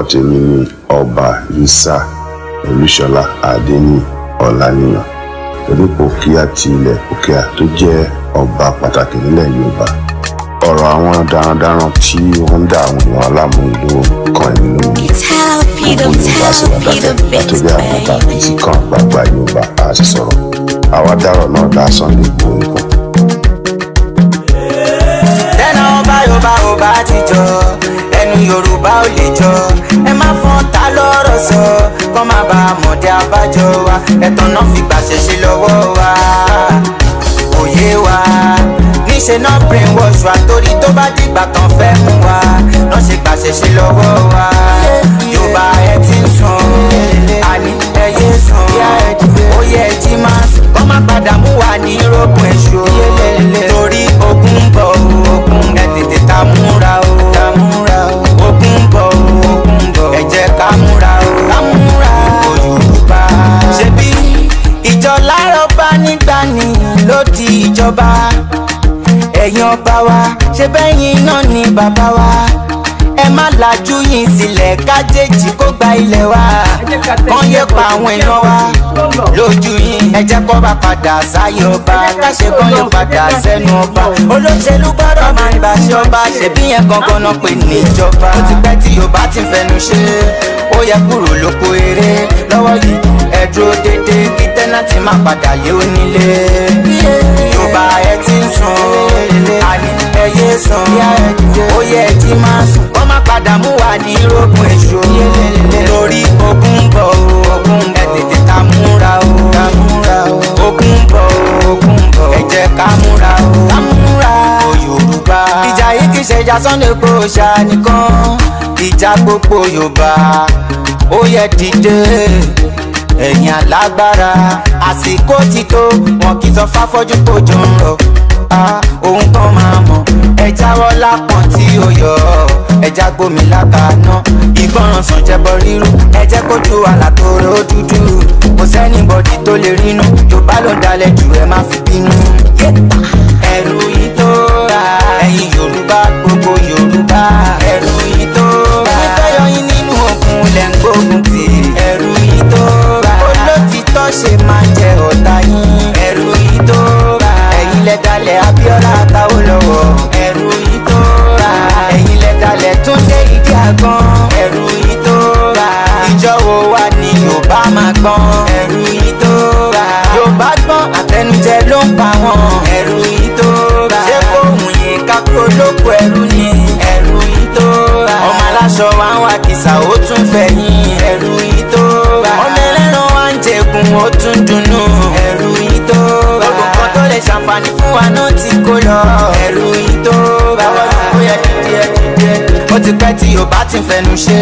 orúkọ tèmi ni ọba yísà olúṣọlá adéní ọláníyàn onípò kíá ti ilẹ̀ òkèà tó jẹ́ ọba pàtàkì nílẹ̀ yorùbá ọ̀rọ̀ àwọn darandaran tí wọ́n ń dá àwọn èèyàn aláàmú ìlú kan ìlú gbogbo yorùbá sì wà tó jẹ́ àwọn tàbí kan gbàgbà yorùbá á sì sọ̀rọ̀ àwa dárọ̀ náà dá Sunday Igboho nìkan. tẹ́nà ọba yorùbá ò bá ti jọ ẹnu yorùbá ò lè jọ ẹ má fọ́n ta lọ́rọ̀ sọ kọ́ má ba àmọ̀dé abájọ wa ẹ̀tàn náà fi gbàṣẹ ṣe lọ́wọ́ wa òye wa níṣẹ́ náà brain wash wa torí tó bá dìgbà kan fẹ́ mú wa náà ṣe gbàṣẹ ṣe lọ́wọ́ wa yorùbá ẹ ti ń sùn àní ẹyẹ sùn ó yẹ ẹ jí máa sùn kọ́ má padà mú wa ní rògbòn èṣù torí ogun bọ̀ ọba ẹ̀yin ọba wa ṣe bẹ́yìn náà ni bàbá wa ẹ má lajú yín sílẹ̀ kájèjì kó gba ilẹ̀ wa kàn yẹ pa àwọn èèyàn wa lójú yín ẹ jẹ́ kó bá padà sáyé ọba káṣe kàn yẹ padà sẹ́nu ọba olóṣèlú gbọ́dọ̀ máa ń gbàṣẹ ọba ṣèbí yẹn gangan náà pè ní ìjọba ó ti pẹ́ tí yorùbá ti fẹnu ṣe ó yẹ kúrò lóko eré lọ́wọ́ yìí ẹ déédéé kí tẹ́nàtì má padà yé onílé ọba ẹ ti ń sùn àní ẹyẹ sùn ó yẹ jí máa sùn wọ́n má padà mú wa ní rogun èso torí ogun ń bọ̀ ogun ẹ tètè ká múra o ogun ń bọ̀ ogun ń bọ̀ ẹ ká múra o Yorùbá ìjà yìí kì í ṣe ìjà Sunday Igboho ṣáà nìkan ìjà gbogbo Yorùbá ó yẹ dìde ẹ̀yin alágbára àsìkò ti tó wọn kì í sọ fáfọ́jú kojú ń rọ ohun kan máa mọ̀ ẹ jáwọ́ lápọ̀n tí ó yọ ẹ já gbómi lábàáná sùn jẹbọ ríru ẹ jẹ́ kójú dúdú kò sẹ́ni bọ̀dì tó lè rínú yorùbá ló dalẹ̀ jù ẹ má fi bínú. ẹrù yìí tó ra ẹ̀yin yorùbá gbogbo yorùbá. ṣe máa jẹ ọ̀tá yín. ẹ̀rù yìí tó bá. ẹ̀yin lẹ dalẹ̀ Abíọ́lá àtàwọn lọ́wọ́. ẹ̀rù yìí tó bá. ẹ̀yin lẹ dalẹ̀ Túndé ìdí àgbọn. ẹ̀rù yìí tó bá. ìjọ wo wà ní Yorùbá máa gbọ́n. ẹ̀rù yìí tó bá. Yorùbá gbọ́n àtẹnujẹ ló ń pa wọn. ẹ̀rù yìí tó bá. ṣé kò hùn yín kákó lóko ẹ̀rù ni. ẹ̀rù yìí tó bá. ọmọ aláṣọ wa ń wá kìsà ó tún fẹ́ yín. ẹ̀rù yìí tó bá. ọmọ tẹkùn ó tún dunnú. ẹ̀rù yìí tó bá. gbogbo kan tó lè ṣàǹfààní fún wa náà ti kó lọ. ẹ̀rù yìí tó bá. báwo ni kò yẹ dídí ẹ dídí ó ti pẹ́ tí o bá ti fẹnu ṣe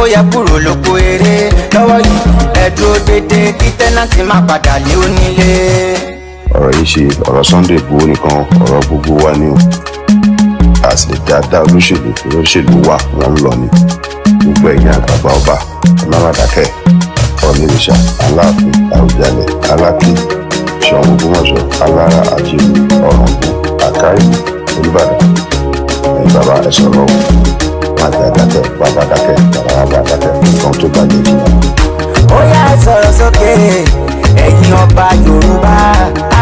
ó yẹ kúrò lóko eré lọ́wọ́ yìí ẹ̀dùn òdèdè kí tẹ́nàtì má padà lé onílé. ọ̀rọ̀ yìí ṣe ọ̀rọ̀ Sunday Igboho nìkan ọ̀rọ̀ gbogbo wa ni o a sì lè dáadáa olóṣèlú olóṣèlú wa wọn ń lọ ni gbogbo ẹ̀yin àgbààgbà ọba ẹ má má dákẹ́ olèṣà aláàfin àwùjalẹ̀ alákìlì ṣọ̀ún ògbómọ̀ṣọ́ alára àjèjì ọ̀ràngún àkàì olùbàdàn ẹ̀yin bàbá ẹ sọ̀rọ̀ o má dá dákẹ́ bàbá dákẹ́ bàbá bàbá dákẹ́ nǹkan tó bá lè jìnnà. ó yá sọ̀rọ̀ sókè ẹ̀yin ọba yorùbá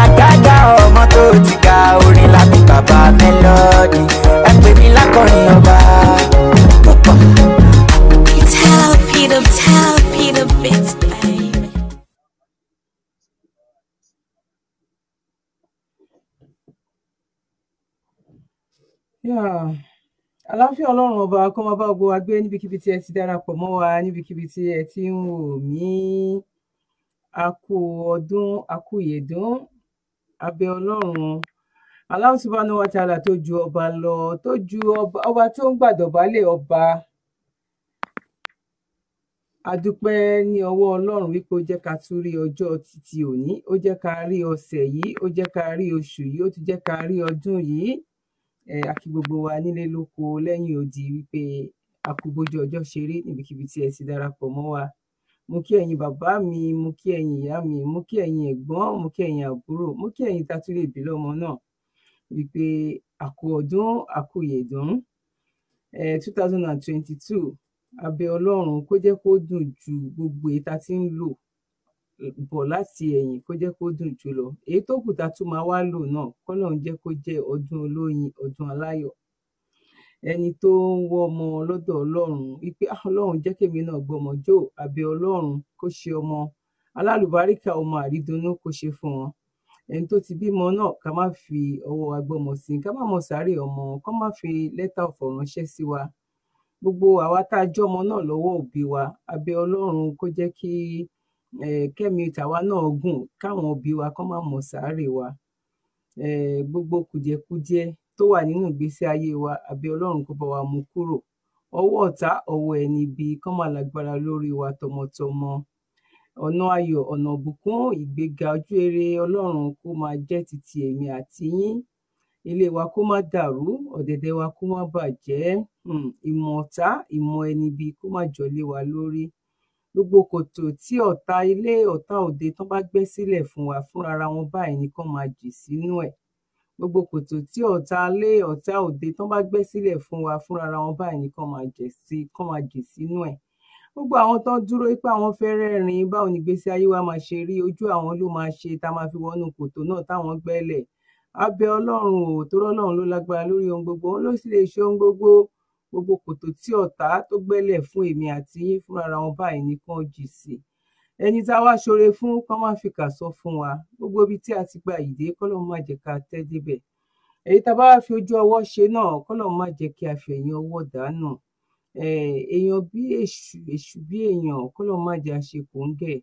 àgàgà ọmọ tó ti ga orin lábí bàbá mẹ́lọ́dì ẹ pè mí lákọrin ọba. Tell Peter, tell Peter, bitch. àlàáfíà ọlọ́run ọba kó máa bá gbogbo wa gbé níbikíbi tí ẹ ti darapọ̀ mọ́ wa níbikíbi tí ẹ ti ń wò mí a kú ọdún a kú ìyèdún a bẹ̀ ọlọ́run Allahu subhanahu wa ta'ala tó ju ọba lọ tó ju ọba tó ń gbàdọ̀bálẹ̀ ọba a ní ọwọ́ ọlọ́run wípé ó jẹ́ ká tún rí ọjọ́ títí òní ó jẹ́ ká rí ọ̀sẹ̀ yìí ó jẹ́ ká rí oṣù yìí ó tún jẹ́ ká rí ọdún yìí a kí gbogbo wa nílé lóko lẹ́yìn odi wípé a kú bójú ọjọ́ ṣe níbikíbi tí ẹ ti darapọ̀ mọ́ wa mo kí ẹ̀yin bàbá mi mo kí ẹ̀yin ìyá mi mo kí ẹ̀yin ẹ̀gbọ́n mo kí ẹ̀yin àbúrò mo kí ẹ̀yin tá tún lè bí lọ́mọ náà wípé àkú ọdún àkú ìyèdún two thousand and twenty two abẹ Ọlọ́run kó jẹ́ kó dùn ju gbogbo èyí tá ti ń lò bọ̀ láti ẹ̀yìn kó jẹ́ kó dùn jù lọ èyí tó kù tá tún máa wá lò náà kọ́lọ́run jẹ́ kó jẹ́ ọdún olóyin ọdún aláyọ̀ ẹni tó ń wọ́ ọmọ lọ́dọ̀ ọlọ́run wípé ah, ọlọ́run jẹ́ kémi náà gbọ́mọ jó àbẹ̀ ọlọ́run kó ṣe ọmọ alálùbáríkà ọmọ àrídùnnú kó ṣe fún wọn ẹni tó ti bímọ náà ká má fi ọwọ́ agbọ́mọ sí i ká má mọ sáré ọmọ ká má fi lẹ́tà ọ̀fọ̀ ránṣẹ́ sí wa gbogbo àwa tá a jọmọ náà lọ́wọ́ òbí wa abẹ́ ọlọ́run kó jẹ́ kí kẹ́mi tàwa náà gùn káwọn òbí wa kán má mọ̀ sáré wa gbogbo kùjẹkùjẹ tó wà nínú ìgbésí ayé wa àbí Ọlọ́run kó bá wa mú kúrò ọwọ́ ọ̀tá ọwọ́ ẹni ibi kán má lágbára lórí wa tọmọtọmọ ọ̀nà ayọ̀ ọ̀nà ìbùkún ìgbéga ojú rere Ọlọ́run kó máa jẹ́ titi èmi àti yín ilé wa kó má dàrú ọ̀dẹ̀dẹ̀ wa kó má bàjẹ́ hmm, ìmọ̀ ọ̀tá ìmọ̀ ẹni ibi kó má jọlé wa lórí gbogbo kòtò tí ọ̀tá ilé ọ̀tá òde tán bá gbẹ́ sílẹ̀ fún wa fúnra ara wọn báyìí ni kán máa jì sínú ẹ̀ gbogbo kòtò tí ọ̀tá ilé ọ̀tá òde tán bá gbẹ́ sílẹ̀ fún wa fúnra ara wọn báyìí ni kán máa jẹ̀ sí kán máa jì sínú ẹ̀ gbogbo àwọn tán dúró pé àwọn fẹ́ rẹ́rìn báwo ni gbèsè ayé wa máa ṣe rí ojú àwọn ló máa ṣe tá máa fi wọnú kòtò náà táwọn gbẹ́lẹ̀ abẹ Ọlọ́run ò tó rọ́lọ́run ló lágbára lórí ohun gbogbo òun ló sì lè ṣe ohun gbogbo gbogbo kòtò tí ọ̀tá tó gbẹ́lẹ̀ fún èmi àti yín fúnra wọn báyìí ni kán jì sí ẹni tá a wá ṣoore fún kán má fi kà sọ fún wa gbogbo ibi tí a ti gba ìdè kọ́lọ́ má jẹ́ ká tẹ́ débẹ̀ èyí tá a bá fi ojú ọwọ́ ṣe náà kọ́lọ́ má jẹ́ kí a fi ẹ̀yìn ọwọ́ dànù èèyàn bí èṣù èṣù bí èèyàn kọ́lọ́ má jẹ́ àṣekòǹgẹ̀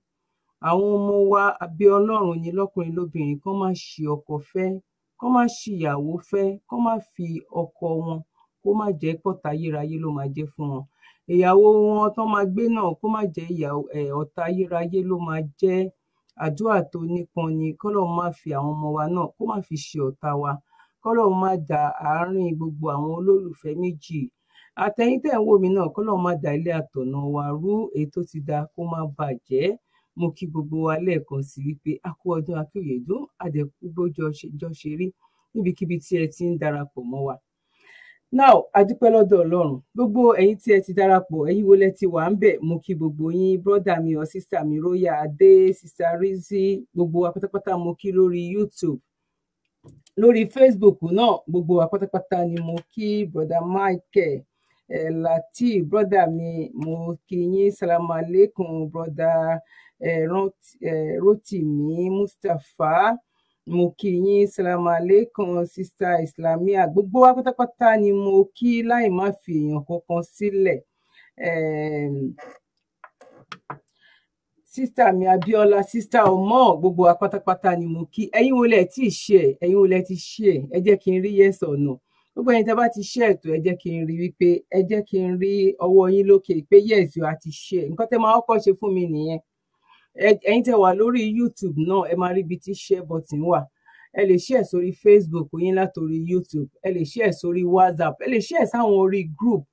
àwọn ọmọ wa bí ọlọ́run ni lọ́kùnrin lóbìnrin kán má ṣì ọkọ fẹ́ kán má ṣìyàwó fẹ́ kán má fi ọkọ wọn kó má jẹ́ pọ̀tá ayérayé ló máa jẹ́ fún wọn ìyàwó wọn tó máa gbé náà kó má jẹ́ ọ̀tá ayérayé ló máa jẹ́ àdúrà tó nípọn ni kọ́lọ́ má fi àwọn ọmọ wa náà kó má fi ṣe ọ̀tá wa kọ́lọ́ má da àárín gbogbo àwọn olólùfẹ́ méjì àtẹ̀yìn tẹ̀ ń wò mí náà kọ́lọ́ má da ilé àtọ̀nà wa rú èyí tó ti da kó má bàjẹ́ mo kí gbogbo wa lẹ́ẹ̀kan sí wípé a kú ọdún akérèdún àdẹ̀kú ṣe rí níbikíbi tí ẹ ti ń darapọ̀ mọ́ wa now adúpẹ́ lọ́dọ̀ ọlọ́run gbogbo ẹ̀yin tí ẹ ti darapọ̀ ẹ̀yin wo lẹ ti wà ń bẹ̀ mo kí gbogbo yín brọ́dà mi ọ̀ sísà mi róyà adé sísà rizí gbogbo wa pátápátá mo kí lórí youtube lórí facebook náà gbogbo wa pátápátá ni mo kí brọ́dà michael eh, latif brọ́dà mi mo kí yín salama aleikum brọ́dà eh, eh, rotimi eh, mustapha mo kí yín salamu aleykum sista islamia gbogbo wa pátápátá ni mo kí láì má fi èèyàn kankan sílẹ̀ ehm, sista mi abiola sista ọmọ gbogbo wa pátápátá ni mo kí ẹ̀yin wo lẹ ti ṣe ẹ̀yin wo lẹ ti ṣe ẹ jẹ́ kí n rí yes or no gbogbo ẹ̀yin tí a bá ti ṣe ètò ẹ jẹ́ kí n rí wípé ẹ jẹ́ kí n rí ọwọ́ yín lókè pé yes o a ti ṣe nǹkan tẹ́ máa kọ́kọ́ ṣe fún mi nìyẹn ẹ̀yin tẹ́ wà lórí youtube náà ẹ máa rí ibi tí share button wà ẹ lè share sórí facebook yín látòrí youtube ẹ lè share sórí whatsapp ẹ lè share sáwọn orí group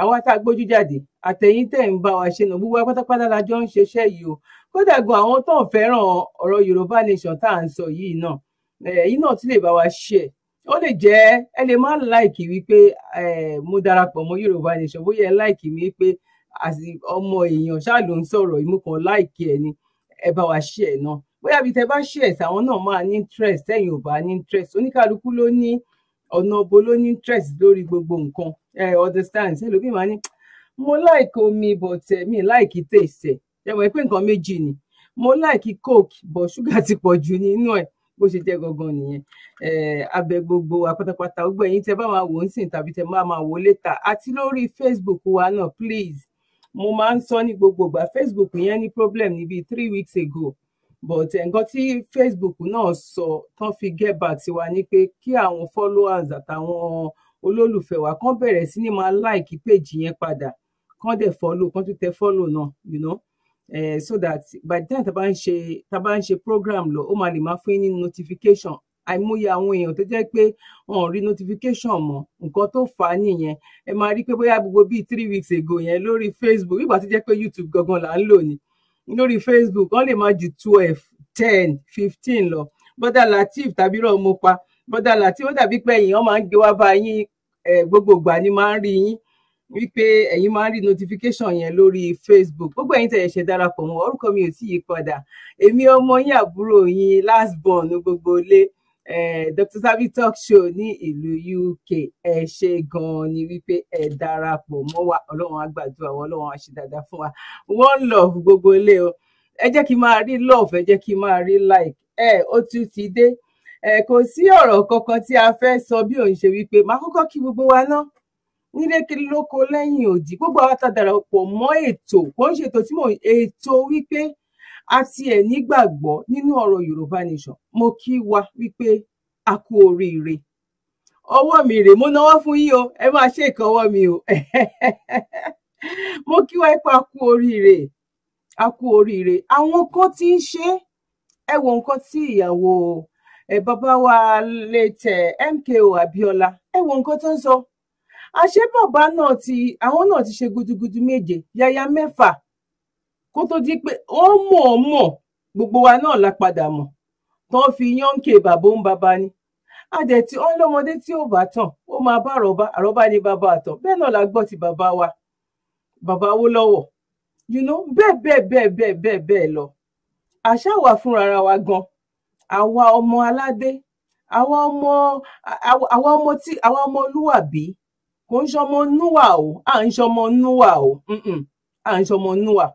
àwa tá a gbójú jáde àtẹ̀yìn tẹ́ ń bá wa ṣe nà gbogbo pátápátá la jọ ń ṣeṣẹ́ yìí o kódà gan àwọn tó ń fẹ́ràn ọ̀rọ̀ yorùbá nation tá à ń sọ yìí náà èyí náà tún lè bá wa share ó lè jẹ́ ẹ lè má láìkì wípé mo darapọ̀ mọ́ yorùbá nation bóyá ẹ láìkì mi pé àti ọmọ èèyàn ṣáà ló ń sọ̀rọ̀ yìí mú kan láìkí ẹni ẹ bá wa ṣe ẹ̀ náà bóyá bí tẹ bá ṣe ẹ̀ sàwọn náà máa ní interest ẹ̀yin ò bá ní interest oníkálukú ló ní ọ̀nà bo ló ní interest lórí gbogbo nǹkan ẹ understand ṣe lóbi máa ní mo like omi but eh, mi like taste ẹ mọ̀ pé nǹkan méjì ni mo like coke but sugar ti pọ̀ jù nínú ẹ̀ bó ṣe jẹ́ gangan nìyẹn abẹ gbogbo wa pátápátá gbogbo ẹ̀yin tẹ bá máa wò ó ń sìn tàbí tẹ máa máa wò ó létà àti lórí Facebook wa náà please mo máa ń sọ ní gbogbo ìgbà facebook yẹn ní problem níbi three weeks ago but eh, nǹkan tí facebook náà sọ tán fi get back sí wa ni pé kí àwọn followers àtàwọn olólùfẹ́ wa kán bẹ̀rẹ̀ sí ni máa like page yẹn padà kán dẹ̀ follow kán tún tẹ follow náà you know eh, so that by the time tá bá ń ṣe tá bá ń ṣe program lọ ó máa lè máa fún yín ní notification àìmọye àwọn èèyàn tó jẹ́ pé wọn ò rí notification mọ́ nǹkan tó fà á nìyẹn ẹ máa rí pé bóyá gbogbo bíi three weeks ago yẹn lórí Facebook ìgbà tó jẹ́ pé YouTube gangan là ń lò ní lórí Facebook wọ́n lè máa ju twelve ten fifteen lọ bọ́dà Latif tàbí rọ̀ bọ́dà Latif ó dàbí pé ẹ̀yìn wọn máa ń gbé wá bá yín gbogbo ìgbà ni máa ń rí yín wípé ẹ̀yin máa ń rí notification yẹn lórí Facebook gbogbo ẹ̀yin tẹ̀yẹ̀ ṣe darapọ̀ mọ́ orúkọ mi ò tí yí padà èmi ọmọ yín àbúrò yín last born gbogbo ilé Eh, Dr. Zabby talk show ní ìlú UK ẹ ṣe gan-an ni wípé ẹ darapọ̀ mọ́ wa ọlọ́run á gbàdúrà wa ọlọ́run á dáadáa fún wa one love gbogbo ilé o ẹ jẹ́ kí n máa rí love ẹ jẹ́ kí n máa rí like ẹ ó tún ti dé ẹ kò sí ọ̀rọ̀ kankan tí a fẹ́ sọ bí òun ṣe wípé màá kọ́kọ́ kí gbogbo wa náà nílé kiri lóko lẹ́yìn òdì gbogbo àwọn tá a mọ́ ètò kò ń ṣètò tí mò ń ètò wípé a tiẹ̀ nígbàgbọ́ nínú ọ̀rọ̀ Yorùbá Nation mo kí wa wípé a kú oríire ọwọ́ mi rèé mo náwó fún yín o ẹ máa ṣe ìkọwọ́ mi o mo kí wa pé a kú oríire a kú oríire àwọn kan ti ń ṣe ẹ wo nǹkan tí ìyàwó ẹ bàbá wa létẹ MKO Abiola ẹ wo nǹkan tó ń sọ àṣẹ bàbá náà ti àwọn náà ti ṣe gudugudu méje yàyà mẹ́fà kó tó di pé ó mọ̀ ọ́ mọ̀ gbogbo wa náà la padà mọ̀ tó ń fi yánkè bàbá ń bàbá ni adẹ̀tí ọlọ́mọdé tí ò bá tàn ó máa bá àrọ́bá àrọ́bá ni bàbá àtọ̀ bẹ́ẹ̀ náà la gbọ́ ti bàbá wa bàbá Awólọ́wọ̀ you know bẹ́ẹ̀ bẹ́ẹ̀ bẹ́ẹ̀ bẹ́ẹ̀ bẹ́ẹ̀ bẹ́ẹ̀ lọ àṣà wà fúnra wa gan àwa ọmọ aládé àwa ọmọ àwa ọmọ tí àwa ọmọ olúwàbí kò ń ṣọmọ núwà o à ń ṣọmọ núwà o à ń ṣọmọ núwà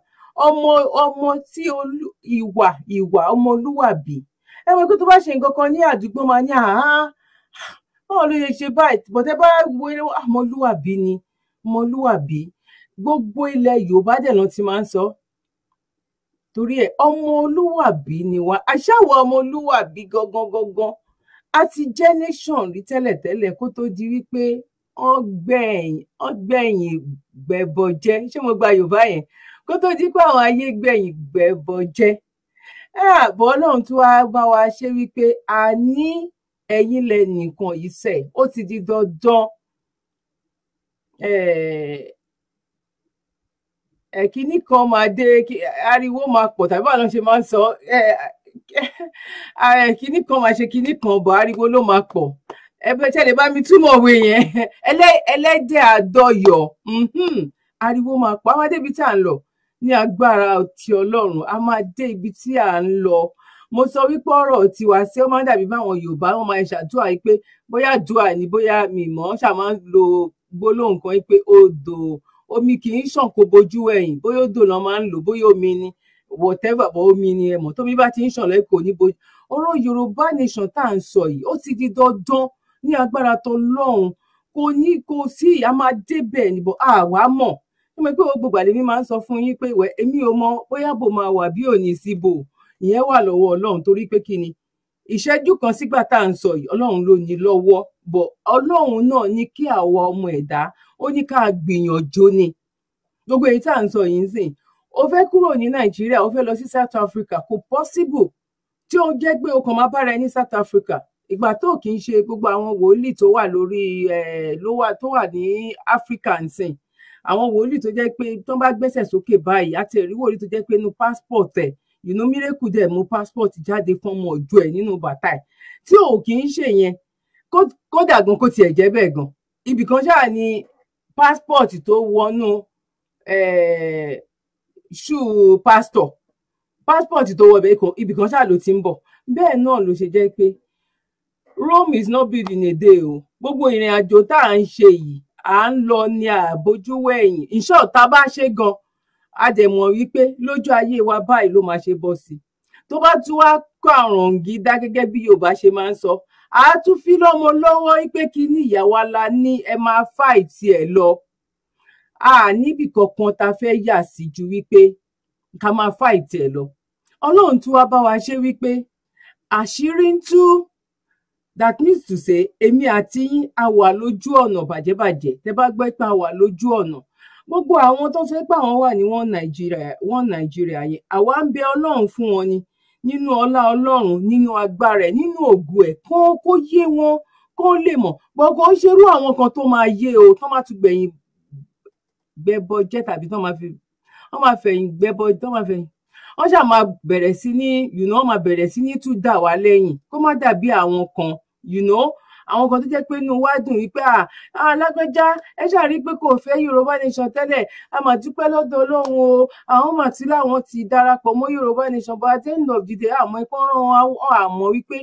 ọmọ ọmọ tí ìwà ìwà ọmọlúwàbí ẹ wọ pé tó bá ṣe nǹkan kan ní àdúgbò máa ní àhán báwo ló lè ṣe báyìí bọ̀tẹ́ bá wo ọmọlúwàbí ni ọmọlúwàbí gbogbo ilẹ̀ Yorùbá dẹ̀ ló ti máa ń sọ torí ẹ ọmọlúwàbí ni wá àṣàwọ ọmọlúwàbí gangan gangan a ti jẹ́ nation rí tẹ́lẹ̀tẹ́lẹ̀ kó tó di wípé ọgbẹ̀yìn ọgbẹ̀yìn gbẹ̀bọ̀jẹ́ ṣé mo gba Yorùbá yẹn kó tó di pé àwọn ayé gbẹ̀yìn gbẹ̀bọ jẹ́ àbọ̀ ọlọ́run tí wàá bá wa ṣe wípé a ní ẹ̀yin lẹ nìkan yìí sẹ̀ ó ti di dandan ẹ̀kíní kan máa dé ariwo máa pọ̀ tàbí àwọn ṣe máa ń sọ ẹ̀kíní kan máa ṣe kíní kan bọ̀ ariwo ló máa pọ̀ ẹ̀bẹ̀tẹ̀ lè bá mi túmọ̀ òwe yẹn ẹlẹ́dẹ̀ àdọyọ̀ mhm, ariwo máa pọ̀ àwọn adébi tá à ń lọ ní agbára ti ọlọ́run a máa dé ibi tí à ń lọ mo sọ wípé ọ̀rọ̀ tiwa sí ó máa ń dàbí báwọn yorùbá wọn máa ṣàdúrà yìí pé bóyá àdúrà ni bóyá mi ṣáà máa ń lo gbólóhùn kan yìí pé odò omi kì í ṣàn kó bojú ẹ̀yìn bóyá odò náà máa ń lò bóyá omi ni whatever bọ omi ni ẹmọ tómi bá ti ń ṣàn lẹkọọ ní bojú ọ̀rọ̀ yorùbá nation tá à ń sọ yìí ó ti di dandan ní agbára tọlọ́run kò ní kò sí a máa níbo àwa mọ̀ ó mọ̀ pé gbogbo àlèmí máa ń sọ fún yín pé èmi ò mọ bóyá bò máa wà bí òní síbò ìyẹn wà lọ́wọ́ ọlọ́run torí pé kí ni ìṣẹ́jú kan sígbà tá à ń sọ yìí ọlọ́run ló ní lọ́wọ́ bọ̀ ọlọ́run náà ní kí àwa ọmọ ẹ̀dá ó ní ká gbìyànjú ni gbogbo èyí tá à ń sọ yìí ń sìn o fẹ́ kúrò ní nàìjíríà o fẹ́ lọ sí south africa kò possible tí ó jẹ́ pé o kàn máa bára ẹ south africa ìgbà tó kì í ṣe gbogbo àwọn wòlíì tó wà lórí ẹ̀ eh, ló wà tó wà ní africa ń àwọn wòlíì tó jẹ́ pé tó bá gbẹ́sẹ̀ sókè báyìí àti ẹ̀rí wòlíì tó jẹ́ pé inú passport ẹ̀ ìnú mírèkù dẹ̀ mú passport jáde fún ọmọ ọjọ́ ẹ̀ nínú bàtà ẹ̀ tí ò kì í ṣe yẹn kódà gan kó tiẹ̀ jẹ́ bẹ́ẹ̀ gan ibì kan ṣáà ni passport tó wọnú ṣú pásítọ̀ passport tó wọ ibì kan ṣáà ló ti ń bọ̀ bẹ́ẹ̀ náà ló ṣe jẹ́ pé Rome is not built in a day o gbogbo ìrìn àjò tá à ń ṣe yìí à ń lọ ni àbójúwò ẹ̀yìn ìṣọ tá a bá ṣe gan a wípé lójú ayé wa báyìí ló máa ṣe bọ́ sí i tó bá tún wá kọ àrùn gídá gẹ́gẹ́ bí Yorùbá ṣe máa ń sọ a tún fi lọ́mọ lọ́wọ́ pé kí ní ìyàwó ala ní ẹ máa fáìtì ẹ̀ lọ a níbì kankan tá fẹ́ yà sí ju wípé ká máa fáìtì ẹ̀ lọ Ọlọ́run tún wá bá wa ṣe wípé àṣírí ń tú that means to say èmi àti yín a wà lójú ọ̀nà bàjẹ́bàjẹ́ tẹ́ bá gbẹ́ pé a wà lójú ọ̀nà gbogbo àwọn tó fẹ́ pé àwọn wà ní wọn nàìjíríà wọn nàìjíríà yẹn àwa ń bẹ ọlọ́run fún wọn ni nínú ọlá ọlọ́run nínú agbára ẹ̀ nínú ògùn ẹ̀ kó kó yé wọn kó lè mọ̀ gbogbo ó ṣerú àwọn kan tó máa yé o tó máa tún gbẹ̀yìn gbẹ́bọ jẹ́ tàbí tó máa fi wọ́n máa fẹ̀yìn gbẹ́bọ tó máa fẹ̀yìn wọ́n ṣáà bẹ̀rẹ̀ sí ní you know máa bẹ̀rẹ̀ sí ní tún dà wá lẹ́yìn kó má dàbí àwọn kan you know àwọn kan tó jẹ́ pé inú wa dùn yìí pé alágbèjá ẹ ṣàrí pé kò fẹ́ yorùbá nation tẹ́lẹ̀ a mà dúpẹ́ lọ́dọ̀ ọlọ́run o àwọn mà tí làwọn ti darapọ̀ mọ́ yorùbá nation bá ten of the day àmọ́ ikán ràn wọ́n àmọ́ wípé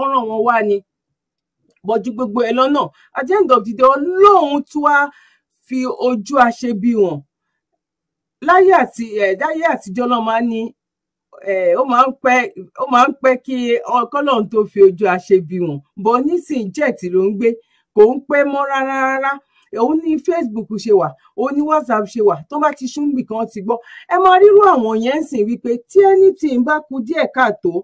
ọ̀ràn wọn wá ni bọ́jú gbogbo ẹ lọ́nà at the end of the day ọlọ́run tún wá fi ojú àṣebí wọn láyé àti ẹ̀ láyé àtijọ́ lọ́ máa ní ó máa ń pẹ́ ó máa ń pẹ́ kí ọkọlọ́run tó fi ojú aṣebi wọn bọ́ nísìnyí jẹ́ẹ̀tì ló ń gbé kò ń pẹ́ mọ́ rárá rárá òun ní Facebook ṣe wà òun ní WhatsApp ṣe wà tó bá ti ṣúnbì kan ti gbọ́ ẹ máa ríru àwọn yẹn ń sìn wípé tí anything bá kù díẹ̀ káàtó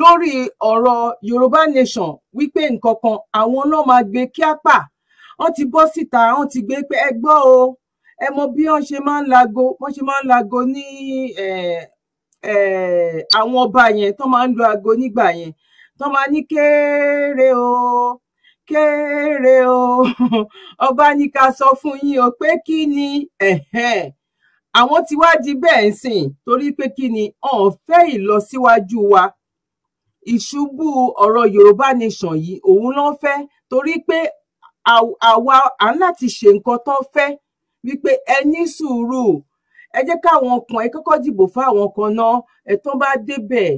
lórí ọ̀rọ̀ Yorùbá Nation wípé nǹkan kan àwọn náà máa gbé kíápà wọ́n ti bọ́ síta wọ́n ti gbé pé ẹ gbọ́ o ẹ mọ bí wọ́n ṣe máa ń lago wọ́n ṣe máa ń lago ní Eh, àwọn ọba yẹn tó máa ń lu aago nígbà yẹn tó máa ní kéré o kéré o ọba ní ká sọ fún yín o pé kí ni àwọn tí wá di bẹ́ẹ̀ ń sìn torí pé kí ni ọ̀fẹ́ ìlọsíwájú wa ìṣubú ọ̀rọ̀ Yorùbá nation yìí òun ló ń fẹ́ torí pé àwa à ń láti ṣe nǹkan tó fẹ́ wípé ẹ sùúrù ẹ jẹ́ káwọn kan ẹ kọ́kọ́ dìbò fún àwọn kan náà ẹ̀tàn bá débẹ̀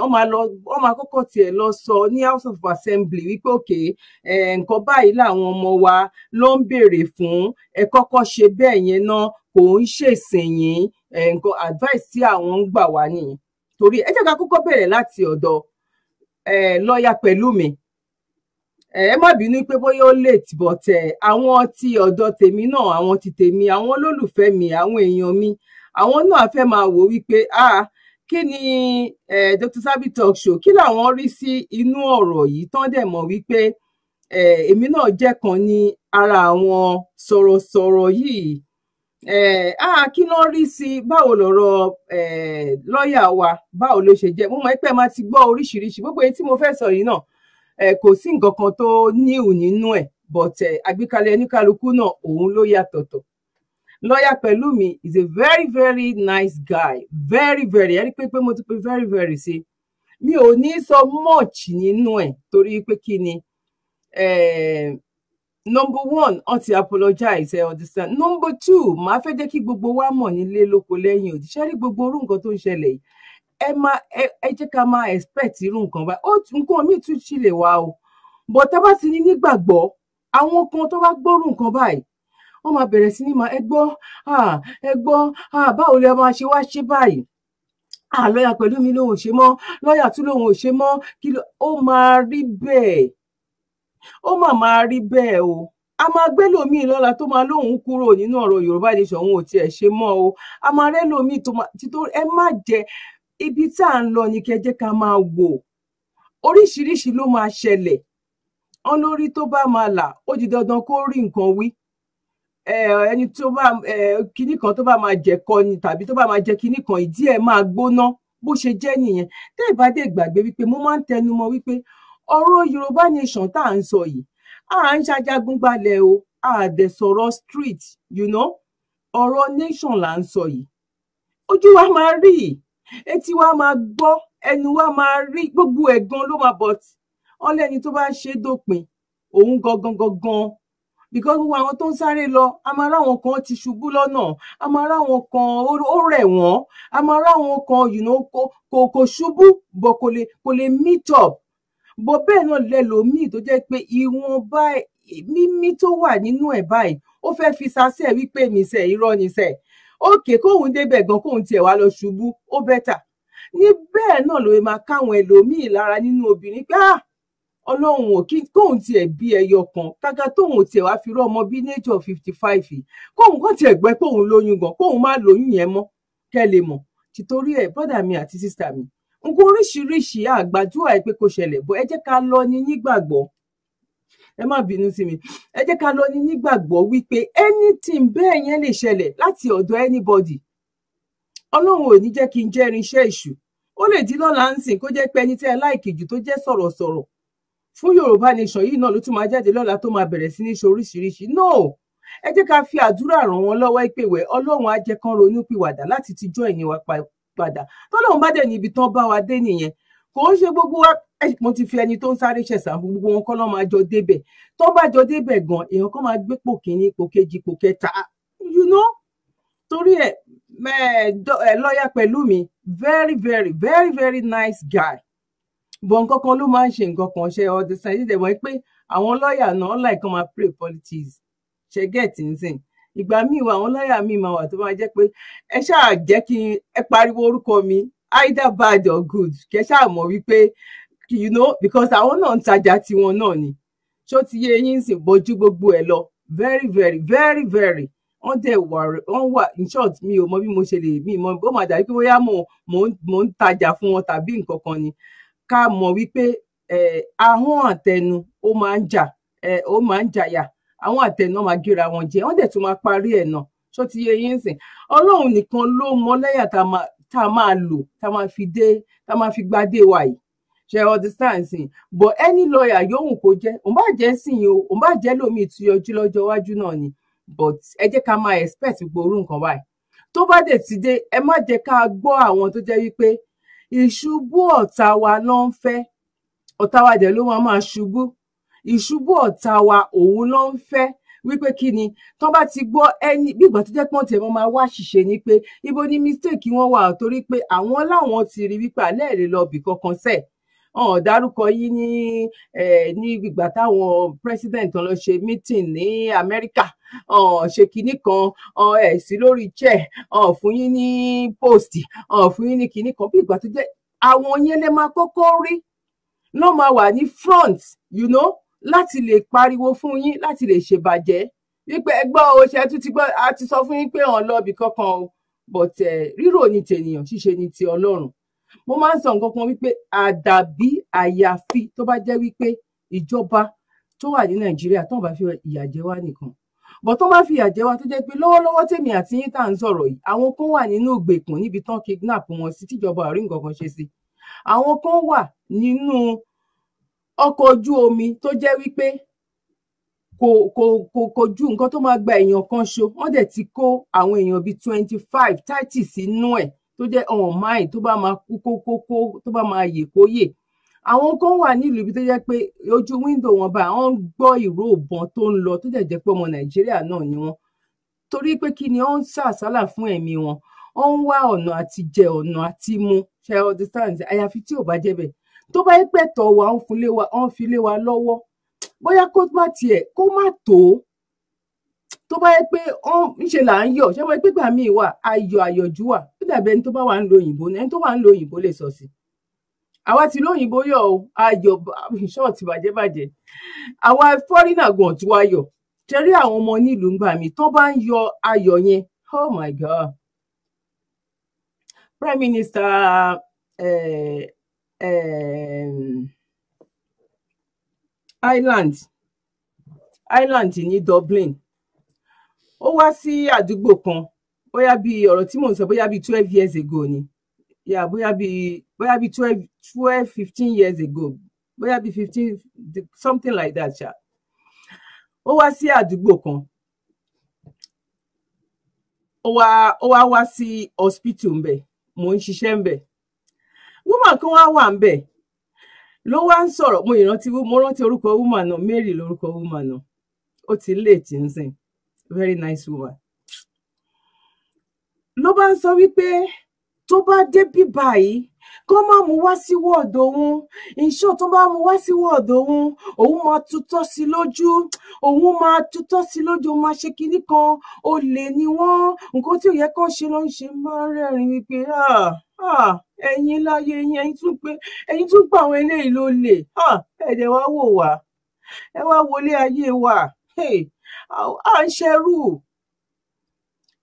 wọ́n máa lọ wọ́n máa kọ́kọ́ tiẹ̀ lọ sọ ní house of assembly wípé òkè nǹkan báyìí làwọn ọmọ wa ló ń béèrè fún ẹ kọ́kọ́ ṣe bẹ́ẹ̀ yẹn náà kò ń ṣèsìn yín nǹkan advice tí àwọn ń gbà wá nìyẹn torí ẹ jẹ́ ká kọ́kọ́ bẹ̀rẹ̀ láti ọ̀dọ̀ lọ́ọ̀yà Pẹ̀lúmi ẹ má bínú pé bóyá ó late but àwọn ti ọ̀dọ̀ tèmi náà àwọn ti tèmi àwọn olólùfẹ́ mi àwọn èèyàn mi àwọn náà fẹ́ máa wò wípé ah kí ni eh, Dr. Sabi talk show kí làwọn rí sí inú ọ̀rọ̀ yìí tán dẹ̀ mọ̀ wípé èmi náà jẹ́ kan ní ara àwọn sọ̀rọ̀sọ̀rọ̀ yìí eh, ah kí ló rí sí báwo lọ̀rọ̀ eh, lọ́ọ̀yà wa báwo ló ṣe jẹ́ mo mọ̀ pé ẹ máa ti gbọ́ oríṣiríṣi gbogbo èyí tí mo fẹ́ sọ yìí náà Eh, kò sí nǹkan kan tó níhù nínú ẹ̀ but eh, àgbékalẹ̀ oníkálukú náà òun ló yàtọ̀tọ̀ lọ́ọ̀yà Pẹ̀lúmi is a very very nice guy very very ẹni pé pé mo ti pe very very sí mi ò ní sọ much nínú ẹ̀ torí pé kí ni eh, number one wọ́n apologize ẹ understand number two màá fẹ́ jẹ́ kí gbogbo wa mọ̀ nílé lóko lẹ́yìn òdìṣẹ́ rí gbogbo orú nǹkan tó ń ṣẹlẹ̀ yìí ẹ máa ẹ jẹ́ ká máa expect irú nǹkan báyìí ó nǹkan míì tún ṣì lè wá o bọ̀ tá bá ti ní nígbàgbọ́ àwọn kan tó bá gbọ́rú nǹkan báyìí wọ́n máa bẹ̀rẹ̀ sí ní máa ẹ gbọ́ ẹ gbọ́ báwo lè máa ṣe wá ṣe báyìí lọ́yà pẹ̀lú mi lòun ò ṣe mọ́ lọ́yà tún lòun ò ṣe mọ́ kí ló ó máa rí bẹ́ẹ̀ ó mà máa rí bẹ́ẹ̀ o a máa gbé lòmíì lọ́la tó máa lóun kúrò nínú ọ̀rọ̀ Yorùbá Nation òun ò tiẹ̀ ṣe mọ́ o a máa rẹ́ lòmíì tó máa tító ẹ má jẹ́ ibi tá à ń lọ ni kẹ́ jẹ́ ká máa wò oríṣiríṣi ló máa ṣẹlẹ̀ wọn lórí tó bá máa là ó di dandan kó rí nǹkan wí ẹni tó bá kinní kan tó bá máa jẹ kọni tàbí tó bá máa jẹ kinní kan ìdí ẹ̀ máa gbóná bó ṣe jẹ́ nìyẹn tẹ́ ẹ bá dé gbàgbé wípé mo máa ń tẹnu mọ́ wípé ọ̀rọ̀ Yorùbá nation tá à ń sọ yìí à ń ṣàjàgùnbalẹ̀ o à dẹ̀ sọ̀rọ̀ street you know ọ̀rọ̀ nation là ń sọ yìí ojú wa máa rí yìí etí wa máa gbọ́ ẹnu wa máa rí gbogbo ẹ̀gan ló máa bọ̀ ọ́n lẹ́ni tó bá ṣe é dópin òun gangan gangan because gbogbo àwọn tó ń sáré lọ a máa ráwọn kan ti ṣubú lọ́nà a máa ráwọn kan ó rẹ̀ wọ́n a máa kan you know, kò kò kò ṣubú bọ̀ kò lè kò meet up bọ̀ bẹ́ẹ̀ náà lẹ́lòmíì tó jẹ́ pé ìwọ̀nba mímí tó wà nínú ẹ̀ báyìí ó fẹ́ fi sasẹ́ wípé mi sẹ́ irọ́ ni sẹ́ òkè kóun débẹ̀ gan kóun tiẹ̀ wá lọ ṣubú ó bẹ́tà ní bẹ́ẹ̀ náà ló máa káwọn ẹlòmíín lára nínú obìnrin pé ah ọlọ́run ò kí kóun tiẹ̀ bí ẹyọ kan kága tóun tiẹ̀ wá fi rú ọmọ bí nature fifty five yìí kóun kàn tiẹ̀ gbẹ́ kóun lóyún gan kóun má lóyún yẹn mọ́ kẹ́ lè mọ̀ tìtorí ẹ̀ bọ́dà mi àti sísà mi nǹkan oríṣiríṣi àgbájú àìpé kò ṣẹlẹ̀ bọ́ ẹ jẹ́ ká lọ ní nígbàgbọ́ ẹ má bínú sí mi ẹ jẹ́ ká lọ ní nígbàgbọ́ wípé anything bẹ́ẹ̀ yẹn lè ṣẹlẹ̀ láti ọ̀dọ̀ anybody ọlọ́run ò ní jẹ́ kí n jẹ́ irinṣẹ́ èṣù ó lè di lọ́la ń sìn kó jẹ́ pé ẹni tẹ́ ẹ láìkì jù tó jẹ́ sọ̀rọ̀sọ̀rọ̀ fún yorùbá nation yìí náà ló tún máa jáde lọ́la tó máa bẹ̀rẹ̀ sí ní ṣe oríṣiríṣi no ẹ jẹ́ ká fi àdúrà ràn wọ́n lọ́wọ́ pé wẹ̀ ọlọ́run á jẹ́ kán ronú pìwàdà láti tijọ́ ẹ̀yìn wa padà tọ́lọ́run bá dẹ̀ níbi tán bá wa dé nìyẹn kò ń ṣe gbogbo wa mo ti fi ẹni tó ń sáré ṣẹ̀sà gbogbo wọn kọ́ lọ́ máa jọ débẹ̀ tó bá jọ débẹ̀ gan èèyàn kan máa gbé pò kínní pò kejì pò kẹta you know torí ẹ ẹ lọ́ọ̀yà pẹ̀lú mi very very very very nice guy bọ̀ nǹkan kan ló máa ń ṣe nǹkan kan ṣe all the time ṣíṣe wọ́n pé àwọn lọ́ọ̀yà náà láì kan máa pray politics ṣe get nsìn ìgbà míì wà àwọn lọ́ọ̀yà míì máa wà tó máa jẹ́ pé ẹ ṣáà jẹ́ kí ẹ pariwo orúkọ mi either bad or good kẹ ṣáà mọ̀ wípé you know because àwọn náà ń tajà tiwọn náà ni ṣó ti yé eyín sì bójú gbogbo ẹ̀ lọ very very very very wọ́n dẹ̀ wà wọ́n wà in short mi ò mọ bí mo ṣe lè mi mọ ó mà dàbí pé bóyá mo mo ń tajà fún wọn tàbí nǹkan kan ni ká mọ̀ wípé ahọ́n àtẹnu ó máa ń jà ó máa ń jàyà àwọn àtẹnu máa gíra wọn jẹ wọ́n dẹ̀ tún máa parí ẹ̀ náà ṣó ti yé yín sìn Ọlọ́run nìkan ló mọ lẹ́yà tá a máa lò tá a máa fi dé tá a máa fi gbadé wa yìí ṣe understand sin but any lawyer yòówù kó jẹ́ òun bá jẹ́ sìn o òun bá jẹ́ lómi ìtúyọjú lọ́jọ́ iwájú náà ni but ẹ jẹ́ ká máa expect gbòòrú nǹkan báyìí tó bá dé ti dé ẹ má jẹ́ ká gbọ́ àwọn tó jẹ́ wípé ìṣubú ọ̀tá wa ló ń fẹ́ ọ̀tá wa dẹ̀ ló máa máa ṣubú ìṣubú ọ̀tá wa òun ló ń fẹ́ wípé kí ni tán bá ti gbọ́ ẹni bí ìgbà tó jẹ́ pọ́n tẹ̀ wọ́n máa wá ṣìṣe ni pé ibo ni mistake wọn wà torí pé àwọn láwọn ti rí wípé alẹ́ rè lọ bì kankan sẹ́ẹ̀ ọ̀n dárúkọ yín ní ní ìgbà táwọn president lọ ṣe meeting ní Amẹ́ríkà ṣe kinní kan ẹ̀ sí lórí chair fún yín ní post fún yín ní kinní kan bí ìgbà tó jẹ́ àwọn yẹn lè máa kọ́kọ́ rí ló máa wà ní front you know láti lè pariwo fún yín láti lè ṣèbàjẹ́ wípé ẹgbọ́ o ṣe tún ti gbọ́ a ti sọ fún yín pé ọ̀n lọ́ọ̀bì kankan o but rírò ni tènìyàn ṣíṣe ni ti Ọlọ́run mo máa ń sọ nǹkan kan wípé àdàbí àyàfi tó bá jẹ́ wípé ìjọba tó wà ní nàìjíríà tó ń bá fi ìyà jẹ wá nìkan bọ̀ tó bá fi ìyà jẹ wá tó jẹ́ pé lọ́wọ́lọ́wọ́ tèmi àti yín tá à ń sọ̀rọ̀ yìí àwọn kan wà nínú ìgbèkùn níbi tán kidnap wọn sí tíjọba ò rí nǹkan kan ṣe sí àwọn kan wà nínú ọkọ̀ ojú omi tó jẹ́ wípé kò kò kò kò ju nǹkan tó máa gba èèyàn kan ṣo wọ́n dẹ̀ ti kó àwọn èèyàn bíi twenty five thirty sínú ẹ̀ tó jẹ́ ọ̀n máì tó bá máa kú kókókó tó bá máa yè kó yè àwọn kan wà nílùú ibi tó jẹ́ pé ojú wíńdò wọn bá wọn ń gbọ́ ìró ìbọn tó ń lọ tó dẹ̀ jẹ́ pé ọmọ nàìjíríà náà ni wọn torí pé kí ni wọn ń sàsálà fún ẹ̀mí wọn wọn ń wá ọ̀nà àti jẹ ọ̀nà àti mu ṣe understand àyàfi tí ò bá jẹ́ bẹ́ẹ̀ tó bá yẹ pé wa ń fi lé wa lọ́wọ́ bóyá kó má tiẹ̀ kó má tó tó bá yẹ pé ńṣe là ń yọ̀ ṣé wọ́n pé gbà míì wà ayọ̀ àyọ̀jú wà ó dàbí ẹni tó bá wà ń lo òyìnbó ẹni tó wà ń lo òyìnbó lè sọ sí i àwa ti lóyìnbó yọ̀ o ayọ̀ ṣọ́ọ̀tì bàjẹ́ bàjẹ́ àwa fọ́rínà gan tí wàá yọ̀ tẹ́rí àwọn ọmọ nílùú ńgbà mí tó bá ń yọ ayọ̀ yẹn oh my god prime minister eh, eh, Ireland Ireland ní Dublin ó wá sí àdúgbò kan bóyá bíi ọ̀rọ̀ tí mò ń sọ bóyá bíi twelve years ago ni yà bóyá bíi bóyá bíi twelve twelve fifteen years ago bóyá bíi fifteen something like that ṣá ó wá sí àdúgbò kan ó wá ó wá wá sí hospital ńbẹ mò ń ṣiṣẹ́ ńbẹ woman kan wá wà ńbẹ ló wá ń sọ̀rọ̀ mo ìrántí mo rántí orúkọ woman náà Mary lórúkọ woman náà ó ti late nsìn very nice woman ló bá ń sọ wípé tó bá dé bí báyìí kó má mú wá sí wọ́ọ̀dù òun ìṣó tó bá mú wá sí wọ́ọ̀dù òun òun máa tutọ́ sí lójú òun máa tutọ́ sí lójú òun máa ṣe kinní kan olè ni wọ́n nǹkan tí ò yẹ kán ṣe ló ń ṣe máa rẹ́rìn wípé ẹ̀yin láyé yín ẹ̀yin tún pé ẹ̀yin tún pa àwọn eléyìí ló lè ẹ̀dẹ̀ wá wò wá ẹ wá wọlé ayé wa à ń ṣẹrú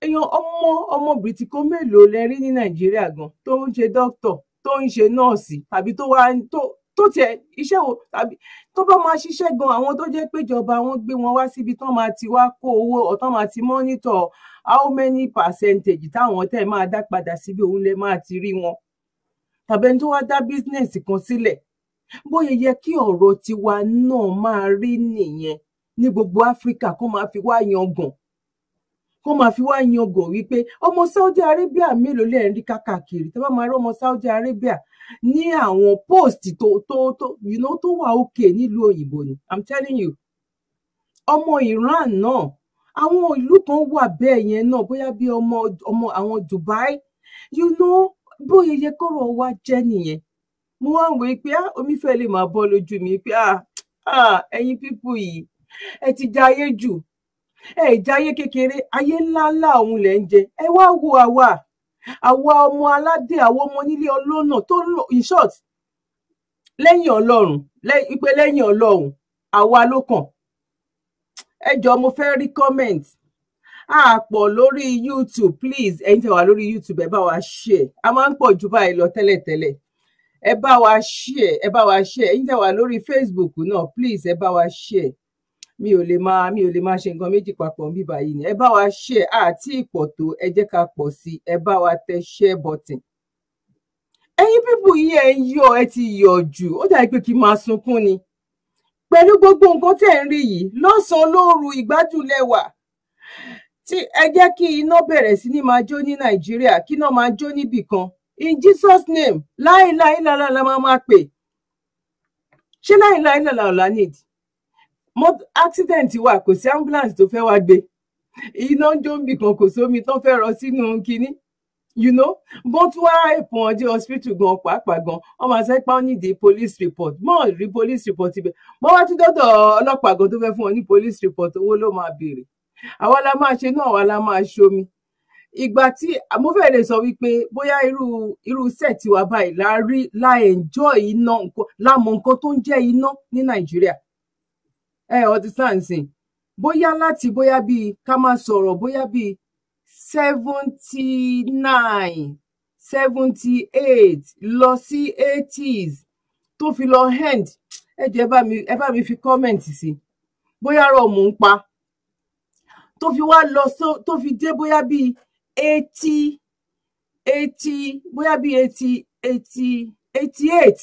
èèyàn ọmọ ọmọ bìtìkó mélòó lẹ rí ní nàìjíríà gan tó ń ṣe dókítà tó ń ṣe nọ́ọ̀sì tàbí tó wá tó tó tiẹ̀ iṣẹ́ wo tàbí tó bá máa ṣiṣẹ́ gan àwọn tó jẹ́ péjọba wọn gbé wọn wá síbi tán máa ti wá kó owó ọ̀tán máa ti mọ́nítọ̀ how many percentage táwọn tẹ́ máa dá padà síbi òun lẹ máa ti rí wọn tàbí ẹni tó wá dá bísínẹ́sì kan sílẹ̀ bóyá yẹ kí ọ̀rọ̀ tiwa náà máa rí nìyẹn ní gbogbo áfíríkà kó máa fi wá yangàn kó máa fi wá yangàn wípé ọmọ saudi arabia mélòó lẹ ń rí kákàkiri tó bá máa rí ọmọ saudi arabia ní àwọn post tó tó tó you know tó wà òkè nílùú òyìnbó ni i'm telling you ọmọ iran náà àwọn ìlú kan wà bẹ́ẹ̀ yẹn náà bóyá bí ọmọ ọmọ àwọn dubai you know bóyá iye kọ́rọ̀ wa jẹ́ nìyẹn mo wá ń wò pé ah, omi fẹ́ lè máa bọ́ lójú mi pé ah, ah, ẹ̀yin pípù yìí ẹ ti jayé jù ẹ jayé kékeré ayé ńláńlá ọ̀hún lẹ̀ ń jẹ ẹ wá wo àwa àwa ọmọ aládé àwa ọmọ onílé ọlọ́nà tó ń lò in short lẹ́yìn ọlọ́run ipe lẹ́yìn ọlọ́run àwa ló kàn ẹ jọ mo fẹ́ rí comment a lórí youtube please ẹ̀yin tẹ́ wà lórí youtube ẹ bá wa share a máa ń pọ̀ jù báyìí lọ tẹ́lẹ̀tẹ́lẹ̀ ẹ bá wa share ẹ bá wa share ẹ̀yin tẹ́ wà lórí facebook náà please ẹ bá wa share mi ò lè máa mi ò lè máa ṣe nǹkan méjì papọ̀ níbí báyìí ni ẹ bá wa ṣe àti ìpọ̀ tó ẹ jẹ́ ká pọ̀ sí ẹ bá wa tẹ share button. ẹ̀yin pípù yìí ẹ ń yọ̀ ẹ ti yọ̀ jù ó dàbí pé kí n máa sunkún ni pẹ̀lú gbogbo nǹkan tẹ̀ ń rí yìí lọ́sàn-án lóru ìgbádùn lẹ́wà tí ẹ jẹ́ kí iná bẹ̀rẹ̀ sí ní máa jó ní nàìjíríà kí iná máa jó níbì kan in jesus name láìláìláìlá la máa máa pè ṣé láìláìláìlá ọ̀la nídìí accident wà kò sí ambulance tó fẹ́ wá gbé iná ń jó ń bì kan kò sómi tán fẹ́ rọ sínú kínní you know bọ́n tún wá ẹ̀pọ̀n ọdẹ hospital gan pàápàá gan wọ́n máa sẹ́ pa ó police report mọ́ rí police report ibẹ̀ mọ́ wá tún dọ́dọ̀ ọlọ́pàá gan tó fẹ́ fún ọ ní police report owó ló máa béèrè àwa la máa ṣe náà àwa la máa ṣomi ìgbà tí mo fẹ́ lè sọ wípé bóyá irú irú set wa báyìí la rí la enjoy iná la mọ nǹkan tó ń jẹ́ iná ní nàìjíríà ẹ understand sìn bóyá láti bóyá bíi ká máa sọ̀rọ̀ bóyá bíi seventy nine seventy eight lọ sí eighties tó fi lọ end ẹ jẹ́ bá mi ẹ bá mi fi kọ́mẹ̀ǹtì sí bóyá rọ̀ mò ń pa tó fi wá lọ so tó fi dé bóyá bíi eighty eighty bóyá bíi eighty eighty eighty eight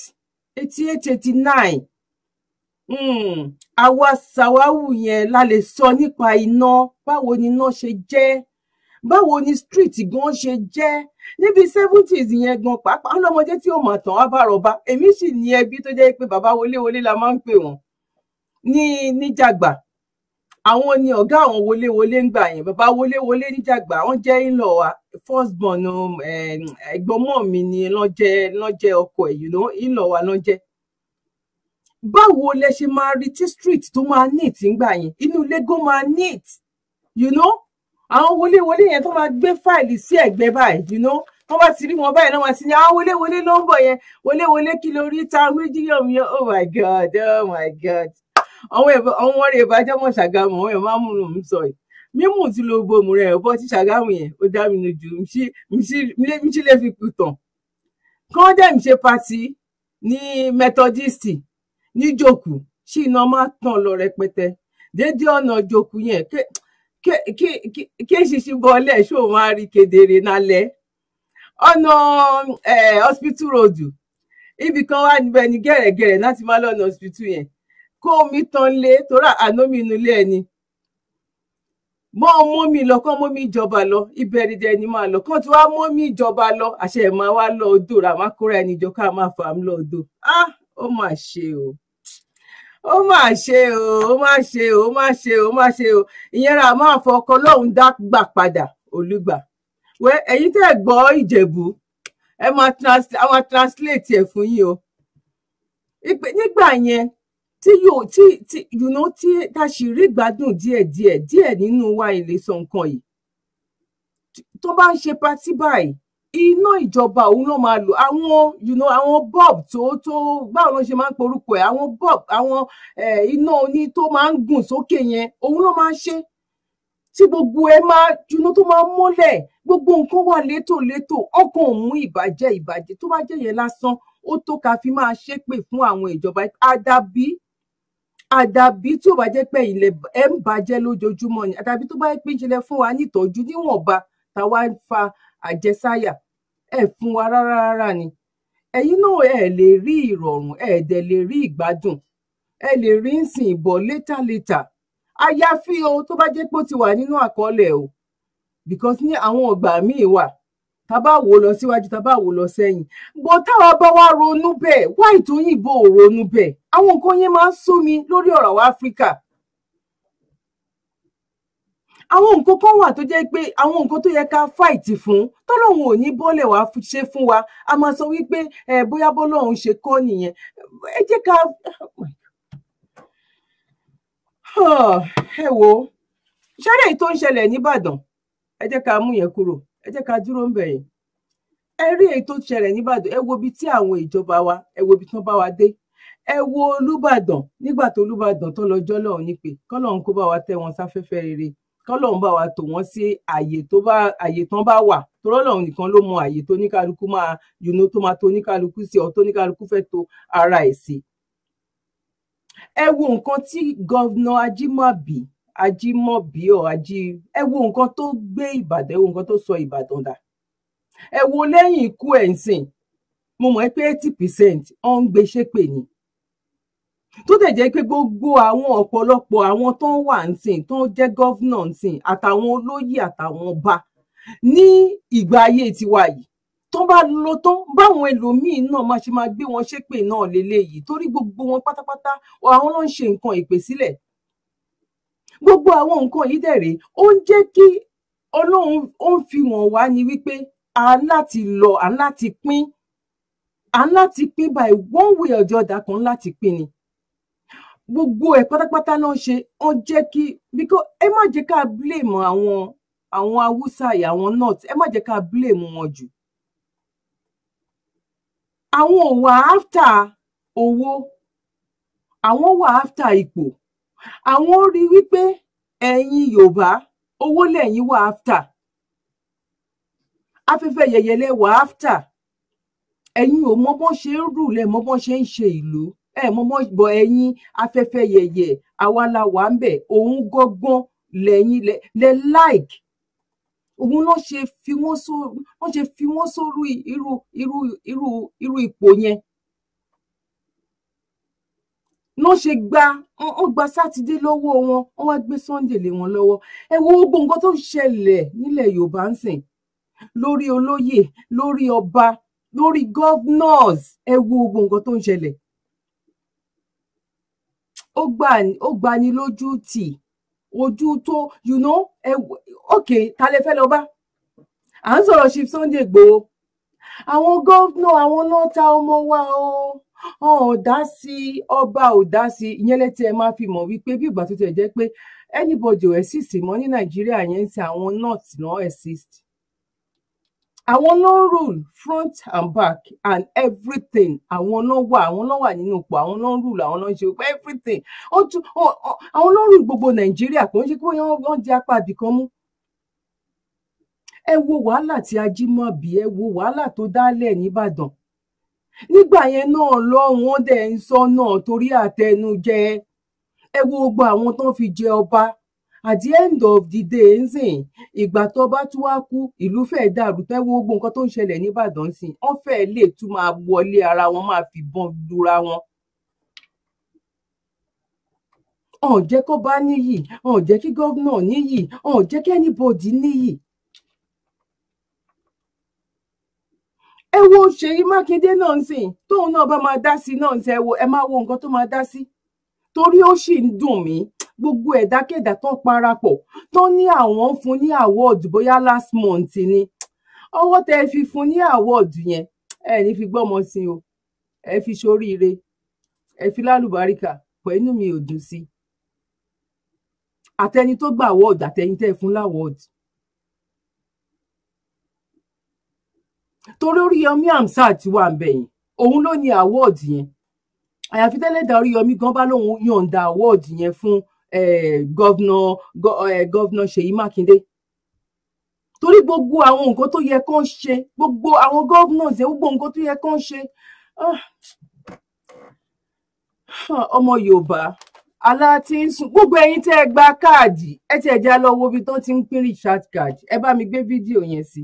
eighty eight eighty nine Hmm. àwa sàwáwù yẹn la lè sọ nípa iná báwo ni iná ṣe jẹ́ báwo ni street gan ṣe jẹ́ níbi seventies yẹn gan pàápàá ọlọ́mọdé tí ó mọ̀ tán wá bá rọ̀bá èmi sì ní ẹbí tó jẹ́ pé bàbá wọléwọlé la máa ń pè wọ́n ní níjàgbà àwọn ni ọ̀gá àwọn wọléwọlé ń gbà yẹn bàbá wọléwọlé níjàgbà wọ́n jẹ́ ńlọ wa first born um, ẹ̀gbọ́n mọ̀ mi ni lọ́n jẹ́ lọ́n jẹ́ ọkọ ẹ̀ yìí ńlọ wa lọ́n jẹ́ báwo lẹ ṣe máa rí tí street tó máa neat ńgbà yẹn inú ilé gan máa neat you know àwọn wọléwọlé yẹn tó máa gbé fáìlì sí ẹ̀gbẹ́ báyìí you know wọn bá ti rí wọn báyìí náà wọn ti ní àwọn ah, wọléwọlé ló ń bọ̀ yẹn wọléwọlé kí ló rí ta méjìyàn mi oh my god oh my god àwọn àwọn wọn rè bàjẹ́ mọ́ ṣàgámù àwọn èèyàn máa ń múnú mi sọ yìí mímú ti lo bomù rẹ bọ́ ti ṣàgámù yẹn ó dá mi lójú mi sí lè fi kú tàn kọ́ńdẹ̀m ṣe pati ní methodist níjòkù ṣì iná máa tàn lọ rẹpẹtẹ déédé ọ̀nà jòkù yẹn kí èsìsì bọ́ọ̀lẹ̀ ṣó máa rí kedere nálẹ̀ ọ̀nà hospital road ibì kan wà níbẹ̀ ní gẹ̀rẹ́gẹ̀rẹ́ láti má lọ́nà hospital yẹn kó omi tán lé torá ànómi inú ilé ẹni mọ mọmi lọ kọ mọmi ìjọba lọ ìbẹ̀rẹ̀ dẹ ni máa lọ kọ tí wàá mọmi ìjọba lọ àṣẹ ẹ máa wá lọ odò rà má kóra ẹnìjọ ká máa fà á lọ odò. Ah! ó mà ṣe o ó mà ṣe o ó mà ṣe o ó mà ṣe o ó mà ṣe o ìyẹn ra máa fọkọ lóun dá gbà padà olùgbà wẹ ẹ̀yin tẹ́ gbọ́ ìjẹ̀bú ẹ máa translate ẹ fún yín o nígbà yẹn tí yóò tí tí you know tí tá a sì rí gbádùn díẹ̀ díẹ̀ díẹ̀ nínú wa ìlẹsọ nǹkan yìí tó bá ń ṣe patí báyìí iná ìjọba òun ló máa lò àwọn you know àwọn bulb tó tó báwo ló ṣe máa ń porúkọ ẹ̀ àwọn bulb àwọn eh, iná oní tó máa ń gùn sókè yẹn òun ló máa ṣe tí gbogbo ẹ máa juná tó máa mọ́lẹ̀ gbogbo nǹkan wà létòlétò ọkàn ò mú ìbàjẹ́ ìbàjẹ́ tó bá jẹ́ yẹn lásán ó tó ká fi máa ṣépè fún àwọn ìjọba àdàbí àdàbí tí ò bá jẹ́ pé ilẹ̀ ẹ̀ ń bàjẹ́ lójoojúmọ́ ni àdàbí tó bá jẹ́ pé ìṣẹ̀lẹ̀ fún wa nítọ́jú níwọ̀nba táwa ń fa àjẹsáyà ẹ fún wa rárá rárá ni ẹ̀yin náà ẹ lè rí ìrọ̀rùn ẹ dẹ̀ lè rí ìgbádùn ẹ lè rí nsìn ìbọ̀ létà létà àyàfi ohun tó bá jẹ́ pé ó ti wà nínú àkọọ́lẹ̀ o because ní àwọn ọgbà míì wà tá bá wò lọ síwájú tá bá wò lọ sẹ́yìn bó táwa bá wá ronú bẹ́ẹ̀ wáì tó yìnbó ò ronú bẹ́ẹ̀ àwọn nǹkan yẹn máa ń sú mi lórí ọ̀rọ̀ wa Áfíríkà àwọn nǹkan kan wà tó jẹ́ pé àwọn nǹkan tó yẹ ká fight fún tọ́lọ́hun ò ní bọ́lẹ̀ wá ṣe fún wa a máa sọ wípé ẹ bóyá bọ́lọ́hun ṣe kọ́ nìyẹn ẹ jẹ́ ká oh ẹ wo ṣáré tó ń ṣẹlẹ̀ nìbàdàn ẹ jẹ́ ká mú yẹn kúrò ẹ jẹ́ ká dúró ń bẹ̀ yẹn ẹ rí èyí tó ṣẹlẹ̀ nìbàdàn ẹ wo ibi tí àwọn ìjọba wa ẹ wo ibi tí wọ́n bá wa dé ẹ wo olùbàdàn nígbà tó olùbàdàn tó lọ jọ́ lọ́hùn nípè kọ́lọ́hún kó bá wa tẹ́ wọn sáfẹ́fẹ́ rere tọ́lọ́run bá wa tò wọ́n sí àyè tó bá àyè tán bá wà tọ́lọ́run nìkan ló mọ àyè tó níkálukú máa yunú tó máa tó níkálukú sí ọ tó níkálukú fẹ́ to ara ẹ̀ sí. ẹ wo nǹkan tí gọ́vnà Ajímọ̀bí Ajímọ̀bí ọ̀ ají ẹ wo nǹkan tó gbé Ìbàdàn ẹ wo nǹkan tó sọ Ìbàdàn dà ẹ wo lẹ́yìn ikú ẹ̀ ń sìn mo mọ̀ pé eighty percent ọ̀ ń gbé ṣépè ni tó dẹ̀ jẹ́ pé gbogbo àwọn ọ̀pọ̀lọpọ̀ àwọn tó ń wà nsìn tó ń jẹ́ gọ́vnà nsìn àtàwọn olóyè àtàwọn ọba ní ìgbà ayé tiwa yìí tó bá lọ tán báwọn ẹlòmíín náà máa ṣe máa gbé wọn ṣépè náà lélẹ́yìí torí gbogbo wọn pátápátá àwọn ló ń ṣe nǹkan ìpè sílẹ̀ gbogbo àwọn nǹkan yìí dẹ̀ rèé ó ń jẹ́ kí ọlọ́run ó ń fi wọ̀n wá ni wípé a láti lọ a láti pín a láti pín by one way or the other kan láti pín ni gbogbo ẹ̀ pátápátá náà ṣe wọ́n jẹ́ kí because ẹ má jẹ́ ká blame àwọn àwọn haúsá yìí àwọn north ẹ má jẹ́ ká blame wọn jù àwọn wà after owó àwọn wà after ipò àwọn rí wípé ẹ̀yin yorùbá owó lẹ́yìn wà after afẹ́fẹ́ yẹ̀yẹ̀ lẹ wà after ẹ̀yin ò mọ bọ́n ṣe ń rù lẹ mọ bọ́n ṣe ń ṣe ìlú ẹ mọmọ bọ ẹ̀yin afẹ́fẹ́ yẹyẹ àwa la wà ń bẹ òun gángan lẹ́yìn lẹ like òun ló ṣe fi wọn sóru ló ṣe fi wọn sóru irú irú irú irú ipò yẹn ló ṣe gba wọn gba sátidé lọ́wọ́ wọn wọn gbé sunday lé wọn lọ́wọ́ ẹ wo gbogbo nǹkan tó ń ṣẹlẹ̀ nílẹ̀ yorùbá ń sìn lórí olóyè lórí ọba lórí governors ẹ wo gbogbo nǹkan tó ń ṣẹlẹ̀ ó gbà ó gbani lójú tì ojú tó you know ẹ ok ta lè fẹ́ lọ bá à ń sọ̀rọ̀ Chief Sunday Igboho àwọn gómìnà àwọn náà ta ọmọ wa o wọn ò dá sí ọba ò dá sí ìyẹn lẹ́tí ẹ máa fi mọ̀ wípé bí ìgbà tó tẹ̀ jẹ́ pé anybody ò exist mọ́ ní Nàìjíríà yẹn ń sin àwọn north náà exist àwọn ló ń rule front and back and everything àwọn ló wà àwọn ló wà nínú ipò àwọn ló ń rule àwọn ló ń ṣe gbogbo everything ó tún àwọn ló ń rule gbogbo nàìjíríà kò ń ṣe pé wọ́n di apá abìkan mú ẹ wo wàhálà tí ajímọ̀bí ẹ wo wàhálà tó dálẹ̀ nìbàdàn nígbà yẹn náà lọ́hùn ó dẹ̀ ń sọ náà torí àtẹnujẹ ẹ wo gbogbo àwọn tó ń fi jẹ ọba at the end of the day nsìn ìgbà tó bá tún wá kú ìlú fẹ́ẹ́ dàrú tẹ́ wo gbogbo nǹkan tó ń ṣẹlẹ̀ nìbàdàn nsìn wọ́n fẹ́ẹ́ lè tún máa wọlé ara wọn máa fìbọn lura wọn ọ̀n jẹ́ kó bá níyì ọ̀n jẹ́ kí gọ́vnà níyì ọ̀n jẹ́ kí anybody níyì. ẹ wo Ṣèyí Mákindé náà ń sìn tóun náà bá máa dá sí náà ń sẹ ẹ wo ẹ máa wo nǹkan tó máa dá sí torí ó sì ń dùn mí gbogbo ẹ̀dákẹ́dà tán parapọ̀ tán ní àwọn ń fún ní award bóyá last month ni ọwọ́ tẹ ẹ fi fún ní award yẹn ẹ ní fi gbọ́mọ sí o ẹ fi ṣoríire ẹ fi lálùbáríkà pọ̀ inú mi ò dùn sí àtẹni tó gba award àtẹni tẹ́ ẹ fún láward. torí Oríyọmí Hamzat ti wà ń bẹ̀yìn òun ló ní award yẹn àyàfi tẹ́lẹ̀dá Oríyọmí gan bá lóun yọ̀ǹda award yẹn fún gọ́vnà eh, gọ́vnà eh, Ṣèyí Mákindé torí gbogbo àwọn nǹkan tó yẹ kán ṣe gbogbo àwọn governors ẹ gbogbo nǹkan tó yẹ kán ṣe ah. Ah, ọmọ Yorùbá aláti ń sùn gbogbo ẹ̀yin tẹ́ ẹ gba káàdì ẹ tiẹ̀ já lọ wo ibi tó ti ń pín richard card ẹ bá mi gbé fídíò yẹn sí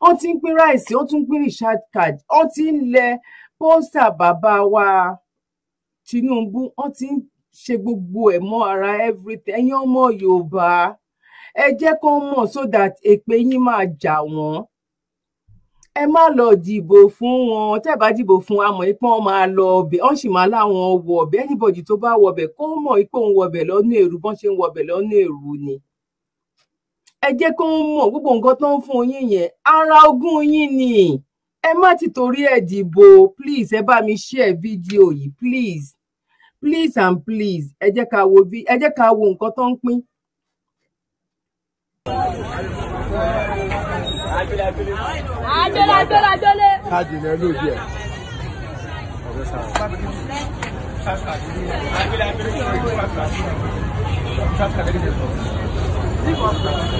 wọ́n ti ń pín ráìsì wọ́n tún ń pín richard card wọ́n ti ń lẹ̀ pósítà bàbá wa Tinubu wọ́n ti ń ṣe gbogbo ẹ̀ mọ́ ara everything ẹ̀yin ọmọ yorùbá ẹ jẹ́ kó mọ̀ so that èpè yín máa jà wọ́n ẹ má lọ dìbò fún wọn tẹ́ bá dìbò fún amọ̀ ipá wọn máa lọ ọbẹ̀ wọ́n sì máa láwọn wọ ọbẹ̀ anybody tó bá wọ ọbẹ̀ kó mọ̀ ipò òun wọ ọbẹ̀ lọ́nà èrú bọ́n ṣe ń wọ ọbẹ̀ lọ́nà èrú ni ẹ jẹ́ kó mọ̀ gbogbo nǹkan tó ń fún yín yẹn ara ogún yín ni ẹ má ti torí ẹ̀ dìbò please ẹ bá mi share video yìí please please and please ẹ jẹ́ ká wo bí ẹ jẹ́ ká wo nǹkan tó ń pín.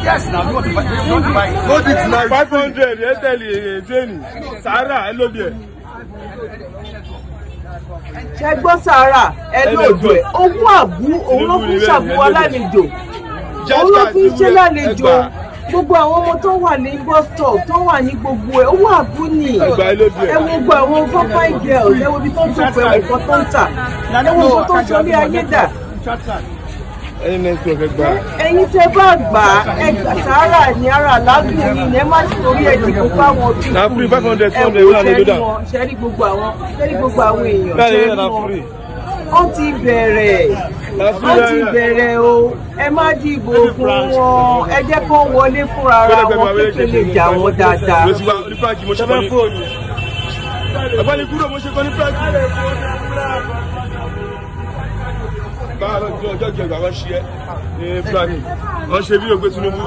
Yes, now you want to buy You want to buy it. Hold yes, tell you, Jenny. Sarah, I love you ẹ gbọ́ sàárà ẹ lóòjọ́ ẹ̀ owó àbú òun ló fi ń ṣàbúwọ́ alálejò òun ló fi ń ṣe lálejò gbogbo àwọn ọmọ tó wà ní bus tó wà ní gbogbo ẹ̀ owó àbú ni ẹ wo gbogbo àwọn fọ́fáì girls ẹ wo tó ń tó pẹ̀lú ìkọ́ tó ń tà ẹ wo tó ń sọ ní ayé dà nsp fẹ́ gbà. ẹ̀yin tẹ́ bá gbà ẹ gbà sàárà ní ara làágùn yìí ẹ má ti torí ẹ̀jẹ̀ tó bá wọn bí. na free five hundred two hundred wúlò àlejò dà. sẹ́rí gbogbo àwọn sẹ́rí gbogbo àwọn èèyàn sẹ́rí wọn ó ti bẹ̀rẹ̀ ó ti bẹ̀rẹ̀ o ẹ má dìbò fún wọn ẹ jẹ́ kó wọlé fúnra wọn kékeré lè jà wọ́n dáadáa. ẹgbẹ́ ni kúrò mo ṣe kọ́ ní pẹ́ẹ́kì báwa lọ jọ ọjọ́ ìjọba wọn ṣe ẹ ní fúlàní wọn ṣe bí ògbé Tinubu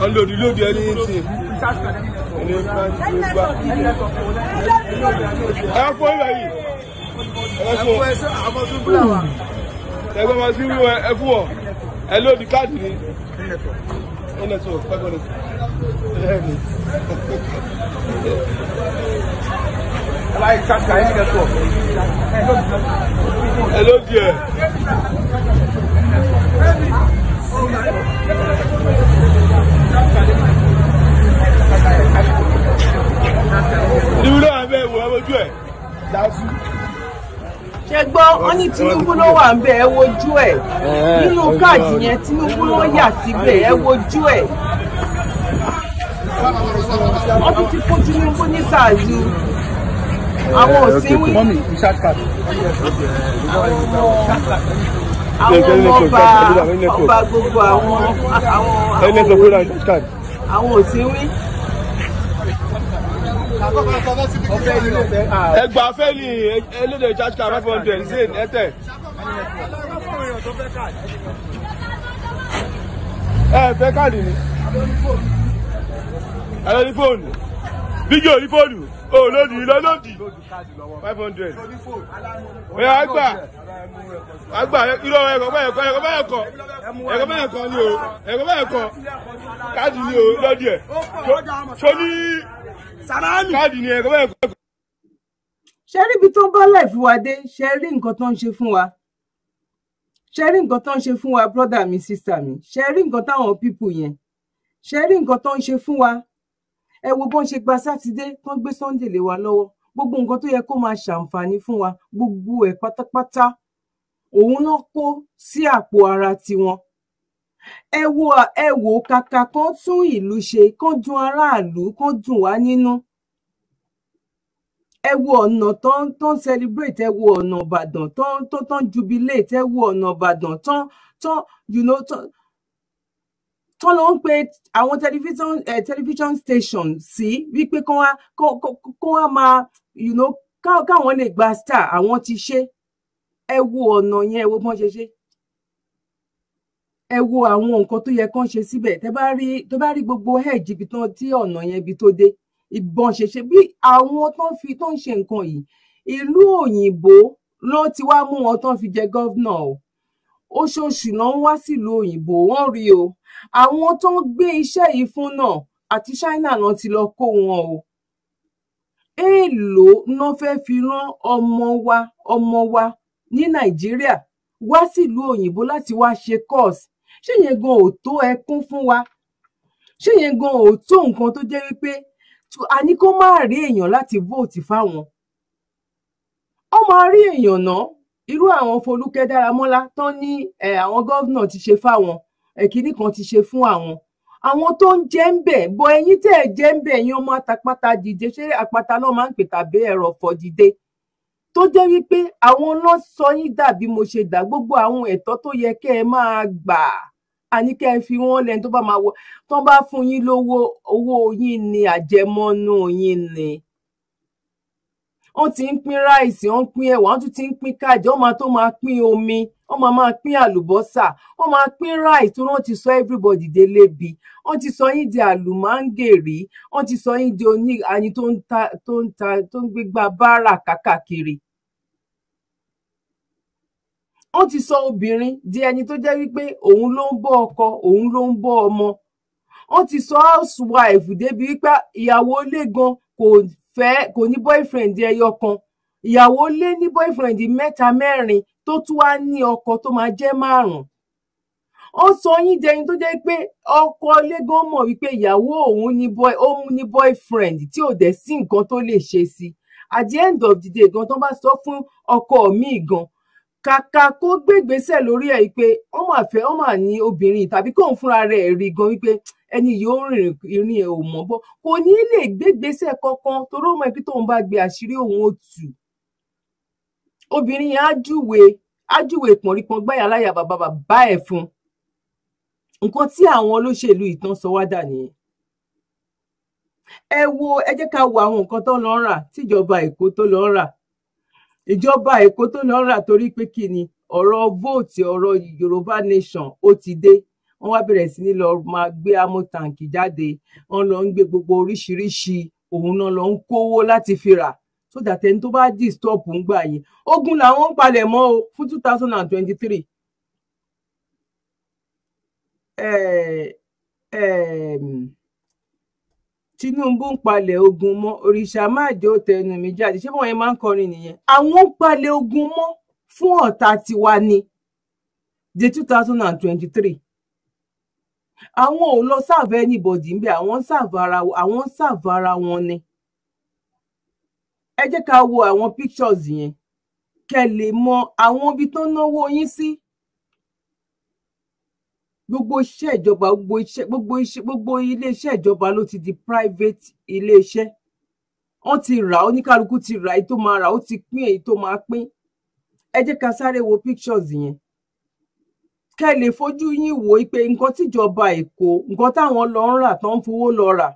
wọn lòdì lòdì ẹni tì ní fúlàní tó gbà. ẹ fọ ilẹ̀ yìí ẹ fọ ẹgbẹ́ máa ti wíwọ ẹ fún ọ ẹ lòdì káàdì ni ẹ nẹtọ ẹ kọ nẹtọ ẹ ní. Hello dear. Ìwúlò àbẹ̀ ìwò ẹwojú ẹ̀ dájú. Ṣé gbọ́, wọ́n ní Tinubu ló wà ń bẹ̀ ẹ wojú ẹ̀. Nínú káàdì yẹn, Tinubu ló yà síbẹ̀ ẹ wojú ẹ̀ wọ́n ti ti kó Tinubu ní sàájú Eh, àwọn òsínwí àwọn ọba ọba gbogbo àwọn àwọn eh, àwọn òsínwí. ẹgbàá fẹ́ẹ̀lì elédè charge card five hundred zayn ẹ̀tẹ̀. ẹ fẹ́ káàdì ni ẹ lọ ní fóònù fídíò ní fóònù. Oh, o lòdì lọ́lọ́dì five hundred oya àgbà àgbà irọ́ ẹ̀kọ́ bá ẹ̀kọ́ ẹ̀kọ́ bá ẹ̀kọ́ ẹ̀kọ́ bá ẹ̀kọ́ ni o ẹ̀kọ́ bá ẹ̀kọ́ káàdì ni o lọ́dì ẹ̀ tó ní káàdì ni ẹ̀kọ́ bá ẹ̀kọ́. ṣe rí ibi tó ń bá láìfi wá dé ṣe rí nǹkan tó ń ṣe fún wa ṣe rí nǹkan tó ń ṣe fún wa brọ́dà mi sísà mi ṣe rí nǹkan táwọn pípù yẹn ṣe rí nǹkan tó ń ṣe fún wa ẹ wo bọ́n ṣe gba sátidé tán gbé sunday lé wa lọ́wọ́ gbogbo nǹkan tó yẹ kó máa ṣàǹfààní fún wa gbogbo ẹ̀ pátápátá òun náà kó sí àpò ara tiwọn ẹ wo ẹ wo kàkà kan tún ìlú ṣe kán dùn aráàlú kán dùn wá nínú ẹ wo ọ̀nà tán tán celebrate ẹ wo ọ̀nà ìbàdàn tán tán tán jubilate ẹ wo ọ̀nà ìbàdàn tán tán you know tán tó ló ń pe àwọn tẹlifíṣàn eh, tẹlifíṣàn station sí wípé kó wá kó wá máa you know káwọn lè gba star àwọn ti ṣe ẹ wo ọ̀nà yẹn ẹ wo bọ́n ṣe ṣe ẹ wo àwọn nǹkan tó yẹ kán ṣe síbẹ̀ tẹ bá rí tó bá rí gbogbo hedge ibi tán tí ọ̀nà yẹn ibi tó dé ìbọn ṣe ṣe bí àwọn tó fi tó ṣe nǹkan yìí ìlú òyìnbó ló ti wá mú wọn tó fi jẹ gọ́vnà o oṣooṣù náà ń wá sílùú òyìnbó wọn rí o àwọn tó ń gbé iṣẹ́ yìí fún náà àti China náà ti lọ kó wọn o èèlò náà fẹ́ẹ́ fi rán ọmọ wa ọmọ wa ní Nàìjíríà wá sílùú òyìnbó láti wá ṣe course ṣé yẹn gan ò tó ẹkún fún wa ṣé yẹn gan ò tó nǹkan tó jẹ́ wípé a ní kó má rí èèyàn láti vóòtì fáwọn ó máa rí èèyàn náà irú àwọn Folúkẹ́ Dáramọ́lá tán ní àwọn gómìnà ti ṣe fáwọn ẹ̀kíní kan ti ṣe fún àwọn àwọn tó ń jẹ́ ń bẹ̀ bọ ẹ̀yin tẹ́ ẹ̀ jẹ́ ń bẹ̀ ẹ̀yin ọmọ àtàpátá dìde ṣé àpáta náà máa ń pè tàbí ẹ̀rọ fọ́ dìde tó jẹ́ wípé àwọn náà sọ yín dà bí mo ṣe dà gbogbo àwọn ẹ̀tọ́ tó yẹ kẹ́ ẹ máa gbà àní kẹ́ ẹ fi wọ́n lẹ́nu tó bá máa wọ tán bá fún yín lówó owó yín ni àjẹmọ́nú yín ni wọ́n ti ń pín ráìsì wọ́n ń pín ẹ̀wà wọ́n tún ti ń pín káàdì wọ́n máa tó máa pín omi wọ́n máa máa pín àlùbọ́sà wọ́n máa pín ráìsì tó wọ́n ti sọ everybody dé lébi wọ́n ti sọ yín di àlùmáǹgèrè wọ́n ti sọ yín di oní ayin tó ń ta tó ń ta tó ń gbégbá báárà kákàkiri wọ́n ti sọ obìnrin di ẹni tó jẹ́ wípé òun ló ń bọ́ ọkọ òun ló ń bọ́ ọmọ wọ́n ti sọ housewife débi wípé ìyàwó ilé gan kò fẹ́ kò ní boyfriend ẹyọ kan ìyàwó lé ní boyfriend mẹ́ta mẹ́rin tó tún wá ní ọkọ tó máa jẹ́ márùn-ún ó sọ yín dẹni tó jẹ́ pé ọkọ lẹ́gàn mọ̀ wípé ìyàwó òun ní boy òun ní boyfriend tí ò dẹ̀ sí nǹkan tó lè ṣe sí at the end of the day gan tó bá sọ fún ọkọ mi gan kàkà kó gbégbèsè lórí ẹ̀ pé ọmọ àfẹ́ ọmọ àní obìnrin tàbí kóun fúnra rẹ̀ rí gan wípé ẹni yóò rìn ìrìn ẹ̀ ò mọ́ bọ́ kò ní lè gbégbèsè kankan torí ó mọ ibi tóun bá gbé àṣírí òun ó tù obìnrin yẹn á júwe á júwe pọ̀nrípọ̀n gbáyà láyà bàbá bàbá ẹ̀ fún nǹkan tí àwọn olóṣèlú ìtàn sọ wá dà nìyẹn ẹ wo ẹ jẹ́ ká wo àwọn nǹkan tó lọ ń rà tíjọba èkó tó lọ ń rà ìjọba èkó tó lọ ń rà torí pé kí ni ọ̀rọ̀ vóòtì ọ̀rọ̀ yorùbá nation ó ti dé wọ́n wá bẹ̀rẹ̀ sí ní lọ máa gbé amótàǹkì jáde wọ́n lọ ń gbé gbogbo oríṣiríṣi òun náà lọ ń kówó láti fi rà so that ẹni tó bá disturb ń gbà yín ogun làwọn ń palẹ̀ mọ́ o fún two thousand and twenty-three Tinubu ń palẹ̀ ogun mọ́ òrìṣà máa jẹ́ ó tẹnu mi jáde ṣé báwọn yẹn máa ń kọrin nìyẹn àwọn ń palẹ̀ ogun mọ́ fún ọ̀tá tiwa ni the two thousand and twenty-three àwọn ò lọ serve anybody ń bẹ àwọn ń serve ara àwọn ń serve ara wọn ni ẹ jẹ́ ká wo àwọn pictures yẹn kẹ́ lè mọ àwọn ibi tó náwó yín sí gbogbo iṣẹ́ ìjọba gbogbo iṣẹ́ gbogbo iṣẹ́ gbogbo iléeṣẹ́ ìjọba ló ti di private iléeṣẹ́ wọ́n ti rà ó oníkálukú ti rà èyí tó máa rà ó ti pín èyí tó máa pín ẹ jẹ́ ká sáré wo pictures yẹn kẹ́ ẹ lè fojú yín wò ó pé nǹkan tíjọba èkó nǹkan táwọn lọ ń rà tó ń fowó lọ rà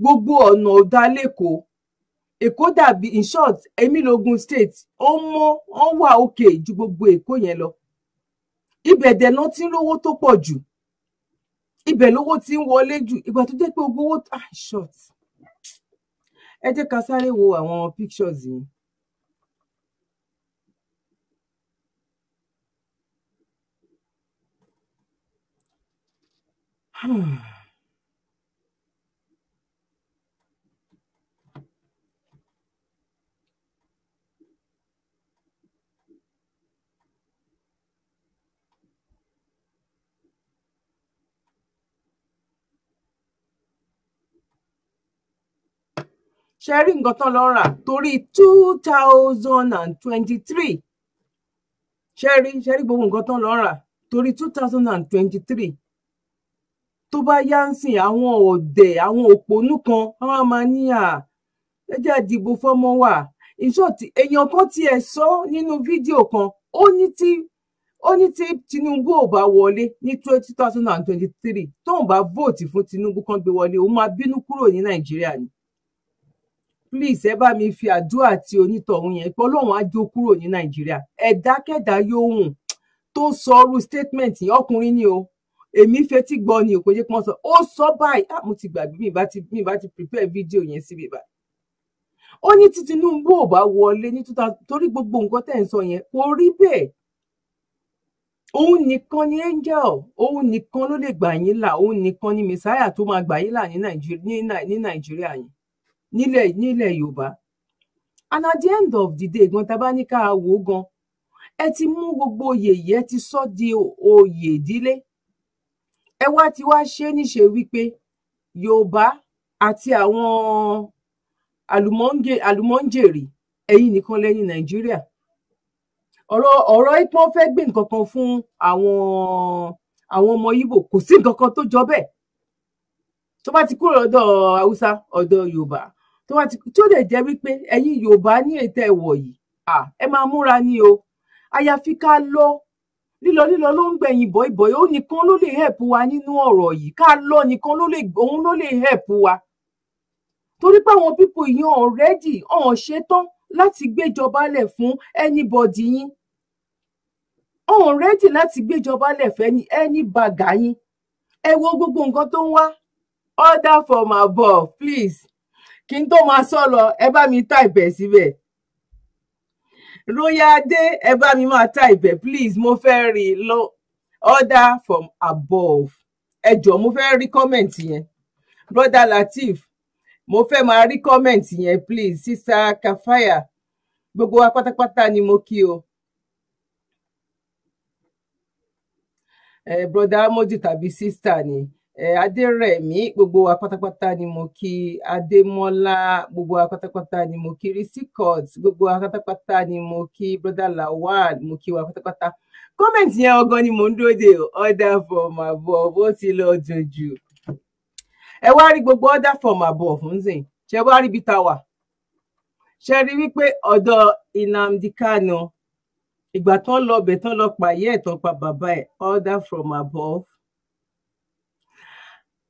gbogbo ọ̀nà ọ̀dà lẹ́kọ̀ọ́ èkó dàbí in short emilogun state ó mọ́ ó wà òkè ju gbogbo èkó yẹn lọ ibẹ̀ dẹ̀ lọ ti ń lówó tó pọ̀ jù ibẹ̀ lówó ti ń wọlé jù ìgbà tó jẹ́ pé gbogbo ah short ẹ jẹ́ ká sáré wo àwọn pictures yìí. ṣe rí nǹkan tán lọ rà torí two thousand and twenty-three ṣe rí gbogbo nǹkan tán lọ rà torí two thousand and twenty-three tó bá yá ń sìn àwọn ọ̀dẹ̀ àwọn òpònú kan àwọn àmàníyà ẹ jẹ́ àdìbò fọ́mọ wà ìṣòtì èèyàn kan tiẹ̀ sọ nínú fídíò kan ó ní tí Tinubu ò bá wọlé ní two thousand and twenty three tóun bá vóòtì fún Tinubu kan gbé wọlé òun máa bínú kúrò ní Nàìjíríà ni please ẹ bá mi fi àdúrà àti onítọ̀hún yẹn pé Ọlọ́run á jó kúrò ní Nàìjíríà ẹ̀dákẹ́dá yóò hùn tó sọ ọrú statement yẹn ọkùnrin ni o èmi fetí gbọ́ ni òkò jẹ́ kí wọ́n sọ ó sọ báyìí ah mo ti gbàgbé mi bá ti mi bá ti prepare video yẹn síbi báyìí ó ní tí Tinubu ò bá wọlé ní tó ta torí gbogbo nǹkan tẹ̀ ń sọ yẹn kò rí bẹ́ẹ̀ òun nìkan ni angel òun nìkan ló lè gbà yín là òun nìkan ni messiah tó máa gbà yín là ní nàìjíríà yín nílẹ̀ nílẹ̀ yorùbá and at the end of the day gan tá bá ní ká wò ó gan ẹ ti mú gbogbo oyè ti sọ di oyè ìdílé ẹ wá ti wá ṣe é níṣe wípé yorùbá àti àwọn àlùmọ́ǹjèrè ẹ̀yin nìkan lẹ́yìn nàìjíríà ọ̀rọ̀ ọ̀rọ̀ ipon fẹ́ gbé nǹkan kan fún àwọn àwọn ọmọ Ìgbò kò sí nǹkan kan tó jọ bẹ́ẹ̀ tó bá ti kúrò lọ́dọ̀ haúsá ọ̀dọ̀ yorùbá tó bá ti tó lè jẹ́ wípé ẹ̀yin yorùbá ní ètò ẹ̀wọ̀ yìí ẹ máa múra ni o àyàfi ká lọ lílọ lílọ ló ń gbẹ̀yìn bọ̀ìbọ̀ì òun nìkan ló lè help wa nínú ọ̀rọ̀ yìí ká lọ nìkan ló lè òun ló lè help wa torí pé àwọn pípò yìí already ọ̀hún ṣetán láti gbéjọba lẹ̀ fún anybody yín ọ̀hún ready láti gbéjọba lẹ̀ fẹ́ ní bàgà yín ẹ wo gbogbo nǹkan tó ń wá order from above please kí n tó máa sọ lọ ẹ bá mi type ẹ síbẹ̀ royal adé ẹ bá mi máa ta ibẹ̀ please mo fẹ́ rí lọ order from above ẹ jọ̀ọ́ mo fẹ́ rí comment yẹn brother lateef mo fẹ́ máa rí comment yẹn please sister kafaya gbogbo wa pátápátá ni mo kí o. Eh, brother amodi tàbí sister ni adérẹ̀mí gbogbo wa pátápátá ni mo kí gbogbo wa pátápátá ni mo kí rìsíkọt gbogbo wa pátápátá ni mo brother lawal mo kí wa pátápátá gọọmenti yẹn ọgọ ni mo ń dúró de order form bó ti lọ gbogbo fún ṣe wá rí wípé ọ̀dọ̀ ìgbà tán lọ tán lọ pa bàbá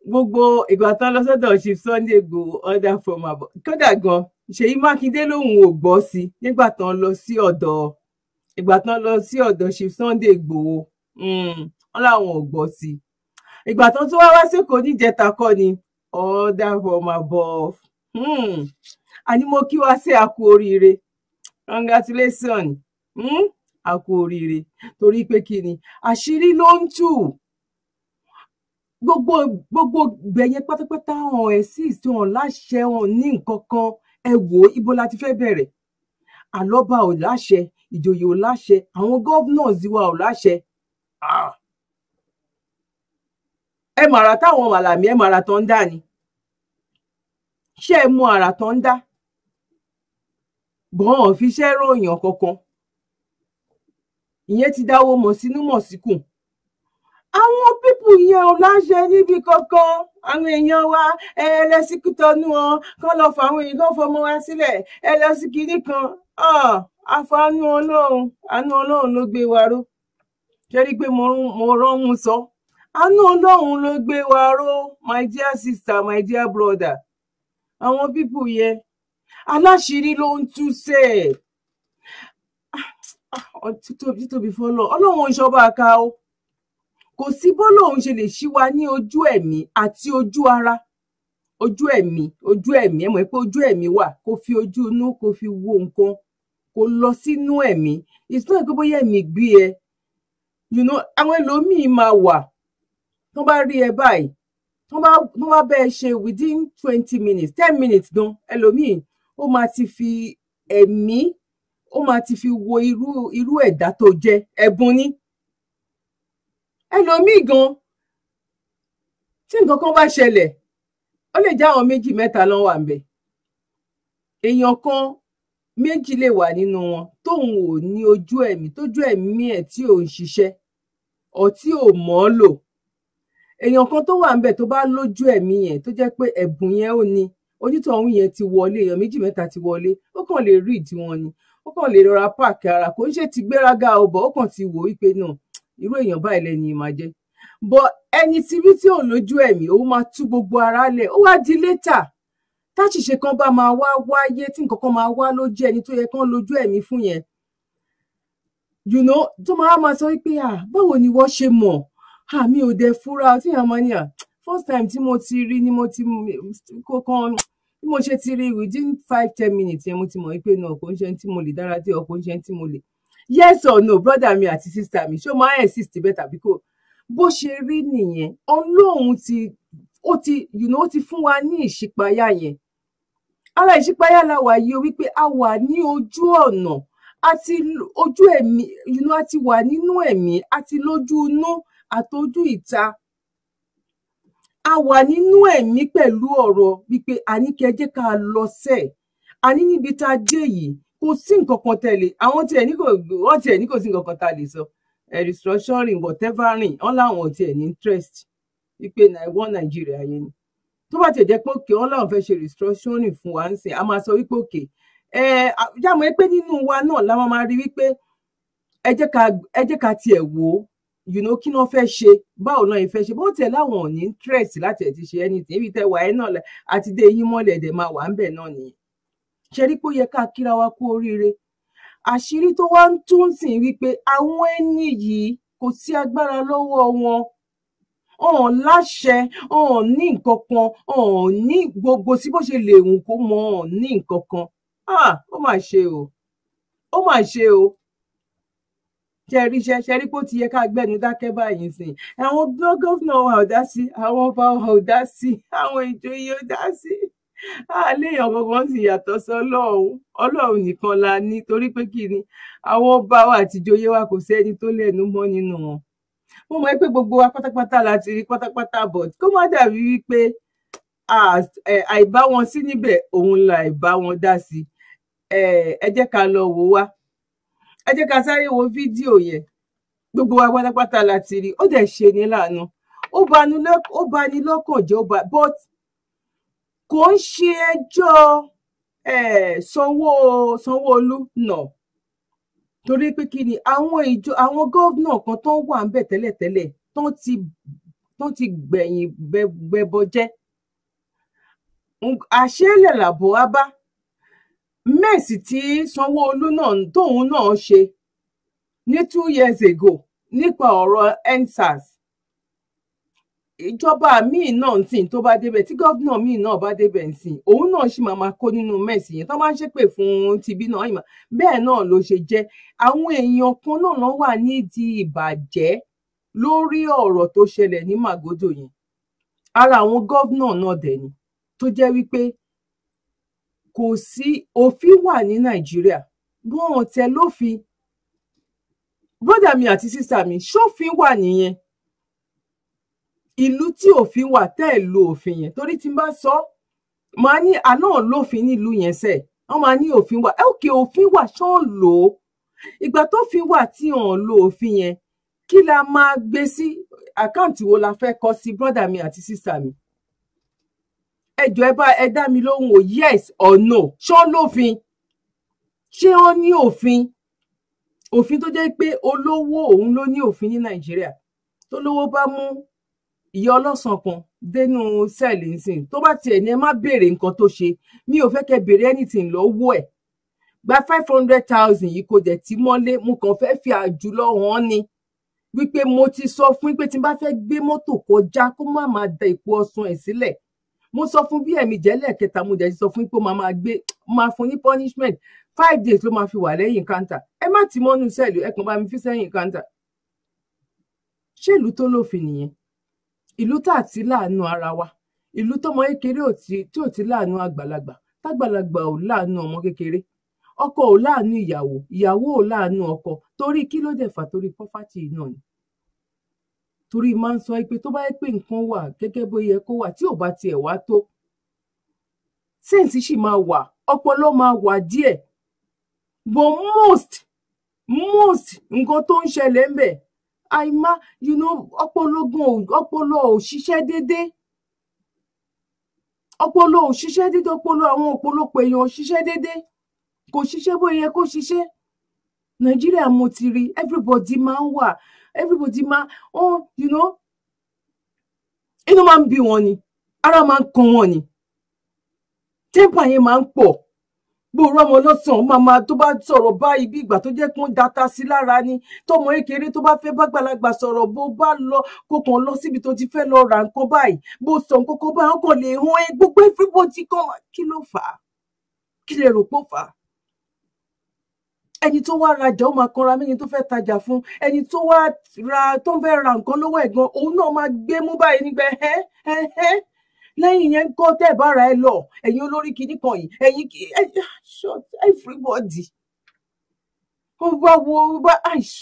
gbogbo ìgbà tán lọ sọ́dọ̀ chief sunday igbòho order from abo kódà gan ṣèyí mákindé lòun ò gbọ́ sí nígbà tán lọ sí ọ̀dọ̀ ìgbà tán lọ sí ọ̀dọ̀ chief sunday igbòho hmm, wọn làwọn ò gbọ́ sí ìgbà tán tún wá wá sẹkọọ níjẹta kọ́ ni order from above àní hmm, mo kí wá sí àkú oríire congratulation àkú hmm, oríire torí pé kí ni àṣírí ló ń tú gbogbo gbogbo gbẹ̀yẹn pátápátá hàn exist hàn láṣẹ hàn ní nǹkan kan ẹ wò ó ibo la ti fẹ́ bẹ̀rẹ̀ àlọ́ba ò láṣẹ ìjòyè ò láṣẹ àwọn governors wa ò láṣẹ ah. ẹ màrà táwọn màlàmí ẹ màrà tán ń dà ni ṣé ẹ mú àrà tán ń dá bọ́n fi ṣẹ́ ròyìn kankan ìyẹn ti dáwó mọ̀ sínú mọ̀ síkùn àwọn pípù yẹn ò láṣẹ níbi kankan àwọn èèyàn wa ẹlẹsìkítọ́nù ọ kán lọ fà àwọn èèyàn kan fọmọ wa sílẹ̀ ẹlẹsìkíní kan àfààní ọlọ́run àánú ọlọ́run ló gbé wa ró jẹ́rí pé mo rọ́hún sọ àánú ọlọ́run ló gbé wa ró my dear sister my dear brother àwọn pípù yẹn aláṣírí ló ń tú sẹ́ ẹ̀ títóbi fọlọ́ ọlọ́run ìṣọba àká o kò sí bólóhùn ṣe lè ṣí wa ní ojú ẹ̀mí àti ojú ara ojú ẹ̀mí ojú ẹ̀mí ẹ mọ̀ pé ojú ẹ̀mí wà kó fi ojú inú kó fi wo nǹkan kó lọ sínú ẹ̀mí it's not pé bóyá ẹ̀mí gbé ẹ you know àwọn ẹlòmíín máa wà tó bá rí ẹ báyìí tó bá tó bá bẹ́ẹ̀ ṣe within twenty minutes ten minutes gan ẹlòmíín ó máa ti fi ẹ̀mí ó máa ti fi wo irú irú ẹ̀dá tó jẹ́ ẹ̀bùn ni ẹlòmíì gan tí nǹkan kan bá ṣẹlẹ̀ ó lè jẹ́ àwọn méjì mẹ́ta ló wà ńbẹ̀ èèyàn kan méjì lè wà nínú wọn tóun ò ní ojú ẹ̀mí tójú ẹ̀mí ẹ̀ tí ò ń ṣiṣẹ́ ọ tí ò mọ̀ ọ́ lò èèyàn kan tó wà ńbẹ̀ tó bá lójú ẹ̀mí yẹn tó jẹ́ pé ẹ̀bùn yẹn ò ní onítọ̀hún yẹn ti wọlé èèyàn méjì mẹ́ta ti wọlé ó kàn lè rí ìdí wọn ni ó kàn lè rọra páàkì ara kò ń ṣe ti gbéraga ọbọ ó kàn ti wò ó pé náà irú èèyàn báyìí lẹ́yìn máa jẹ́ but ẹni tí rí tí ò lójú ẹ̀mí ó máa tú gbogbo ara lẹ̀ ó wá di létà táṣìṣe kan bá máa wá wáyé tí nǹkan kan máa wá lójú ẹni tó yẹ kán lójú ẹ̀mí fún yẹn you know tó máa máa sọ pé à báwo ni wọ́n ṣe mọ̀ àmì ò dẹ̀ fura tí yàn máa ní à first time tí mo ti rí ni mo ti kó kan bí mo ṣe ti rí within five ten minutes yẹn mo ti mọ̀ pé náà kò ń tí mo lè dára dé ọ kò tí mo lè yes or no brother mi àti sister mi ṣé my máa insist bẹ́ẹ̀ tàbí kò bó ṣe rí nìyẹn ọlọ́run ti ó ti you know ó ti fún wa ní ìṣípayá yẹn ara ìṣípayá la wà yìí wípé a wà ní ojú ọ̀nà àti ojú ẹ̀mí you know a ti wà nínú ẹ̀mí àti lójú inú àtọjú ìta a wà nínú ẹ̀mí pẹ̀lú ọ̀rọ̀ wípé àní kẹjẹ́ ká lọ sẹ́ẹ̀ àní níbi tá a dé yìí kò sí nǹkan kan tẹ̀lé àwọn tiẹ̀ ní kò wọ́n tiẹ̀ ní kò sí nǹkan kan tá lè sọ restructuring whatever-ing wọ́n láwọn tiẹ̀ ní interest wípé wọ́n nàìjíríà yẹn ni tó bá tẹ̀ jẹ́ pé òkè wọ́n láwọn fẹ́ ṣe restructuring fún wa ń sìn a máa sọ wípé òkè ẹ jáàmù pé nínú wa náà la máa máa rí wípé ẹ jẹ́ ká tiẹ̀ wò ó you know kí náà fẹ́ ṣe báwo náà ìfẹ́ ṣe bó tẹ̀ láwọn ò ní interest láti ẹ̀ ti ṣe anything ibi tẹ́ wà ẹ́ náà àti dé yín mọ́lẹ̀ dẹ̀ máa wà ń bẹ̀ náà nìyẹn ṣe rí pé ó yẹ ká kíra wa kú oríire àṣírí tó wá ń tún sìn wípé àwọn ẹni yìí kò sí agbára lọ́wọ́ wọn ọ̀n láṣẹ ọ̀n ní nǹkan kan ọ̀n ní gbogbo sí bó ṣe lè wù kó mọ ọ̀n ní nǹkan kan ah, ó mà ṣe o ó mà ṣe o ṣẹ̀rí ṣẹ̀rí pé ó ti yẹ ká gbẹ́nu dákẹ́ báyìí sìn àwọn gómìnà ọ̀dà sí àwọn ọba ọ̀dà sí àwọn ìjòyè ọ̀dà sí àléèyàn kankan sì yàtọ̀ sọ́lọ́run Ọlọ́run nìkan la ní torí pé kí ni àwọn ọba wa àtìjòyè wa kò sẹ́ni tó lẹ́nu mọ́ nínú wọn mo mọ̀ pé gbogbo wa pátápátá la ti rí pátápátá bọ̀ kó má dàbí wípé àìbá wọn sí níbẹ̀ òun la àìbá wọn dá sí ẹ jẹ́ ká lọ wò wá ẹ jẹ́ ká sáré wo fídíò yẹn gbogbo wa pátápátá la ti rí ó dẹ̀ ṣe ní láàánú ó bani lọ́kàn jẹ́ ó bá but kò ń ṣe ẹjọ́ sanwó sanwóolu nà torí pé kí ni àwọn ìjọ àwọn gómìnà kan tó wà ń bẹ̀ tẹ́lẹ̀tẹ́lẹ̀ tó ti tó ti gbẹ̀yìn gbẹbọ jẹ́ àṣẹ́lẹ̀ làbò wá bá mẹ́ẹ̀sì tí sanwóolu náà tóun náà ṣe ní two years ago nípa ọ̀rọ̀ endsars ìjọba míì náà ń sìn tó bá débẹ̀ tí gọ́vnà míì náà bá débẹ̀ ń sìn òun náà sì máa máa kó nínú mẹ́sì yẹn tó bá ń ṣépè fún tibí náà ìmọ̀ bẹ́ẹ̀ náà ló ṣe jẹ́ àwọn èèyàn kan náà ló wà nídìí ìbàjẹ́ lórí ọ̀rọ̀ tó ṣẹlẹ̀ ní Màgódò yẹn ara àwọn gọ́vnà náà dẹ̀ ni tó jẹ́ wípé kò sí òfin wà ní Nàìjíríà wọn ò lófin bródà mi àti sísà mi ṣófin wà nìyẹn ìlú tí òfin wà tẹ́ ẹ̀ lo òfin yẹn torí tí n bá sọ màá ní àná lófin nílùú yẹn sẹ̀ wọ́n máa ní òfin wà ẹ òkè òfin wà ṣán lò ó ìgbà tó fi wà tí ò ń lo òfin yẹn kí la máa gbé sí àkáǹtì wo la fẹ́ kọ sí brọ́dà mi àti sísà mi ẹjọ ẹ bá ẹ dá mi lóhùn o yes or no ṣọ́ lófin ṣé wọ́n ní òfin òfin tó jẹ́ pé olówó òun ló ní òfin ní nàìjíríà tó lówó bá mú ìyá ọlọ́sàn kan dénú sẹ́ẹ̀lì nsìn tó bá tiẹ̀ ní ẹ má béèrè nǹkan tó ṣe mi ò fẹ́ kẹ́ béèrè anything lọ́wọ́ ẹ̀ gba five hundred thousand yìí kò dẹ̀ ti mọ́lé mo kàn fẹ́ fi àjùlọ hàn ni wípé mo ti sọ fún pé tí n bá fẹ́ gbé mọ́tò kọjá kó má máa da èpo ọsàn ẹ̀ sílẹ̀ mo sọ fún bí ẹ̀mí jẹ́lẹ̀ kẹta mo dẹ̀ ti sọ fún pé mo máa gbé máa fún ní punishment five days ló máa fi wà lẹ́yìn kántà ẹ má ti mọ́nú sẹ́ẹ̀lì ẹ bá mi fi sẹ́yìn kántà ṣèlú tó lófin nìyẹn ìlú tá àti láàánú ara wa ìlú tọmọ kékeré tí ò ti láàánú àgbàlagbà tágbàlagbà ò láàánú ọmọ kékeré ọkọ ò láàánú ìyàwó ìyàwó ò láàánú ọkọ torí kí ló dẹ̀ fà torí pọ́fàtì náà ni torí máa ń sọ pé tó bá yẹ pé nǹkan wà gẹ́gẹ́ bó yẹ kó wà tí ò bá tiẹ̀ wá tó sẹ́ǹsì sì máa wà ọpọlọ máa wà díẹ̀ but most most nǹkan tó ń ṣẹlẹ̀ ń bẹ̀ àìmá you know ọpọlọgún ọpọlọ ò ṣiṣẹ́ déédéé ọpọlọ ò ṣiṣẹ́ déédéé ọpọlọ àwọn ọ̀pọ̀lọpọ̀ èèyàn ò ṣiṣẹ́ déédéé kò ṣiṣẹ́ bó yẹ kó ṣiṣẹ́ nàìjíríà mo ti rí everybody máa ń wà everybody máa oh you know inú máa ń bí wọn ni ara máa ń kan wọn ni tẹ́ńpà yẹn máa ń pọ̀ gbòòrò ọmọ ọlọ́sàn màmá tó bá sọ̀rọ̀ báyìí bí ìgbà tó jẹ́ pé ń data sí lára ni tọmọ kékeré tó bá fẹ́ bá gbàlagbà sọ̀rọ̀ bó bá lọ kó kàn lọ síbi tó ti fẹ́ lọ ra nǹkan báyìí bó sọ nǹkan kan báyìí ọkàn lè hàn ẹ́ gbogbo everybody kan kí ló fà á kí lè rò pó fà á ẹni tó wá rajà ó máa kanra mẹ́ni tó fẹ́ tajà fún ẹni tó wá ra tó ń fẹ́ ra nǹkan lọ́wọ́ ẹ̀gan òun náà máa gbé mú báyìí nígbà ẹ́ ẹ́ ẹ́ lẹ́yìn yẹn ń kó tẹ́ bára ẹ lọ ẹ̀yin olórí kìíní kan yìí short everybody ó bá wo ó bá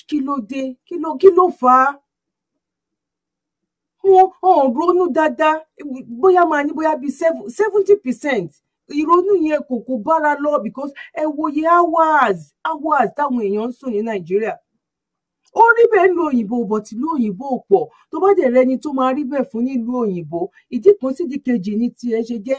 kí ló dé kí ló kí ló fà á wọn ò ronú dáadáa bóyá máa ní bóyá bíi seventy percent ìrònú yẹn kò kò bára lọ because ẹ wòye hours hours táwọn èèyàn ń sùn ní nàìjíríà ó rí bẹ́ẹ̀ nílùú òyìnbó bọ̀ tìlú òyìnbó pọ̀ tó bá dẹ̀ rẹni tó máa rí bẹ́ẹ̀ fún nílùú òyìnbó ìdí kan sídìí kejì ni tiẹ̀ ṣe jẹ́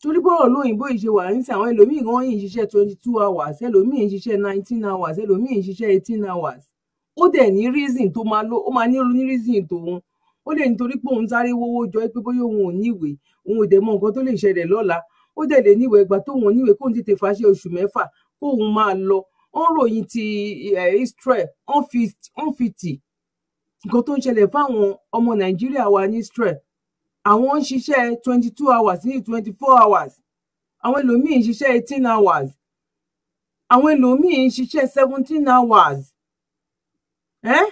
torí bọ́rọ̀ lóyìnbó yìí ṣe wà ní sàwọn ẹlòmíì gan yìí ń ṣiṣẹ́ twenty two hours ẹlòmíì ń ṣiṣẹ́ nineteen hours ẹlòmíì ń ṣiṣẹ́ eighteen hours ó dẹ̀ ní reason tó máa lọ ó máa ní ní reason tòun ó lè nítorí pé òun sáré wówó jọ pé bóyá òun ò níwèé òun ò dẹ̀ mọ nǹkan tó lè ṣẹlẹ̀ lọ́la ó dẹ̀ lè níwèé ẹgbà tóun ò níwèé kóun tètè fàṣẹ oṣù mẹ́fà kóun máa lọ ó ròyìn ti Israel ó ń fi tì nǹkan tó ń ṣẹlẹ̀ fáwọn ọmọ Nàìjíríà wa ní Israel àwọn ń ṣiṣẹ́ twenty two hours ní twenty four hours àwọn ẹlòmíì ń ṣiṣẹ́ eighteen hours àwọn ẹlòmíì ń ṣiṣẹ́ seventeen hours eh?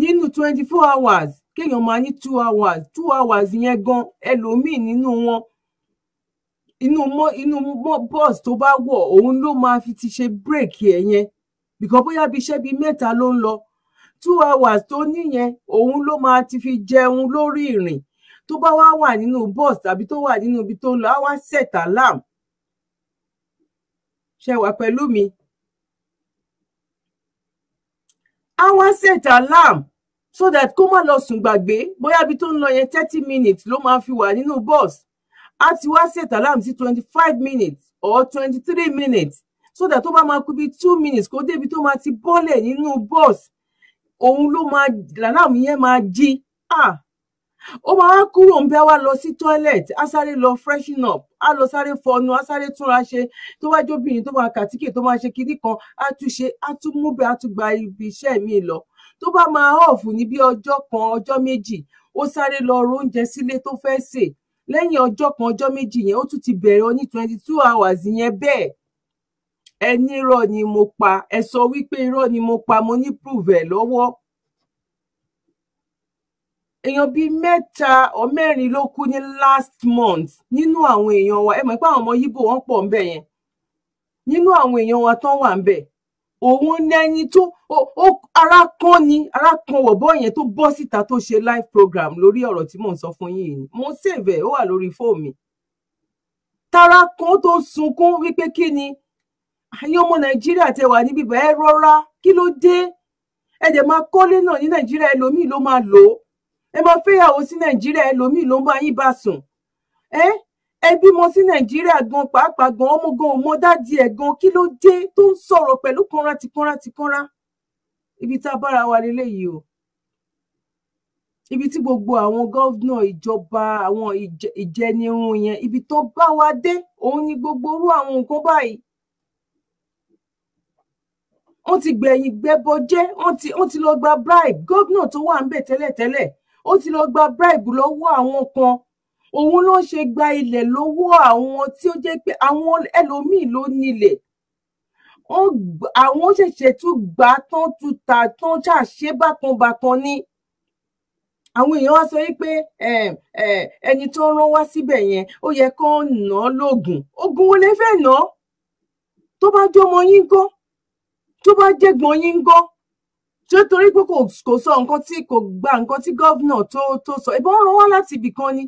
nínú twenty four hours kéèyàn máa ní two hours two hours yẹn gan ẹlòmíì nínú wọn inú mọ inú mọ bus tó bá wọ̀ òun ló máa fi ti ṣe bírèkì ẹ̀ yẹn bìkan bóyá bíi iṣẹ́ bíi mẹ́ta ló ń lọ two hours tó níyẹn òun ló máa ti fi jẹun lórí ìrìn tó bá wá wà nínú bus tàbí tó wà nínú ibi tó ń lọ á wá set alarm ṣe wà pẹ̀lú mi á wá set alarm so that kó má lọ sùn gbàgbé bóyá ibi tó ń lọ yẹn thirty minutes ló máa fi wà nínú bus á ti wá set alarm sí twenty five minutes or twenty three minutes so that tó bá máa kú bí two minutes kó débi tó máa ti bọ́lẹ̀ nínú bọ́ọ̀sì òun ló máa alarm yẹn máa jí ah ó máa wá kúrò ń bẹ́ wá lọ sí toilet á sáré lọ freshen up A lọ sáré fọnu á sáré túnra ṣe tó wá jóbìnrin tó máa kàtíkè tó máa ṣe kinní kan á tún ṣe á tún múbẹ̀ á tún gba ibi iṣẹ́ mi lọ tó bá máa ọ̀fù ní bí ọjọ́ kan ọjọ́ méjì ó sáré lọ roúnjẹ sílé tó fẹ́ sè lẹ́yìn ọjọ́ kan ọjọ́ méjì yẹn ó tún ti bẹ̀rẹ̀ oní twenty two hours yẹn bẹ́ẹ̀ ẹ ní irọ́ ni mo pa ẹ sọ wípé irọ́ ni mo pa mo ní prove ẹ̀ lọ́wọ́ èèyàn bíi mẹ́ta ọ mẹ́rin ló kú ní last month nínú àwọn èèyàn wa ẹ mọ̀ pé àwọn ọmọ yíbò wọ́n pọ̀ ńbẹ̀ yẹn nínú àwọn èèyàn wa tán wà ńbẹ̀ òun ni ẹni tó ara kan ni ara kan wọ̀bọ́ yẹn tó bọ́ síta tó ṣe live program lórí ọ̀rọ̀ tí mò ń sọ fún yín yìí mo save ó wà lórí fóònù tara kan tó sunkún wípé kí ni ayé ọmọ nàìjíríà tẹ wà níbí bẹ́ẹ̀ ẹ rọra kí ló dé ẹ dẹ̀ máa kọ́lé náà ní nàìjíríà ẹlòmíì ló máa lò ó ẹ máa fẹ́yàwó sí nàìjíríà ẹlòmíì ló máa yín bá sùn ẹ ẹbí mọ sí nàìjíríà gan pàápàá gan ọmọ gan ọmọ dádì ẹ gan kí ló dé tó ń sọ̀rọ̀ pẹ̀lú kanra ti kanra ti kanra ibi tá a bára wa lélẹyìí o ibi tí gbogbo àwọn gọ́vnà ìjọba àwọn ìjẹnirun yẹn ibi tó bá wa dé òun ni gbogbo irú àwọn nǹkan báyìí wọ́n ti gbẹ̀yìn gbẹbọjẹ wọ́n ti wọ́n ti lọ gba bribe gọ́vnà tó wà ń bẹ̀ tẹ́lẹ̀tẹ́lẹ̀ ó ti lọ gba bribe lọ́wọ́ àwọn kan òun ló ń ṣe gba ilẹ̀ lọ́wọ́ àwọn tí ó jẹ́ pé àwọn ẹlòmíì ló nílẹ̀ àwọn ṣẹ̀ṣẹ̀ tún gbà tán tún tà tán ṣàṣe bákanbákan ní àwọn èèyàn wá sọ wípé ẹni tó rán wá síbẹ̀ yẹn ó yẹ kó nà án lóògùn oògùn wo lè fẹ́ nà án tó bá jọmọ yín gán tó bá jẹ́gbọ́n yín gán ṣé torí pé kò sọ nǹkan tí kò gba nǹkan tí gọ́vnà tó tó sọ ìbọn rán wá láti ibì kan ni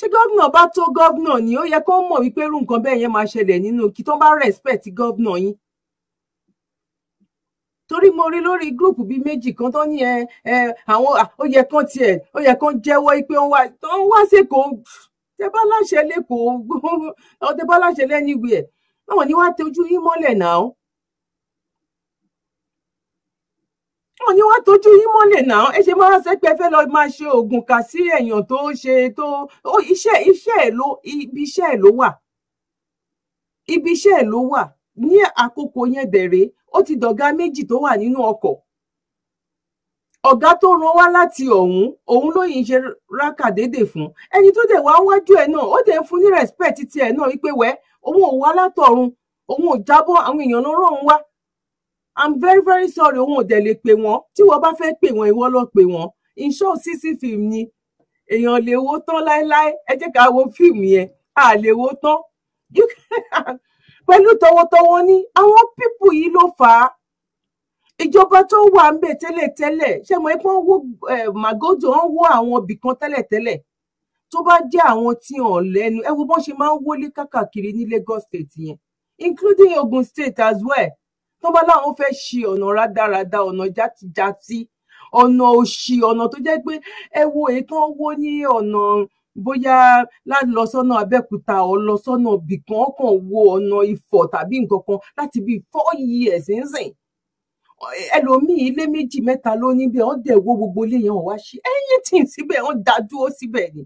tí gómìnà bá tó gómìnà ni ó yẹ kó mọ̀ wípé irú nǹkan bẹ́ẹ̀ yẹn máa ṣẹlẹ̀ nínú kí tó bá respect gómìnà yín torí mo rí lórí gúrùpù bíi méjì kan tó ní ẹ ẹ àwọn ó yẹ kán tiẹ̀ ó yẹ kán jẹ́wọ́ pé ó wá tó ń wá sẹ́kọ̀ọ́ tẹ́bá láṣẹ lẹ́kọ̀ọ́ tẹ́bá láṣẹ lẹ́niwẹ̀ẹ́ báwọn ni wàá tọ́jú yín mọ́lẹ̀ náà wọn ni wàá tójú yín mọ́lẹ̀ náà ẹ ṣe máa ṣe pé fẹ́ lọ máa ṣe oògùn kà sí èèyàn tó ṣe tó iṣẹ́ iṣẹ́ ẹ̀ ló ibi iṣẹ́ ẹ̀ ló wà ibi iṣẹ́ ẹ̀ ló wà ní àkókò yẹn bẹ̀rẹ̀ ó ti dọ̀gá méjì tó wà nínú ọkọ̀ ọ̀gá tó rán wá láti ọ̀hún òun ló yìn ṣe rákàdédè fún ẹni tó dẹ̀ wá wájú ẹ̀ náà ó dẹ̀ fún ní respect tiẹ̀ náà wípé wẹ́ òun ò wá látọ̀run òun ò jábọ́ àwọn èèyàn ló rán òun wá i'm very very sorry òun ò dẹ̀ lè pè wọ́n tí wọ́n bá fẹ́ pè wọ́n ìwọ lọ pè wọ́n ìṣó sísí fíìmù ni èèyàn lè wo tán láéláé ẹ jẹ́ ká wo fíìmù yẹn a lè wo tán pẹ̀lú tọwọ́tọwọ́ ní àwọn pípù yìí ló fà á ìjọba tó wà ń bẹ tẹ́lẹ̀tẹ́lẹ̀ ṣé mo pọ́n wo màgòjò ń wo àwọn ibì kan tẹ́lẹ̀tẹ́lẹ̀ tó bá jẹ́ àwọn tí hàn lẹ́nu ẹ wo bọ́n ṣe máa ń wọlé káàkiri ní Lagos state yẹn including Ogun state as well tó bá láwọn fẹ́ ṣe ọ̀nà rádaràda ọ̀nà játijáti ọ̀nà òṣì ọ̀nà tó jẹ́ pé ẹ wo ètàn wo ní ọ̀nà bóyá láti lọ sọ́nà Abẹ́òkúta ọ̀ lọ sọ́nà bìkan ọkàn wo ọ̀nà Ifọ̀ tàbí nǹkan kan láti bíi four years ńsìn ẹlòmíì ilé méjì mẹ́ta ló níbẹ̀ wọ́n dẹ̀ wo gbogbo ilé yẹn wọ́n wá ṣe anything síbẹ̀ wọ́n dá dúró síbẹ̀ ni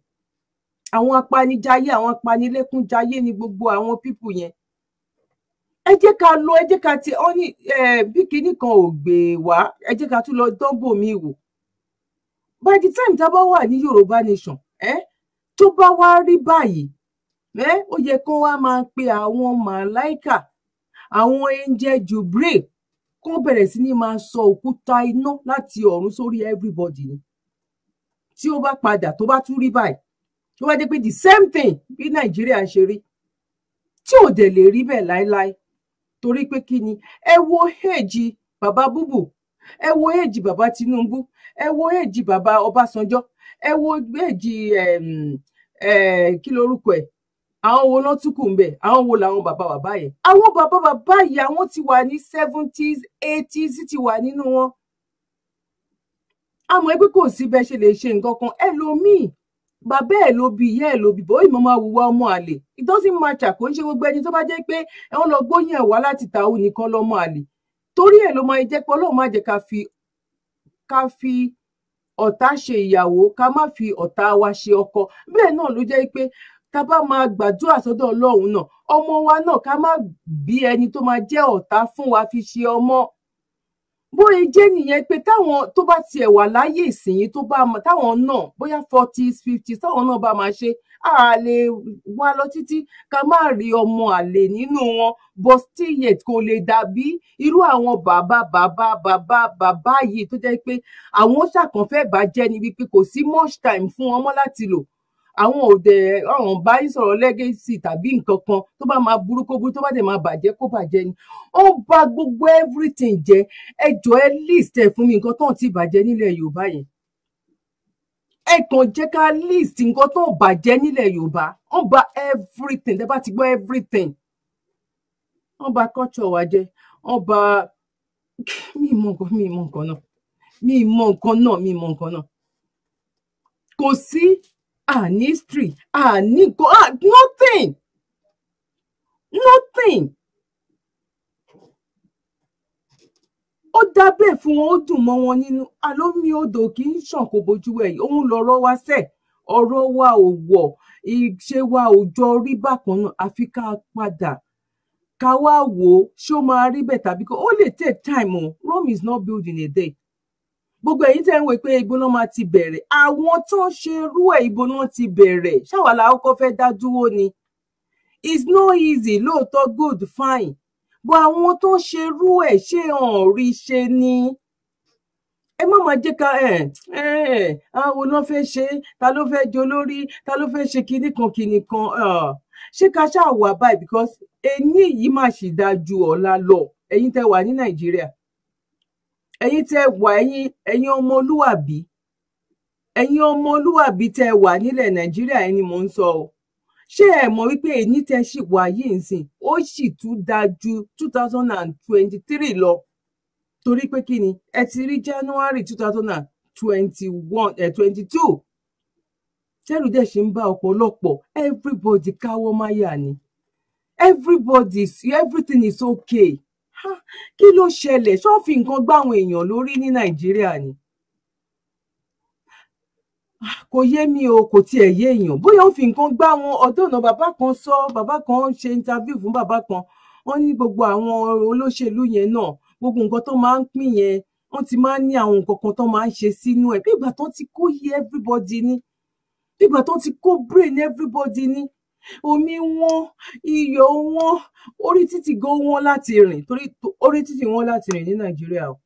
àwọn apanijayé àwọn apanilẹ́kúnjayé ni gbogbo àwọn pípù yẹn ẹ jẹ́ ká lọ ẹ jẹ́ ká ti ọ ní bí kinní kan ò gbè wá ẹ jẹ́ ká tún lọ dánbò mi wò by the time tá a bá wà ní yorùbá nation ẹ tó bá wá rí báyìí ẹ ó yẹ kó wá máa pe àwọn màláìkà àwọn angel jubril kó bẹ̀rẹ̀ sí ní máa sọ òkúta iná láti ọ̀run sórí everybody ni tí ó bá padà tó bá tún rí báyìí tó bá dé pé the same thing bí nàìjíríà ṣe rí tí ò dẹ̀ lè rí bẹ́ẹ̀ láéláé torí pé kí ni ẹ wo èjì bàbá búbù ẹ wo èjì bàbá Tinubu ẹ wo èjì bàbá Ọbásanjọ́ ẹ wo èjì eh, kí lorúkọ ẹ àwọn wo ló tún kù ń bẹ àwọn wo làwọn bàbá bàbá yẹn àwọn bàbá bàbá yìí àwọn ti wà ní seventies eighties ti wà nínú wọn àmọ́ ẹgbẹ́ kò sí bẹ́ẹ̀ ṣe lè ṣe nǹkan kan ẹlòmíì bàbá ẹ̀ ló bí ìyá ẹ̀ ló bí bó ìmọ̀ máa wùwà ọmọ àlè it doesn't matter kò ń ṣe gbogbo ẹni tó bá jẹ́ pé ẹ̀wọ̀n lọ gbóyìn ẹ̀wá láti ta òun nìkan lọ́mọ àlè torí ẹ̀ ló máa jẹ́ pé ọlọ́run má jẹ́ ká fi ká fi ọ̀tá ṣe ìyàwó ká má fi ọ̀tá wa ṣe ọkọ bẹ́ẹ̀ náà ló jẹ́ pé ká bá máa gbàdúrà sọ́dọ̀ ọlọ́run náà ọmọ wa náà ká má bí ẹni tó máa jẹ́ ọ̀tá fún wa fi ṣe ọmọ bóyá jẹ́ nìyẹn pé táwọn tó bá tiẹ̀ wà láyé ìsìn tó bá táwọn náà bóyá forties fifties táwọn náà bá máa ṣe á lè wá lọ títí ká má rí ọmọ àlè nínú wọn but still yet kò lè dàbí irú àwọn bàbá bàbá bàbá bàbá yìí tó jẹ́ pé àwọn ṣàkànfẹ́ bàjẹ́ ni pé kò sí much time fún ọmọ láti lò àwọn òde ọ̀ràn bá ń sọ̀rọ̀ legacy tàbí nǹkan kan tó bá máa burú kó burú tó bá dẹ̀ máa bàjẹ́ kó bàjẹ́ ni ó bà gbogbo everything jẹ́ ẹ jọ̀ọ́ ẹ list ẹ fún mi nǹkan tó ń ti bàjẹ́ nílẹ̀ Yorùbá yẹn ẹ kàn jẹ́ ká list nǹkan tó ń bàjẹ́ nílẹ̀ Yorùbá ó bà everything tẹ́ bá ti gbọ́ everything ó bà culture wa jẹ́ ó bà mi mọ nǹkan mi mọ nǹkan náà mi mọ nǹkan náà mi mọ nǹkan náà kò sí a ní history a ní go nothing nothing. ó dábẹ́ fún wọn ó dùn mọ́ wọn nínú alómi odò kì í ṣàn kó bojú ẹ̀ òun lọ́rọ́ wá sẹ̀ ọ̀rọ̀ wa ò wọ̀ ìṣe wa ò jọ rí bákan náà àfi ká padà ká wá wò ó ṣé ó máa rí bẹ́ẹ̀ tàbí kó ó lè take time o Rome is not built in a day gbogbo ẹ̀yin tẹ́ ń wò pé ibo náà máa ti bẹ̀rẹ̀ àwọn tó ń ṣe irú ẹ̀ ibo náà ti bẹ̀rẹ̀ ṣáwàlà ọkọ̀ fẹ́ dá dúró ni it's no easy lóòótọ́ good fine bọ́ àwọn tó ń ṣe irú ẹ̀ ṣé hàn rí ṣe ni ẹ má máa jẹ́ ká ẹ̀ ẹ̀ àwọn ló fẹ́ ṣe ta ló fẹ́ jẹ olórí ta ló fẹ́ ṣe kinní kan kinní kan ṣé ká ṣáà wà báyìí because ẹni yìí má ṣì dájú ọ̀la lọ ẹ̀yin tẹ́ wà ní nàìjíríà ẹ̀yin tẹ́ wà ẹ̀yin ẹ̀yin ọmọlúwàbí ẹ̀yin ọmọlúwàbí tẹ́ wà nílẹ̀ nàìjíríà ẹni mò ń sọ o ṣé ẹ mọ̀ wípé èyí tẹ́ ṣì wà yìí nsìn ó sì tún da ju two thousand and twenty three lọ torí pé kí ni ẹ ti rí january two thousand and twenty one ẹ eh, twenty two tẹ́rù dẹ̀ ṣe ń bá ọ̀pọ̀lọpọ̀ everybody káwọ́ máyà ni everybody everything is okay Ah, kí ló ṣẹlẹ̀ ṣọ́ọ̀fì nǹkan gbá àwọn èèyàn lórí ní nàìjíríà ni ah, kò yé mi o kò tiẹ̀ yé èèyàn bóyá ó fi nǹkan gbá wọn ọ̀dọ́nà bàbá kan sọ bàbá kan ṣe interview fún bàbá kan wọ́n ní gbogbo àwọn olóṣèlú yẹn náà gbogbo nǹkan tó máa ń pín yẹn wọ́n ti máa ń ní àwọn nǹkan kan tó máa ń ṣe sínú ẹ̀ bí ìgbà tó ti kó yé everybody ní bí ìgbà tó ti kó brain everybody ní omi wọn iyọ̀ wọn orí títì gan wọn láti rìn torí orí títì wọn láti rìn ní nàìjíríà o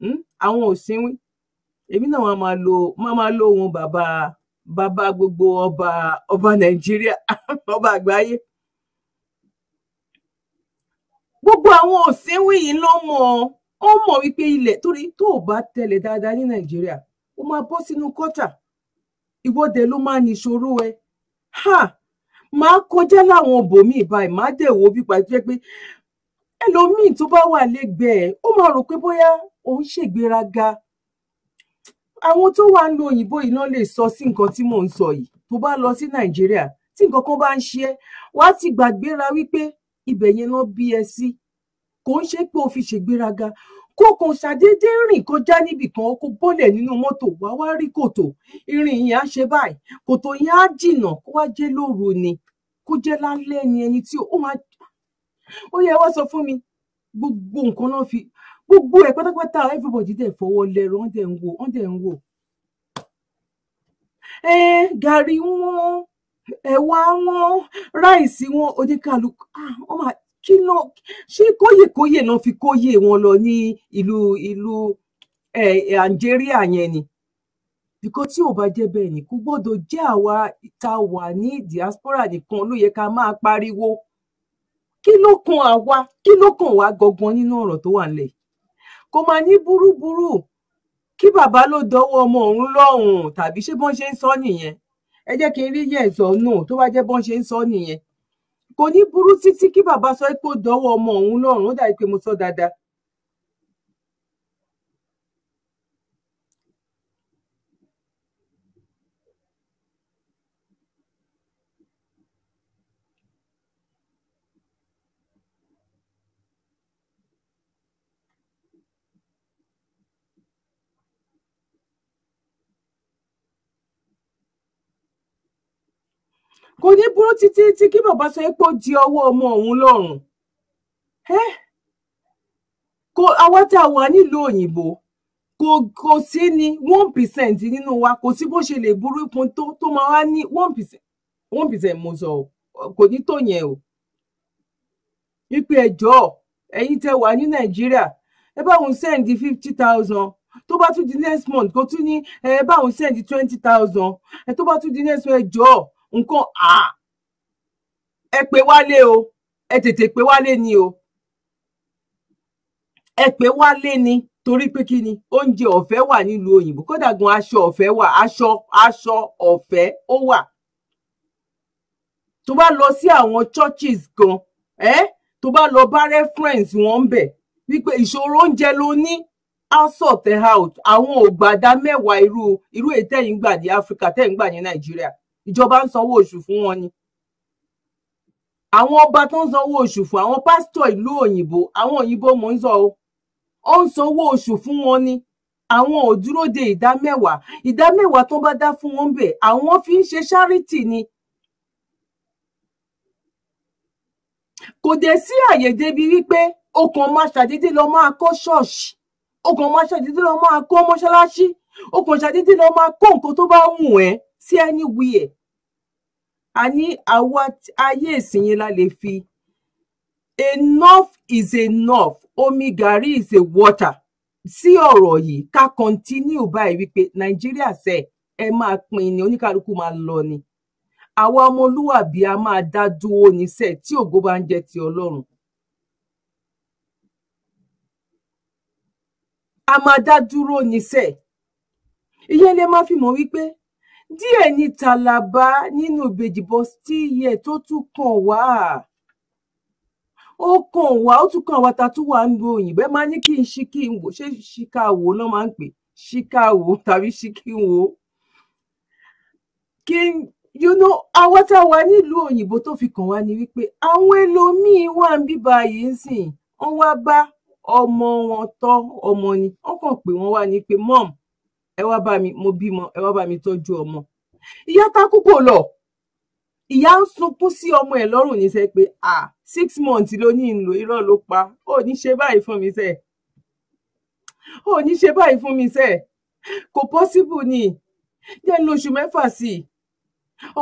hmm? àwọn ò sínwín èmi náà máa máa lo máa máa lo ohun bàbá bàbá gbogbo ọba ọba nàìjíríà ọba àgbáyé gbogbo àwọn òsínwìn yìí ló mọ̀ ó mọ̀ wípé ilẹ̀ torí tó o bá tẹ̀lẹ̀ dáadáa ní nàìjíríà ó máa bọ́ sínú kọ́tà ìwọ́de ló máa níṣòro ẹ ha máa kọjá láwọn bòmíì báyìí máa dẹ̀ wo bí gbàjẹ́ pé ẹlòmíì tó bá wà lẹ́gbẹ̀ẹ́ ó máa rò pé bóyá òun ṣègbéraga àwọn tó wà ń lo òyìnbó yìí náà lè sọ sí nǹkan tí mò ń sọ yìí tó bá lọ sí nàìjíríà tí nǹkan kan bá ń ṣe ẹ́ wàá ti gbàgbéra wípé ibẹ̀ yẹn náà bí ẹ sí kò ń ṣe pé o fi ṣègbéraga kó kàn ṣàdédé rìn kọjá níbì kan kó bọ́lẹ̀ nínú mọ́tò wá wá rí kòtò irin yẹn á ṣe báyìí kòtò yẹn á jìnà kó wá jẹ́ lóru ni kó jẹ́ lálẹ́ ni ẹni tí ó máa ó yẹ wá sọ fún mi gbogbo nǹkan náà fi gbogbo ẹ̀ pátápátá everybody dẹ̀ fọwọ́ lẹ́rọ wọ́n dẹ̀ ń wò wọ́n dẹ̀ ń wò. ẹ gàrí wọn ẹ̀wà wọn ráìsì wọn oníkàlùkù ah wọ́n kí ló ṣé kóyèkóyè náà fi kóyè wọn lọ ní ìlú ìlú Nàìjíríà yẹn ni bìkọ́ tí ò bá jẹ́ bẹ́ẹ̀ ni kò gbọ́dọ̀ jẹ́ àwa tá wà ní diaspora nìkan ló yẹ ká máa pariwo kí ló kan àwa kí ló kan wá gangan nínú ọ̀rọ̀ tó wà nílẹ̀ kò máa ní burúburú kí bàbá ló dọwọ́ ọmọ òun lọ́hùn-ún tàbí ṣé bọ́n ṣe ń sọ nìyẹn ẹ jẹ́ kí n rí yẹ̀ sọ náà tó bá jẹ́ bọ́n ṣe ń sọ nìyẹn kò ní burú títí kí bàbá sọ pé ó dọwọ́ ọmọ òun lọ́rùn ó dàbí pé mo sọ dáadáa kò ní burú títí tí kí bàbá sọ pé ó di ọwọ́ ọmọ òun lọ́rùn kò àwa tá a wà nílùú òyìnbó kò kò sí ní one percent nínú wa kò sí bó ṣe lè burú kun tó tó máa wá ní one percent one percent mo sọ kò ní tó yẹn o wípé ẹjọ́ ẹ̀yin tẹ́ wà ní nàìjíríà ẹ bá òun send fifty thousand tó bá tún di next month kó tún ní ẹ bá òun send twenty thousand ẹ tó bá tún di next month ẹjọ́ nǹkan à ẹ pé wálé o ẹ tètè pé wálé ni o ẹ pé wálé ni torí pé kí ni oúnjẹ ọ̀fẹ́ wà nílùú òyìnbó kódà gan aṣọ ọ̀fẹ́ wà aṣọ aṣọ ọ̀fẹ́ ó wà tó bá lọ sí àwọn churches gan ẹ tó bá lọ bá reference wọn ń bẹ wípé ìṣòro oúnjẹ ló ní I'll sort it out àwọn ògbàdá mẹ́wàá irú irú ètẹ̀yìn gbà ní Áfíríkà tẹ̀yìn gbà ní Nàìjíríà ìjọba ń sanwó oṣù fún wọn ni àwọn ọba tó ń sanwó oṣù fún àwọn pásítọ̀ ìlú òyìnbó àwọn òyìnbó mò ń sọ o ó ń sanwó oṣù fún wọn ni àwọn ò de ìdá mẹ́wàá ìdá mẹ́wàá tó bá dá fún wọn bẹ̀ àwọn fi ń ṣe ṣáríìtì ni kò dé sí àyè débi wípé o kàn máa ṣàdédé lọ máa kọ́ ṣọ́ọ̀ṣì o kàn máa ṣàdédé lọ máa kọ́ mọ́ṣáláṣí o kàn ṣàdédé lọ máa kọ́ nǹkan tó bá wù ẹ́ sí anywhere a ní àwa ayé ìsinyìí la lè fi enough is enough omi gàrí is a water sí ọ̀rọ̀ yìí ká continue báyìí wípé nàìjíríà ṣe ẹ máa pín ni oníkálukú máa lọ ni àwa ọmọlúwàbí a máa dá dúró ní sẹ tí ògo bá ń jẹ ti Ọlọ́run a máa dá dúró ní sẹ ìyẹn lè má fi mọ̀ wípé díẹ̀ ní Tàlàbà nínú ìbejì bọ́ sí iye tó tún kàn wá ó kàn wá ó tún kàn wá ta tún wà ń lo òyìnbó ẹ máa ní kí n ṣí kí n wò ṣé ṣíkàwò náà máa ń pè ṣíkàwò tàbí ṣí kí n wò kí n you know àwọn tá a wà nílùú òyìnbó tó fi kàn wá ni wípé àwọn ẹlòmíín wà ń bíbá yìí ń sìn wọn wá bá ọmọ wọn tọ́ ọmọ ni wọn kàn pé wọn wá ní pé mom ẹ wá bá mi mo bímọ ẹ wá bá mi tọ́jú ọmọ ìyá takú kò lọ ìyá ń sunkún sí ọmọ ẹ lọ́rùn níṣẹ pé ah six months ló ní ìlò irọ́ ló pa ó ní ṣe báyìí fún mi sẹ ó ní ṣe báyìí fún mi sẹ kò possible ni jẹ́ ń lo oṣù mẹ́fà sí i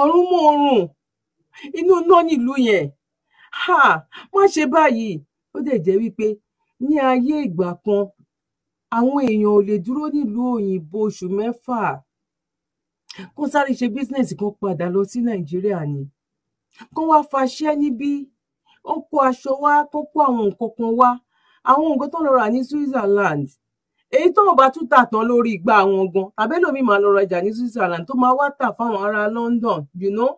ọ̀run mú oorun inú náà nílùú yẹn ha má ṣe báyìí ó dẹ̀ jẹ́ wípé ní ayé ìgbà kan àwọn èèyàn ò lè dúró nílùú òyìnbó oṣù mẹ́fà kó sáré ṣe bísínẹsì kan padà lọ sí nàìjíríà ni kó wá faṣẹ́ níbí ó kó aṣọ wá kó kó àwọn nǹkan kan wá àwọn nǹkan tó ń lọ rà ní Switzerland èyí tó bá tún tà tán lórí igba àwọn gan abẹ́lòmíì máa lọ rajà ní Switzerland tó máa wá tà fáwọn ará London you know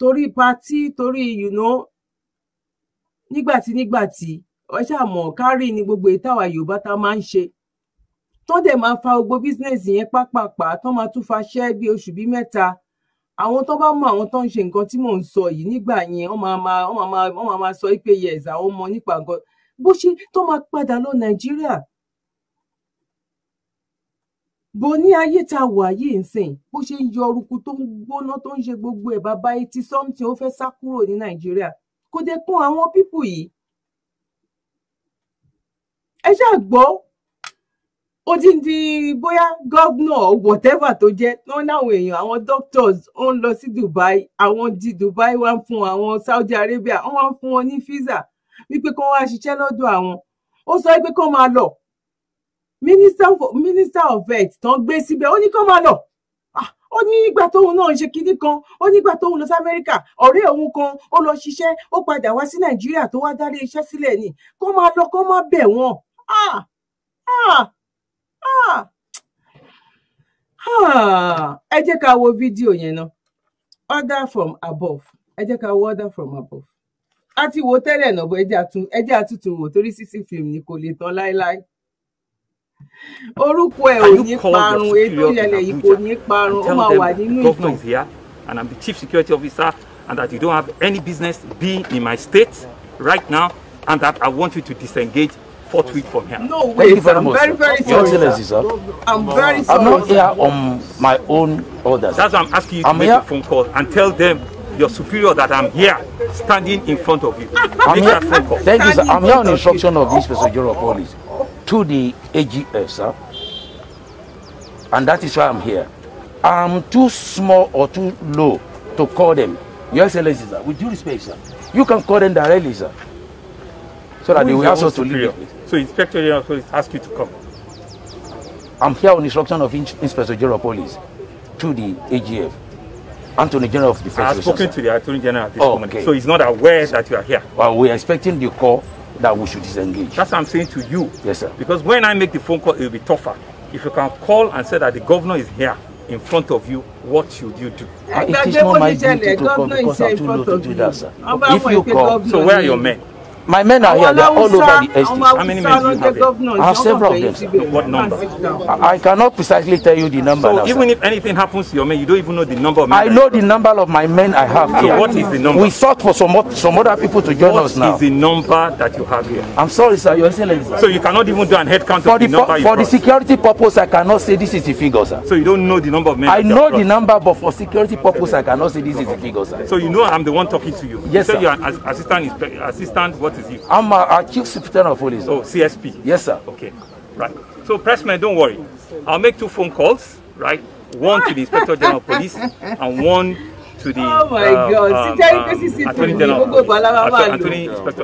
torí patí torí you know nígbàtí nígbàtí ọṣà mọ̀ kárì ni gbogbo ìtawà Yorùbá ta máa ń ṣe tó dẹ̀ máa fa gbogbo bísínẹ́sì yẹn pápápá tó máa tún faṣẹ́ bí oṣù bíi mẹ́ta àwọn tó bá mọ àwọn tó ń ṣe nǹkan tí mò ń sọ yìí nígbà yẹn wọ́n máa máa wọ́n máa wọ́n máa máa sọ pé yes àwọn mọ̀ nípa nǹkan bó ṣe tó máa padà lọ nàìjíríà bó ní ayé tá a wà yìí nsìn bó ṣe ń yọ ọrùkù tó ń gbóná tó ń ṣe gbogbo ẹ̀ bàbá etí something ó fẹ́ sá kúrò ní nàìjíríà kò dé kún àwọn pípù yìí ẹ ṣáà gbọ́ odindi bóyá gọ́vnà whatever tó jẹ́ wọ́n láwọn èèyàn àwọn doctors wọ́n lọ sí Dubai àwọn di Dubai wá ń fún àwọn Saudi Arabia wọ́n wá ń fún wọn ní visa wípé kí wọ́n wá ṣiṣẹ́ lọ́dọ̀ àwọn ó sọ pé kí wọ́n máa lọ minister of minister of health tán gbé síbẹ̀ ó ní kí wọ́n máa lọ ah, ó ní ìgbà tóun náà ń ṣe kinní kan ó ní ìgbà tóun lọ sí Amẹ́ríkà ọ̀rẹ́ òun kan ó lọ ṣiṣẹ́ ó padà wá sí Nàìjíríà tó wá dálé iṣẹ́ sílẹ̀ ni kó máa lọ kó máa bẹ̀ wọ́n ah, ah. Ah! Ah! ẹ jẹ́ ká wo fídíò yẹn náà order from above ẹ jẹ́ ká wo order from above a ti wo tẹ́lẹ̀ náà bó ẹ jẹ́ àtúntò wò torí sísí fíìmù ni kò lè tán láéláé orúkọ ẹ ò ní parun ètò ìṣẹ̀lẹ̀ yìí kò ní parun ó máa wà nínú ìtàn. And I'm the chief security officer, and that you don't have any business being in my state right now, and that I want you to disengage forthwith from here. No, wait, Thank you very I'm much. Very, very sir. I'm very sorry. I'm not here on my own orders. That's why I'm asking you I'm to make here. a phone call and tell them your superior that I'm here standing in front of you. I'm here. Phone call. Thank you, sir. I'm here on instruction of person, Pesojoro Police to the AGS, sir. And that is why I'm here. I'm too small or too low to call them. Your Excellency, sir. With due respect, sir. You can call them directly, sir. So that they will ask us to leave. So Inspector General of Police asked you to come. I'm here on instruction of Inspector General Police to the AGF. Attorney General of the Federation. I have spoken to the Attorney General at this oh, moment, okay. so he's not aware that you are here. Well, we are expecting the call that we should disengage. That's what I'm saying to you. Yes, sir. Because when I make the phone call, it will be tougher. If you can call and say that the governor is here in front of you, what should you do? Uh, it is not my duty to call because I'm too low to do that, sir. If you call, so where are your men? My men are here. They are all over the estate. How many men do you have I have several of them. What number? I, cannot precisely tell you the number. So now, even sir. if anything happens to your men, you don't even know the number of men. I know the number of my men I have so here. what is the number? We sought for some some other people to join what us now. What is the number that you have here? I'm sorry, sir, Your Excellency. So you cannot even do an head count for of the, the number you For brought. the security purpose, I cannot say this is the figure, sir. So you don't know the number of men. I know the number, but for security purpose, I cannot say this is the figure, sir. So you know I'm the one talking to you. Yes, you sir. You're an assistant. Assistant. What what is you? I'm a, a chief superintendent of police. Oh, CSP. Yes, sir. Okay, right. So, pressman, don't worry. I'll make two phone calls, right? One to the Inspector General of Police and one to the oh my um, God. Um, um, Attorney General of Police, Attorney Inspector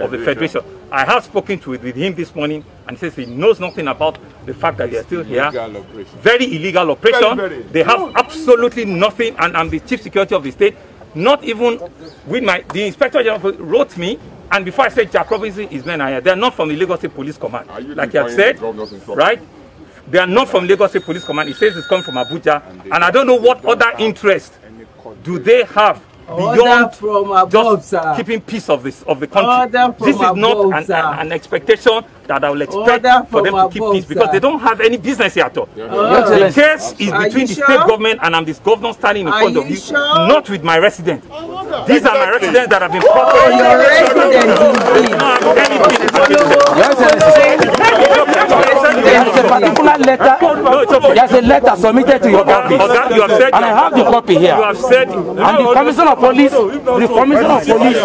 of the Federation. I have spoken to with him this morning, and he says he knows nothing about the fact that they are still here. Very illegal operation. They have absolutely nothing, and I'm the Chief Security of the State. Not even with my the Inspector General wrote me And before I say, Jack Robinson is men higher, they are not from the Lagos State Police Command. You like you have said, right? They are not from Lagos State Police Command. It says it's coming from Abuja. And, and I don't know what other interest do they have beyond above, just sir. keeping peace of this of the country. This is above, not an, an, an, expectation that I will expect for them to keep above, peace because they don't have any business here at all. Yeah, Uh, the case is between the sure? state government and I'm this governor standing in are front you of you, sure? not with my residents. Oh, These exactly. are my residents that have been Oh, your residents. There is a particular letter. There is a letter submitted to your office, and I have the copy here. And the commissioner of police, the commissioner of police,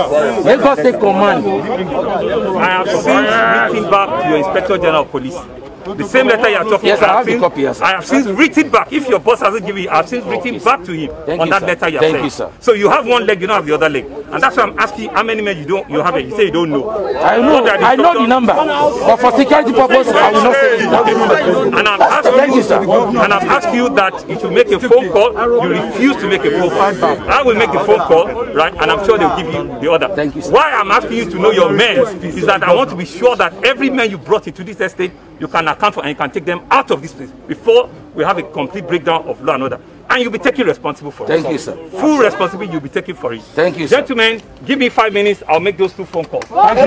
let Lagos take Command. I have since written back to your inspector general of police. The same letter you are talking yes, about. I have copy, yes, I have since written back. If your boss hasn't given you, I have since oh, written back to him Thank on you, that sir. letter you are Thank saying. You, sir. So you have one leg, you don't have the other leg. And that's why I'm asking how many men you don't you have it. You say you don't know. I know, so I know the number. But for security purposes, I will not say it. And I'm asking you, sir. And I'm asking you that if you make a phone call. You refuse to make a phone call. I will make a phone call, right? And I'm sure they'll give you the order. Thank you, sir. Why I'm asking you to know your men is that I want to be sure that every man you brought into this estate you can account for and you can take them out of this place before we have a complete breakdown of law and order. And you'll be taking responsible for Thank it. Thank you, sir. Full responsibility you'll be taking for it. Thank you, Gentlemen, sir. Gentlemen, give me five minutes. I'll make those two phone calls. Thank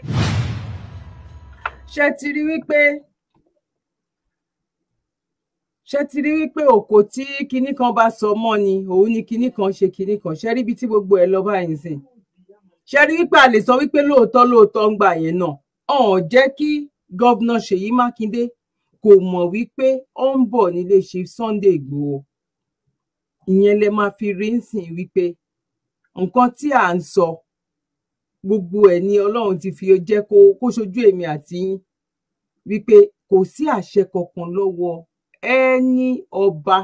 you. ṣe ṣé ti rí wípé òkò tí kinní kan bá sọ mọ́ ni òun ni kinní kan ṣe kinní kan ṣé rí ibi tí gbogbo ẹ̀ lọ báyìí sìn ṣé rí wípé a lè sọ wípé lóòótọ́ lóòótọ́ ń gbà yẹn náà ọ̀n jẹ́ kí gọ́vnà Ṣèyí Mákindé kò mọ̀ wípé ó ń bọ̀ nílé ṣe Sunday Ìgbòho ìyẹn lè máa fi rí sìn wípé nǹkan tí à ń sọ gbogbo ẹ̀ ni Ọlọ́run ti fi jẹ́ kó kó ṣojú èmi àti yín wípé kò sí àṣẹ kankan lọ́wọ́ ẹni ọba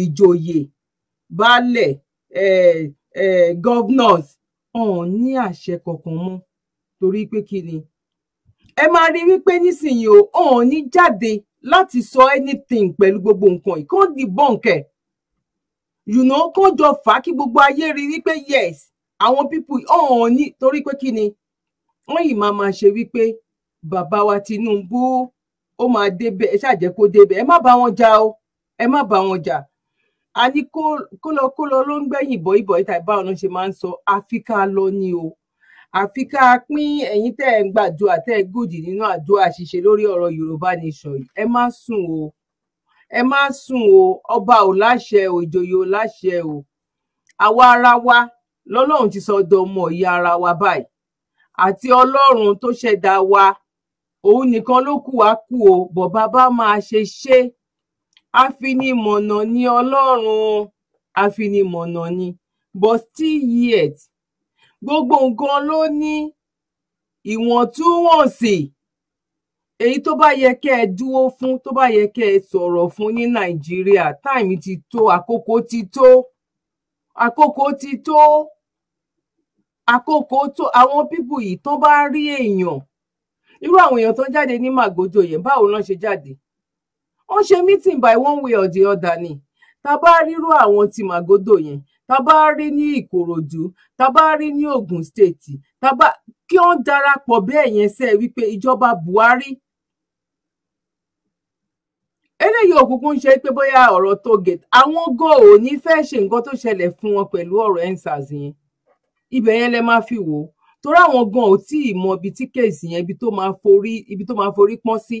ìjòyè baálẹ̀ um um governors wọn ò ní àṣẹ kankan mọ́ torí pé kí ni ẹ máa rí wípé nísìnyìí o wọn ò ní jáde láti sọ anything pẹ̀lú gbogbo nǹkan yìí kàn debunk ẹ̀ you know kàn jọ fà á kí gbogbo ayé rí wípé yes àwọn people wọn ò ní torí pé kí ni wọ́n yìí máa máa ṣe wípé bàbá wa Tinubu ó máa débẹ̀ ẹ ṣáà jẹ́ kó débẹ̀ ẹ má bá wọn jà o ẹ má bá wọn jà a ní kó lọ kó lọ ló ń gbẹ̀yìn bọ̀ ìbọ̀ ìta ìbáwọn náà ṣe máa ń sọ àfi ká lọ ni o àfi ká pín ẹ̀yin tẹ́ ẹ̀ ń gbàdúrà tẹ́ ẹ̀ gòjì nínú àdúrà ṣíṣe lórí ọ̀rọ̀ Yorùbá nation yìí ẹ má sùn o ẹ má sùn o ọba ò láṣẹ o ìjòyè ò láṣẹ o àwa ara wa lọ́lọ́run ti sọ ọdọ ọmọ ìyá ara wa báyìí àti Ọlọ́run tó ṣẹ̀dá wa òun nìkan ló kù wá kú o bọ̀ bàbá máa ṣe ṣe afinimọ̀nà ni ọlọ́run afinimọ̀nà ni but still yet gbogbo nǹkan ló ní ìwọ̀ntúnwọ̀nsì èyí tó bá yẹ kẹ́ ẹ dúró fún tó bá yẹ kẹ́ ẹ sọ̀rọ̀ fún ní nàìjíríà táìmì ti tó àkókò ti tó àkókò ti tó àkókò tó àwọn pípù yìí tó bá rí èèyàn irú àwọn èèyàn tó ń jáde ní màgòjò yẹn báwo lọ́n ṣe jáde wọ́n ṣe meeting by one way or the other ni tá a bá rírú àwọn ti màgòdò yẹn tá a bá rí ní ìkòròdú tá a bá rí ní Ògùn state tá a bá kí wọ́n darapọ̀ bẹ́ẹ̀ yẹn sẹ wípé ìjọba Buhari eléyìí òkùnkùn ṣe pé bóyá ọ̀rọ̀ tó gate àwọn go ò ní fẹ́ ṣe nǹkan tó ṣẹlẹ̀ fún wọn pẹ̀lú ọ̀rọ̀ endsars yẹn ibẹ̀ yẹn lẹ máa fi wò ó torí àwọn gan ò tí ì mọ ibi tí kéèsì yẹn ibi tó máa forí pọ́n sí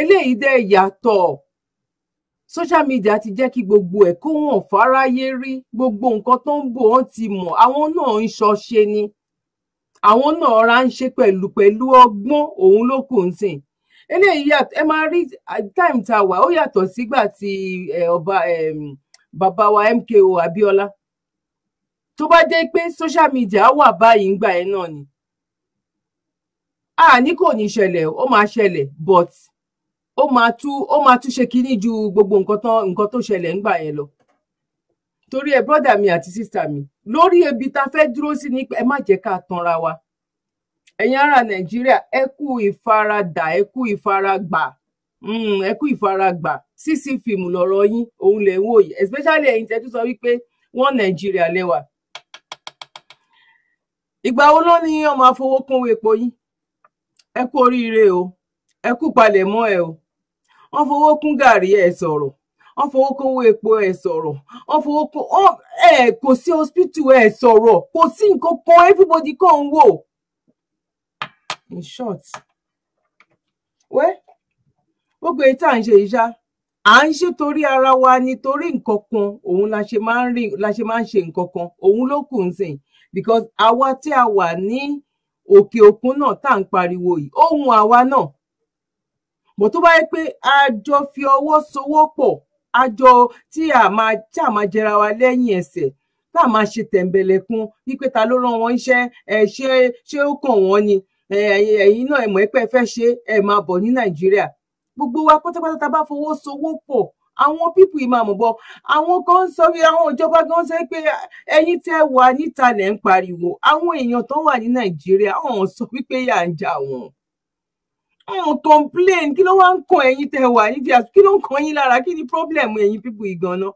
eléyìí dẹ̀ yàtọ̀ social media ti jẹ́ kí gbogbo ẹ̀ kó hàn fáráyé rí gbogbo nǹkan tó ń bò wọ́n ti mọ̀ àwọn náà ń ṣọṣe ni àwọn náà ra ń ṣe pẹ̀lú pẹ̀lú ọgbọ́n òun ló kù ń sìn eléyìí yàtọ̀ ẹ máa rí time tá a wà ó yàtọ̀ sígbà tí ọba bàbá wa MKO Abíọ́lá tó bá jẹ́ pé social media wà báyìí ńgbà yẹn náà ni a ní kò ní ṣẹlẹ̀ ó máa ṣẹlẹ̀ but ó máa tú ó máa tún ṣe kínní ju gbogbo nǹkan tó nǹkan tó ṣẹlẹ̀ ńgbà yẹn lọ torí ẹ brọ́dà mi àti sísà mi lórí ebi tá a fẹ́ dúró sí ni ẹ má jẹ́ ká tanra wa ẹ̀yin ará nàìjíríà ẹ kú ìfaradà ẹ kú ìfaragbà hmm, ẹ kú ìfaragbà sísí fíìmù lọ́rọ̀ yín òun lè ń wòye especially ẹ̀yin tẹ́tú sọ wípé wọ́n nàìjíríà lẹ́wà ìgbà wo ló ní ọmọ máa kún epo yín ẹ kú oríire o ẹ kú palẹ̀mọ́ ẹ o wọn fowó kún gàrí ẹ sọ̀rọ̀ wọn fowó kún epo ẹ sọ̀rọ̀ wọn fowó kún ẹ kò sí hospital ẹ sọ̀rọ̀ kò sí nǹkan kan everybody kàn ń wò in short wẹ́ gbogbo èyí tá à ń ṣe yìí ṣá à ń ṣe torí ara wa nítorí nǹkan kan òun la ṣe máa ń ṣe nǹkan kan òun ló kù ń sìn because àwa tí a wà ní òkè òkun náà tá à ń pariwo yìí ohun àwa náà bọ̀ tó bá yẹ pé a fi ọwọ́ sowọ́ pọ̀ a tí a máa tí a máa jẹra wa lẹ́yìn ẹsẹ̀ tá a máa ṣe tẹ̀m̀bẹ̀lẹ̀kun wípé ta ló rán wọn iṣẹ́ ẹ ṣé ṣé ó kàn wọ́n ni ẹ̀yin náà ẹ mọ̀ pé ẹ fẹ́ ṣe ẹ máa bọ̀ ní nàìjíríà gbogbo wa pátápátá tá bá fọwọ́ sowọ́ pọ̀ àwọn pípù ìmáàmù bọ àwọn kan ń sọ pé àwọn ìjọba gan sọ pé ẹ̀yin tẹ́ wà níta lẹ ń pariwo àwọn èèyàn tó wà ní nàìjíríà ọ̀hún sọ wípé yà ń jà wọn ọ̀hún complain kí ló wá ń kan ẹ̀yin tẹ́ wà nídìí àti kí ló ń kan yín lára kí ni problem ẹ̀yin pípù ìgànnà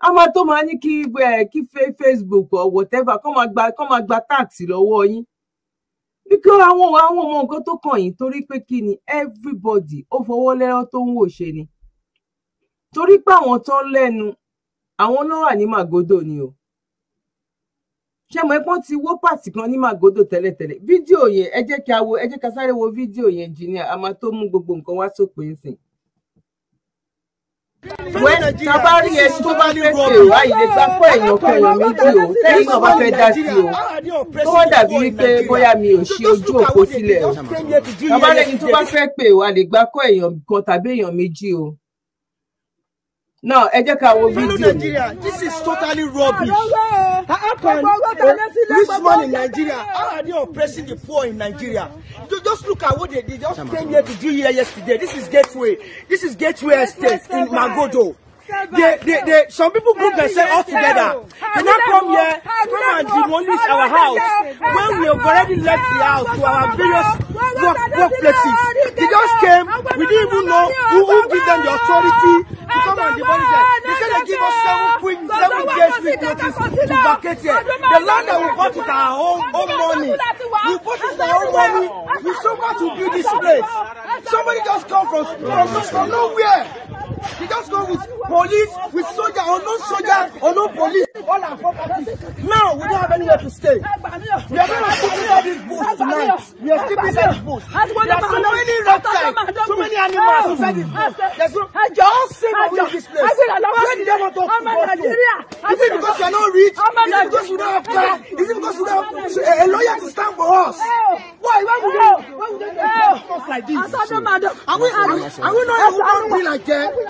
a máa tó máa ní kí eh, kí facebook or whatever kọ́ máa gba kọ́ máa gba tax lọ́wọ́ yín bíkọ́ àwọn àwọn ọmọ nǹkan tó kàn yín torí pé kí ni everybody ó fọwọ́ lẹ́rọ́ tó ń wò ṣe ni torí pé àwọn tó ń lẹ́nu àwọn náà wà ní màgódò ni o ṣé mo ẹpọn ti wó pàtì kan ní màgódò tẹ́lẹ̀tẹ́lẹ̀ fídíò yẹn ẹ jẹ́ kí a wo ẹ jẹ́ ká sáré wo fídíò yẹn engineer a máa tó mú gbogbo nǹkan wá sópin nsìn. wẹ́ tábà rí ẹni tó bá fẹ́ ṣe ìwádìí lè gbà pọ̀ èèyàn kan èèyàn méjì o lẹ́yìn náà bá fẹ́ dá sí o tó wọ́n dàbí wípé bóyá mi ò ṣe ojú òpó sílẹ̀ o tábà rí ẹni tó bá fẹ́ pè wá lè gbà pọ̀ èèyàn kan tàbí èèyàn méjì o now ẹ jẹ́ ká nigeria this is totally rubbish how can this man in nigeria how are they oppressing the poor in nigeria just look at what they did just came here to do here yesterday this is gateway this is gateway estate in magodo they, they, they, some people group themselves all together. They now come here, come and demolish our house when we have already left the house to our various work, workplaces. They just came, we didn't even know who, who gave them the authority to come and demolish it. They said they give us seven queens, seven days quick notice to vacate here. The land that we bought with our own, own money, we bought it with our own money, we suffer to build this place. Somebody just come from, from, from nowhere. They just go with police, with soldier, or no soldier, or no police, all our property. Now we don't have anywhere to stay. We are going not sleeping inside this bush tonight. We are sleeping inside this bush. There are so many reptiles, so many animals inside this bush. There's no, they all Nigeria. I said, I love I'm a Nigeria. Is it because you are not rich? I'm a Nigeria. Is it because you don't have a lawyer to stand for us? Why? Why would they? Why would they? Stuff like this. I said, no, madam. Are we not? Are we not? Are we not?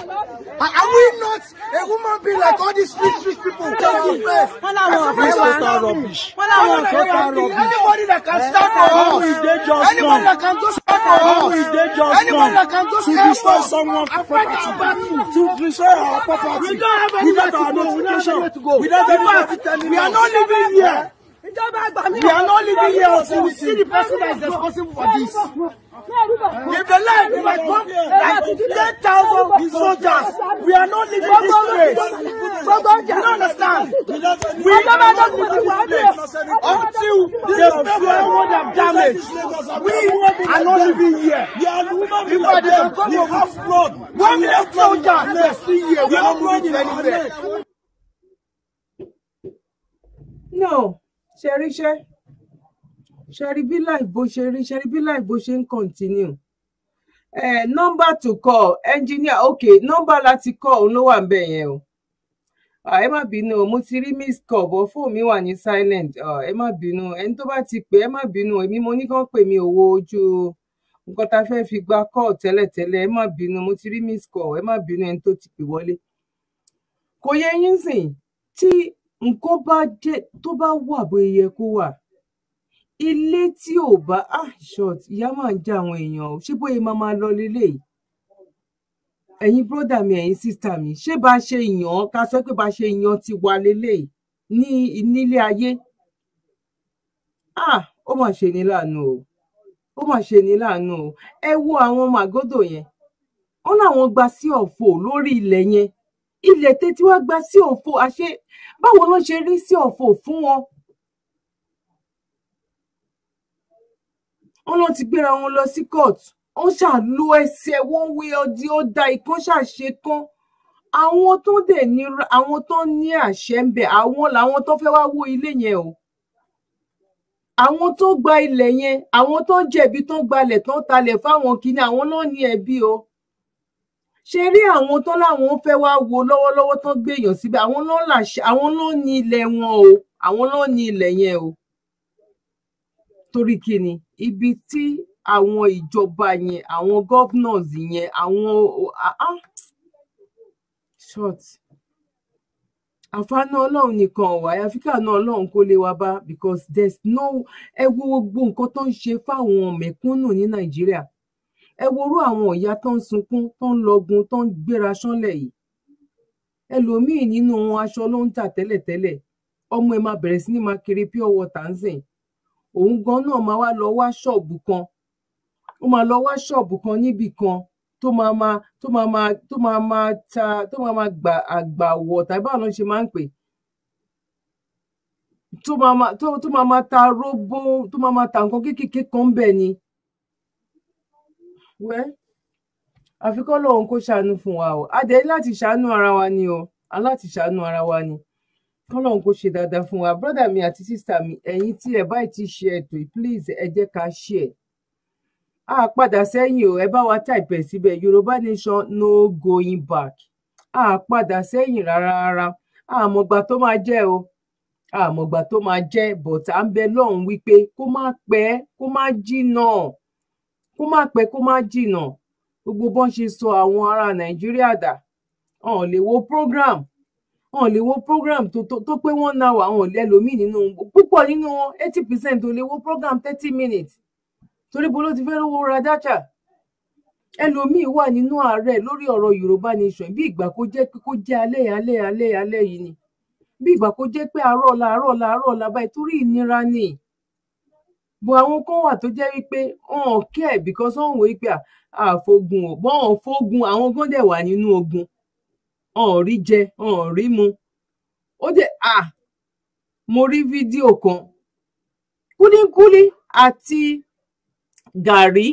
Are we not a woman? being like all these rich, rich people? Wọ́n láwọn ọ̀fẹ́ wa. Wọ́n láwọn ọ̀fẹ́ wa. Anybody that can stand for us. Anybody that can go stand for us. Anybody that can go stand for us. To destroy someone property. To destroy our property. We don't have any way to go. We don't have any to go. We don't have any to terminate. We are not living here. We are not living here. until We see the person that is responsible for this. If the life if I come like 10,000 soldiers, we are not leaving this place. You don't understand. We will not leave this place until the pay for everyone that We are not living here. We I did come to have blood, when we have soldiers next year, we are not moving anywhere. No. Ṣe rí ṣẹ́rí bí láì bó ṣe rí ṣẹ́rí bí ṣe ń continue eh, number to call engineer okay number láti call òun ló wà ń bẹ̀ yẹn o ẹ má bínú mo ti rí miss call bọ́ fóònù mi wà ní silent ẹ má bínú ẹni tó bá ti pè ẹ má bínú èmi mo ní kàn pè mí owó ojú nǹkan tá a fẹ́ fi gba call tẹ́lẹ̀tẹ́lẹ̀ ẹ má bínú mo ti rí miss call ẹ má bínú ẹni tó ti pè wọlé kò yẹ yín sìn tí nǹkan bá jẹ tó bá wà bó yẹ kó wà ilé tí ò bá ah short ìyá máa ń já àwọn èèyàn o ṣé bóyá máa máa lọ leléyìí ẹ̀yin bródà mi ẹ̀yin sísítà mi ṣé bá ṣe yàn ká sọ pé bá ṣe yàn ti wà leléyìí ní nílé ayé ah ó mà ṣe ní láàánú o ó mà ṣe ní láàánú o ẹ wo àwọn màgódò yẹn wọn làwọn gba sí òfò lórí ilẹ̀ yẹn ilẹ̀ tẹ́tí wá gba sí òfò àṣẹ báwo ló ṣe rí sí òfò fún wọn wọn lọ ti gbéra wọn lọ sí kóòtù wọn ṣàlù ẹsẹ̀ wọn wé ọdí ó da ìkan ṣàṣe kan àwọn tó dẹ̀ ní àwọn tó ní àṣẹ ń bẹ àwọn làwọn tó fẹ́ wá wó ilé yẹn o àwọn tó gba ilẹ̀ yẹn àwọn tó jẹ̀bi tó gbalẹ̀ tó talẹ̀ fáwọn kìíní àwọn náà ní ẹ̀bi o ṣe rí àwọn tó láwọn fẹ́ wá wo lọ́wọ́lọ́wọ́ tó gbèyàn síbẹ̀ àwọn náà ní ilẹ̀ wọn o àwọn náà ní ilẹ̀ yẹn o torí kí ni ibi tí àwọn ìjọba yẹn àwọn governors yẹn àwọn short àǹfààní ọlọ́run nìkan ọ̀wà àyàfi káàánú ọlọ́run kó lè wá bá because there's no ẹ wo gbogbo nǹkan tó ń ṣe fáwọn mẹ̀kúnnù ní nàìjíríà ẹ worú àwọn ìyá tó ń sunkún tó ń lọgun tó ń gbéra sánlẹ̀ yìí ẹlòmíín nínú wọn aṣọ ló ń tà tẹ́lẹ̀tẹ́lẹ̀ ọmọ ẹ máa bẹ̀rẹ̀ sí ní máa kiri pure water ń sìn òun gan náà máa wá lọ wá ṣọ́ọ̀bù kan ó máa lọ wá ṣọ́ọ̀bù kan níbì kan tó máa máa tó máa máa tó máa máa ta tó máa máa gbà àgbàwọ̀ tàbí báwo ló ṣe máa ń pè tó máa máa tó tó máa máa ta róbó tó máa máa ta nǹkan kéékèèké kan bẹ́ẹ̀ ni wẹ́ àfikọ́ lòun kó ṣàánú fún wa o adé láti ṣàánú ara wa ni o aláti ṣàánú ara wa ni kọ́lọ́hún kó ṣe dáadáa fún wa Brother, mi àti sísá mi ẹ̀yin tí ẹ báyìí ti ṣe ètò yìí please ẹ jẹ́ ká ṣe ẹ̀. a padà sẹ́yìn o ẹ bá wa tàìpẹ̀ síbẹ̀ yorùbá nation no going back a padà sẹ́yìn rárá rárá àmọ̀gbà tó máa jẹ́ o àmọ̀gbà tó máa jẹ́ but à ń bẹ lọ́hùn wípé kó má pẹ́ kó má jìnà kó má pẹ́ kó má jìnà gbogbo bọ́n ṣe sọ àwọn ará nàìjíríà dà ọ̀n lè wo program wọn ò lè wo program tó tó pé one hour wọn ò lè lómìn nínú púpọ̀ nínú wọn eighty percent ò lè wo program thirty minutes torí bó ló ti fẹ́ rówó ra dátà ẹlòmíín wà nínú ààrẹ lórí ọ̀rọ̀ Yorùbá nation bí ìgbà kó jẹ́ pé kó jẹ́ alẹ́ alẹ́ alẹ́ alẹ́ yìí ni bí ìgbà kó jẹ́ pé àárọ̀ làárọ̀ làárọ̀ làbá ìtorí ìnira ni bọ àwọn kan wà tó jẹ́ wípé wọn kẹ bìkọ́sọ́ wọn wò wípé àfogun ò bọ́n fógun àwọn kan dẹ̀ wà nínú ogun ọ̀n rí jẹ ọ̀n rí mu ó dẹ̀ à mo rí fídíò kan kúlíkúlí àti gàrí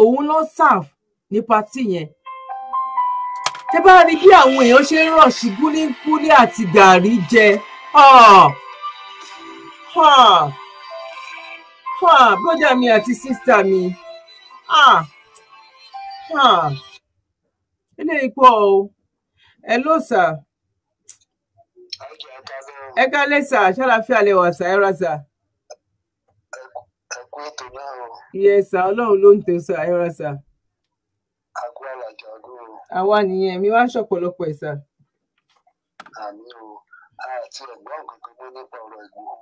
òun ló serve ní patí yẹn tẹ́ bá rí bí àwọn èèyàn ṣe ń rọ̀ṣì kúlíkúlí àti gàrí jẹ bọ́dà mi àti sísá mi eléyìí pọ̀ o hello sir. ẹ kálẹ́ sà ṣàlàfíà lè wà sà ẹ ra sà. ẹ kú ètò náà o. iye sà ọlọ́run ló ń tẹ sà ẹ ra sà. àgọ́ àlàjọ ọdún àwa nìyẹn mi wá ṣọ̀pọ̀lọpọ̀ ẹ̀ sà. àmì o àti ẹ̀gbọ́n kankan mọ́ nípa ọ̀rọ̀ ìgbòho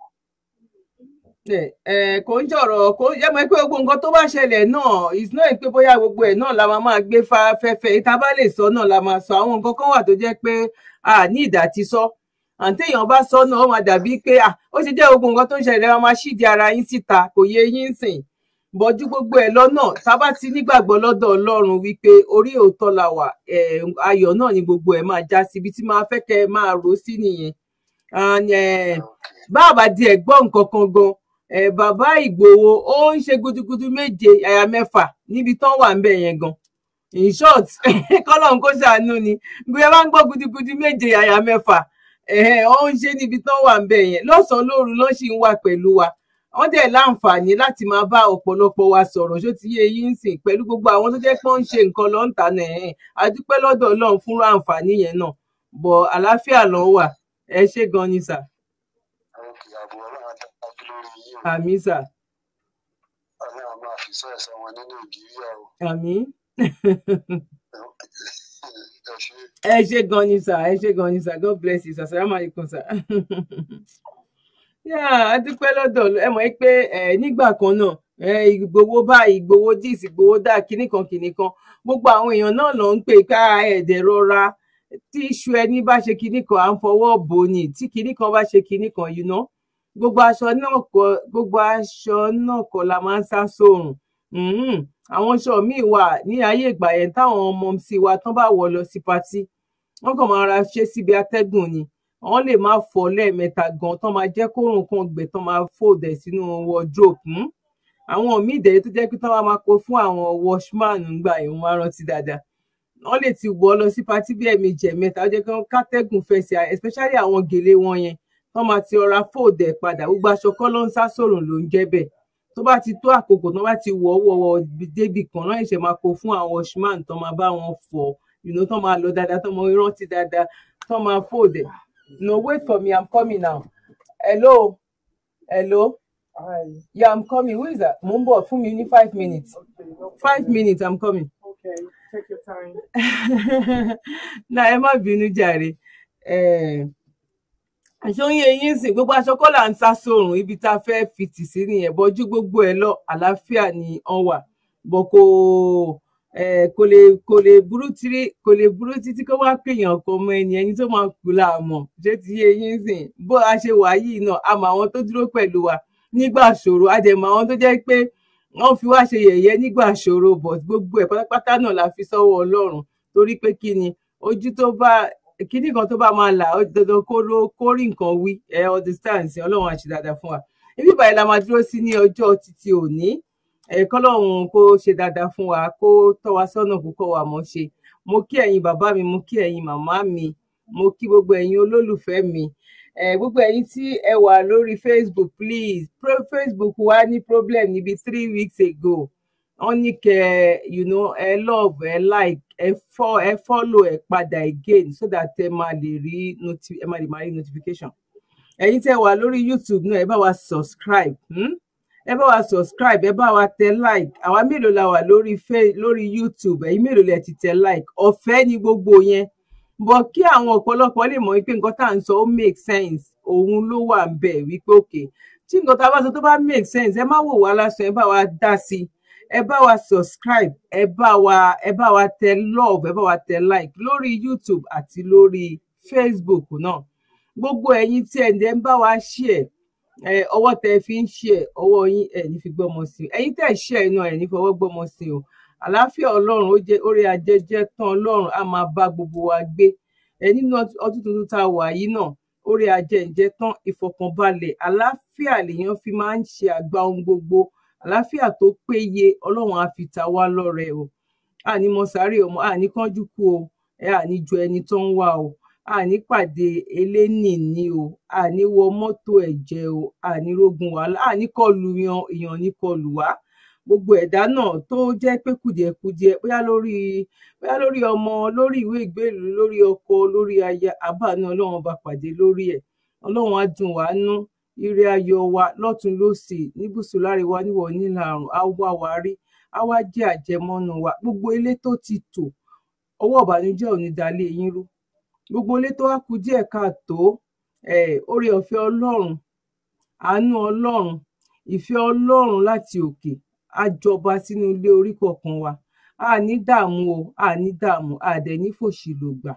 kò ń jọ̀rọ̀ kò yẹ mọ́ pé gbogbo nǹkan tó bá ṣẹlẹ̀ náà ìsúná ìpè bóyá gbogbo ẹ̀ náà la máa máa gbé fẹ́fẹ́ ìta bá lè sọ náà la máa sọ àwọn nǹkan kan wà tó jẹ́ pé a ní ìdá ti sọ àǹtéèyàn bá sọ náà ó máa dàbí pé ó ṣe jẹ́ gbogbo nǹkan tó ń ṣẹlẹ̀ wa máa ṣíde ara yín síta kò yẹ yín sìn bọ́jú gbogbo ẹ̀ lọ́nà sábà ti nígbàgbọ́ lọ́dọ̀ Ọlọ́run wípé orí òótọ́ la wà ayọ̀ náà ni gbogbo ẹ̀ máa já síbi tí máa fẹ́ kẹ́ máa rò sí nìyẹn bá àbàdì ẹ̀ gbọ́ nǹkan kan gan-an bàbá ìgbòho ó ń ṣe gudugudu méje àyà mẹ́fà níbi tán wà ń bẹ yẹn gan in short kọ́lọ́n kó ṣàánú ni gbé bá ń gbọ́ gudugudu méje àyà mẹ́fà ó ń ṣe níbi tán wà ń bẹ yẹn lọ́sàn-án lóru ló sì ń wà pẹ̀lú wa wọ́n dẹ̀ láǹfààní láti máa bá ọ̀pọ̀lọpọ̀ wa sọ̀rọ̀ ṣó ti yé yín sìn pẹ̀lú gbogbo àwọn tó jẹ́ pé ó ń ṣe nǹkan lọ́ǹtà nẹ̀ẹ́n adúpẹ́ lọ́dọ̀ ọlọ́run fúnra àǹfààní yẹn náà bọ̀ àlàáfíà ló wà ẹ ṣé gan ni sà àmísà. ọlọ́run máa fi sọ ẹ̀sán wọn ní nàìjíríà o. àmín. ẹ ṣe gan ni sir ẹ ṣe gan ni sir god bless you sir salamu alaikum sir. a dúpẹ́ lọ́dọ̀ ẹ mọ̀ pé nígbà kan náà ìgbowó báyìí ìgbowó dis ìgbowó dà kìnnìkan kìnnìkan gbogbo àwọn èèyàn náà ló ń pè ká ẹ̀dẹ̀ rọra tí iṣu ẹni bá ṣe kinní kan à ń fọwọ́ bò ní tí kinní kan bá ṣe kinní kan yìí náà gbogbo aṣọ náà kọ gbogbo aṣọ náà kọ la máa ń sá sóòrùn mm-hmm. àwọn aṣọ míì wà ní ayé ìgbà yẹn táwọn ọmọ sí wa tán bá wọ lọ sí patí wọn kàn máa ra ṣe síbi atẹ́gùn ni wọn lè máa fọ lẹ́ẹ̀mẹ́ta gan tán máa jẹ́ kóòrùn kan gbẹ tán máa fòdẹ sínú wardrobe hmm. àwọn míì dẹ̀ tó jẹ́ pé tán wá máa kó fún àwọn washman ńgbà yẹn wọn máa rántí dáadáa wọn lè ti wọ lọ sí patí bí ẹ̀ẹ̀mejì ẹ̀ẹ̀mẹ́ta ó jẹ́ kí wọn kátẹ́gùn fẹsẹ̀ especially àwọn gèlè wọn yẹn wọ́n máa ti ọra fold ẹ̀ padà gbogbo aṣọ kọ́ ló ń sá sòrùn ló ń jẹ́ bẹ́ẹ̀ tó bá ti tó àkókò tó bá ti wọ̀ ọ́ wọ̀ débì kan náà ìṣẹ̀ máa kó fún àwọn ṣùgbọ́n tó máa bá wọn fọ̀ ìnú tó máa lọ dáadáa tó máa rántí dáadáa tó máa fold ẹ̀ no wait for me i'm coming now hello hello Hi. yeah i'm coming who is that mo ń bọ̀ fún mi ní five minutes five minutes i'm coming. okay take your time. na ẹ má bínú jàre. Eh, àṣọyé yín sì gbogbo aṣọ kọ́ là ń sá sóòrùn ibi tá a fẹ́ fi tì sí nìyẹn bọ́jú gbogbo ẹ̀ lọ àlàáfíà ni ọ wà bọ́ kò kò lè kò lè burú títí kò lè burú títí kó má pèèyàn ọkọ ọmọ ẹni ẹni tó máa kú láàmọ ṣé ti yé yín sìn bó a ṣe wà yìí náà a mọ àwọn tó dúró pẹ̀lú wa nígbà ṣòro a dẹ̀ mọ àwọn tó jẹ́ pé wọ́n fi wá ṣe yẹ̀yẹ́ nígbà ṣòro but gbogbo ẹ̀ pátápátá náà la fi sọ́wọ́ Ọlọ́run torí pé kí ni ojú tó bá kíní kan tó bá máa là ó dandan kó ló kó rí nǹkan wí ẹ understand sí ọlọ́run àṣẹ dáadáa fún wa ibi ìbàyẹ̀ la máa dúró sí ní ọjọ́ títí òní ẹ kọ́lọ́run kó ṣe dáadáa fún wa kó tọ́ wa sọ́nà kó kọ́ wa mọ̀ ṣe mo kí ẹ̀yin bàbá mi mo kí ẹ̀yin màmá mi mo kí gbogbo ẹ̀yin olólùfẹ́ mi gbogbo ẹ̀yin tí ẹ wà lórí Facebook please Pro Facebook wa ní problem níbi three weeks ago Only ní you know ẹ love ẹ like ẹ follow, ẹ follow ẹ padà again so that ẹ máa lè rí noti ẹ máa lè máa rí notification ẹ̀yin tẹ́ wà lórí youtube náà ẹ bá wa subscribe hmm? ẹ bá wa subscribe ẹ bá wa tẹ like àwa mélòó la wà lórí lórí youtube ẹ̀yin mélòó lẹ ti tẹ like ọ̀fẹ́ ni gbogbo yẹn bọ kí àwọn ọ̀pọ̀lọpọ̀ lè mọ̀ wípé nǹkan tá à ń sọ ó make sense òun ló wà ń bẹ wípé òkè tí nǹkan tá a bá sọ tó bá make sense ẹ má wò wá lásán ẹ bá wa dá sí i ẹ bá wa subscribe ẹ bá wa ẹ bá wa tẹ love ẹ bá wa tẹ like lórí YouTube àti lórí Facebook náà gbogbo ẹ̀yin tí ẹ ǹdẹ ń bá wa share ẹ ọwọ́ tẹ fi ń share ọwọ́ yín ẹ ní fi gbọ́mọ sí i ẹ̀yin tẹ share iná ẹ ní fọwọ́ gbọ́mọ sí i o àlàáfíà Ọlọ́run ó jẹ orí ajẹjẹ tán Ọlọ́run á máa bá gbogbo wa gbé ẹ nínú ọdún tuntun tá a wà yìí náà orí ajẹjẹ tán ìfọ̀kànbalẹ̀ àlàáfíà lèèyàn fi máa ń ṣe àgbà ohun gbogbo àlàáfíà tó péye ọlọ́run á fi ta wá lọ́rẹ o àní mọ sáré ọmọ àní kánjú kú o àní jọ ẹni tó ń wá o àní pàdé elénìní o àní wọ mọ́tò ẹ̀jẹ̀ o àní rógun wàhálà àní kọlù yan èèyàn ní kọlù wá gbogbo ẹ̀dá náà tó jẹ́ pé kùdìẹ̀kudiẹ bóyá lórí bóyá lórí ọmọ lórí ìwé ìgbélú lórí ọkọ lórí aya àbáàánú ọlọ́run bá pàdé lórí ẹ̀ ọlọ́run á dùn wá nú ire ayọ̀ wa lọ́tùn lósì níbùsùn láríwá níwọ nílà oòrùn á wá wa rí á wá jẹ́ àjẹmọ́nú wa gbogbo ilé tó ti tò ọwọ́ ìbànújẹ́ ò ní dalé yín rú gbogbo ilé tó wá kù díẹ̀ káàtó oore ọ̀fẹ́ Ọlọ́run àánú Ọlọ́run ìfẹ́ Ọlọ́run láti òkè á sínú ilé orí kọ̀ọ̀kan wa a ní dààmú o a ní dààmú a dẹ̀ ní fòṣì lògbà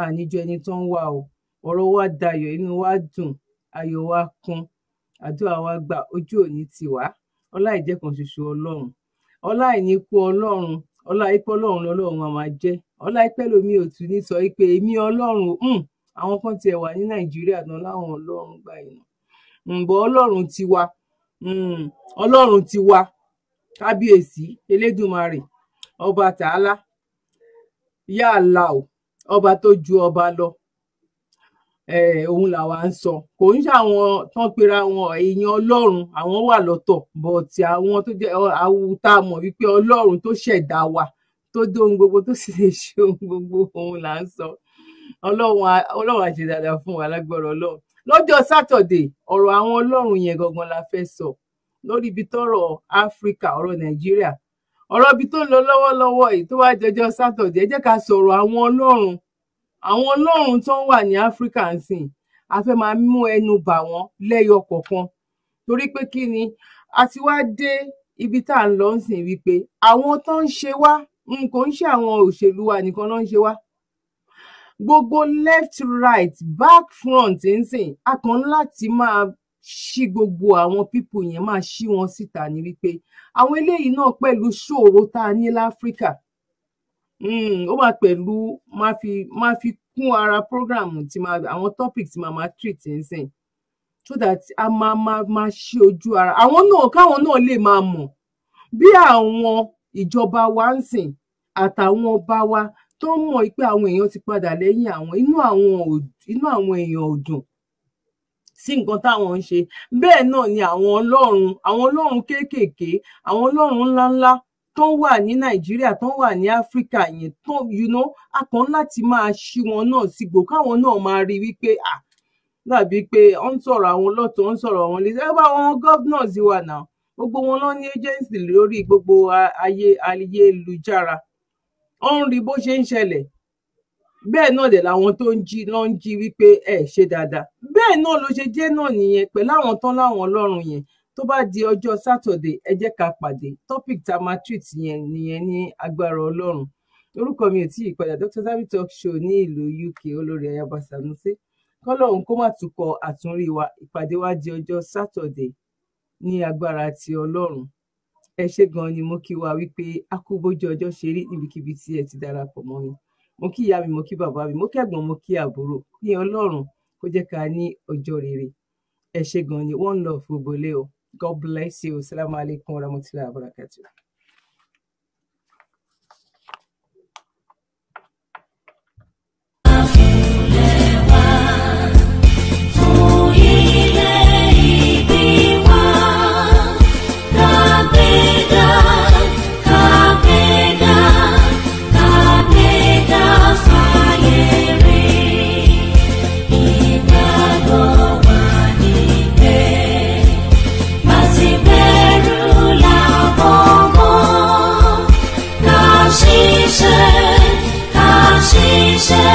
a ẹni tó ń wá o ọ̀rọ̀ wa dayọ̀ inú wa dùn ayọ̀ wa kún àdúrà wa gbà ojú òní tì wá ọlá ìjẹkan ṣoṣo ọlọ́run ọlá ìníkù ọlọ́run ọlá ipò ọlọ́run lọ́lọ́run máa máa jẹ́ ọlá ipẹ lomi ò ní sọ pé èmi ọlọ́run um àwọn kan tiẹ̀ wà ní nàìjíríà náà láwọn ọlọ́run gbà yìí ǹbọ ọlọ́run ti wa hmm, ọlọ́run ti wa kábíyèsí elédùnmarè ọba tààlà yáà la o ọba tó ju ọba lọ òun làwa ń sọ kò ń ṣàwọn tán pera wọn èèyàn ọlọ́run àwọn wà lọ́tọ̀ bọ̀tì àwọn tó jẹ́ awuta mọ̀ wípé ọlọ́run tó ṣẹ̀dá wa tó dé ohun gbogbo tó sì lè ṣe ohun gbogbo òun là ń sọ ọlọ́run á ṣe dáadáa fún wa lágbọ́rọ̀ ọlọ́run lọ́jọ́ sátọ̀dé ọ̀rọ̀ àwọn ọlọ́run yẹn gangan la fẹ́ sọ lórí ibi tọ́rọ̀ áfíríkà ọ̀rọ̀ nàìjíríà ọ̀rọ̀ ibi tó ń lọ lọ́wọ́lọ́wọ́ yìí tó wá jọjọ́ sátọ̀dé ẹ jẹ́ ká sọ̀rọ̀ àwọn ọlọ́run àwọn ọlọ́run tó ń wà ní áfíríkà ń sìn a fẹ́ máa mú ẹnu bà wọ́n lẹ́yọ kọ̀ọ̀kan torí pé kí ni a ti wá dé ibi tá à ń lọ sìn wípé àwọn tó ń ṣe wá nǹkan ń ṣe àwọn òṣèlú wa nìkan ló ń ṣe wá gbogbo left right back front ń sìn a kàn láti máa ṣí gbogbo àwọn pípù yẹn máa ṣí wọn síta ni wípé àwọn eléyìí náà pẹ̀lú ṣòro tá a ní láfíríkà um ó máa pẹ̀lú máa fi máa fi kún ara program tí máa àwọn topic tí máa máa treat nsìn so that a máa máa máa ṣí ojú ara àwọn náà káwọn náà lè máa mọ̀ bí àwọn ìjọba wa ń sìn àtàwọn ọba wa tó ń mọ̀ pé àwọn èèyàn ti padà lẹ́yìn àwọn inú àwọn inú àwọn èèyàn ò dùn sí nǹkan táwọn ń ṣe bẹ́ẹ̀ náà ni àwọn ọlọ́run àwọn ọlọ́run kéékèèké àwọn ọlọ́run ńláńlá tó wà ní nàìjíríà tó wà ní áfíríkà yẹn tó you know a kàn láti máa ṣí wọn náà sígbó káwọn náà máa rí wípé à dàbí pé ó ń sọ̀rọ̀ àwọn lọ́tọ̀ ó ń sọ̀rọ̀ àwọn lẹ́sẹ̀ ẹ bá àwọn governors wà náà gbogbo wọn lọ ní agency lórí gbogbo ayé ayélujára ó ń rí bó ṣe ń ṣẹlẹ̀ bẹ́ẹ̀ náà dẹ̀ làwọn tó ń jí lọ ń jí wípé ẹ ṣe dáadáa bẹ́ẹ̀ náà ló ṣe jẹ́ náà nìyẹn pẹ̀lú àwọn tán láwọn ọlọ́run yẹn tó bá di ọjọ́ sátọ̀dé ẹ jẹ́ ká pàdé topic tá a máa treat yẹn nìyẹn ní agbára ọlọ́run orúkọ mi ò tí ì padà Dr. Zabby Talk Show ní ìlú UK olórí ayaba sanusi kọlọ́run kó má tún kọ àtúnrí wa ìpàdé wa di ọjọ́ sátọ̀dé ní agbára ti ọlọ́run ẹ ṣé gan ni mo kí wa wípé a kú bójú ọjọ́ ṣe rí níbikíbi tí ẹ ti darapọ̀ mọ́ mi mo kí ìyá mi mo kí bàbá mi mo kí ẹ̀gbọ́n mo kí àbúrò ní ọlọ́run kó jẹ́ ká ní ọjọ́ rere ẹ ṣé gan ni one love gbogbo lé God bless you. Assalamu alaikum wa rahmatullahi wa barakatuh. shine.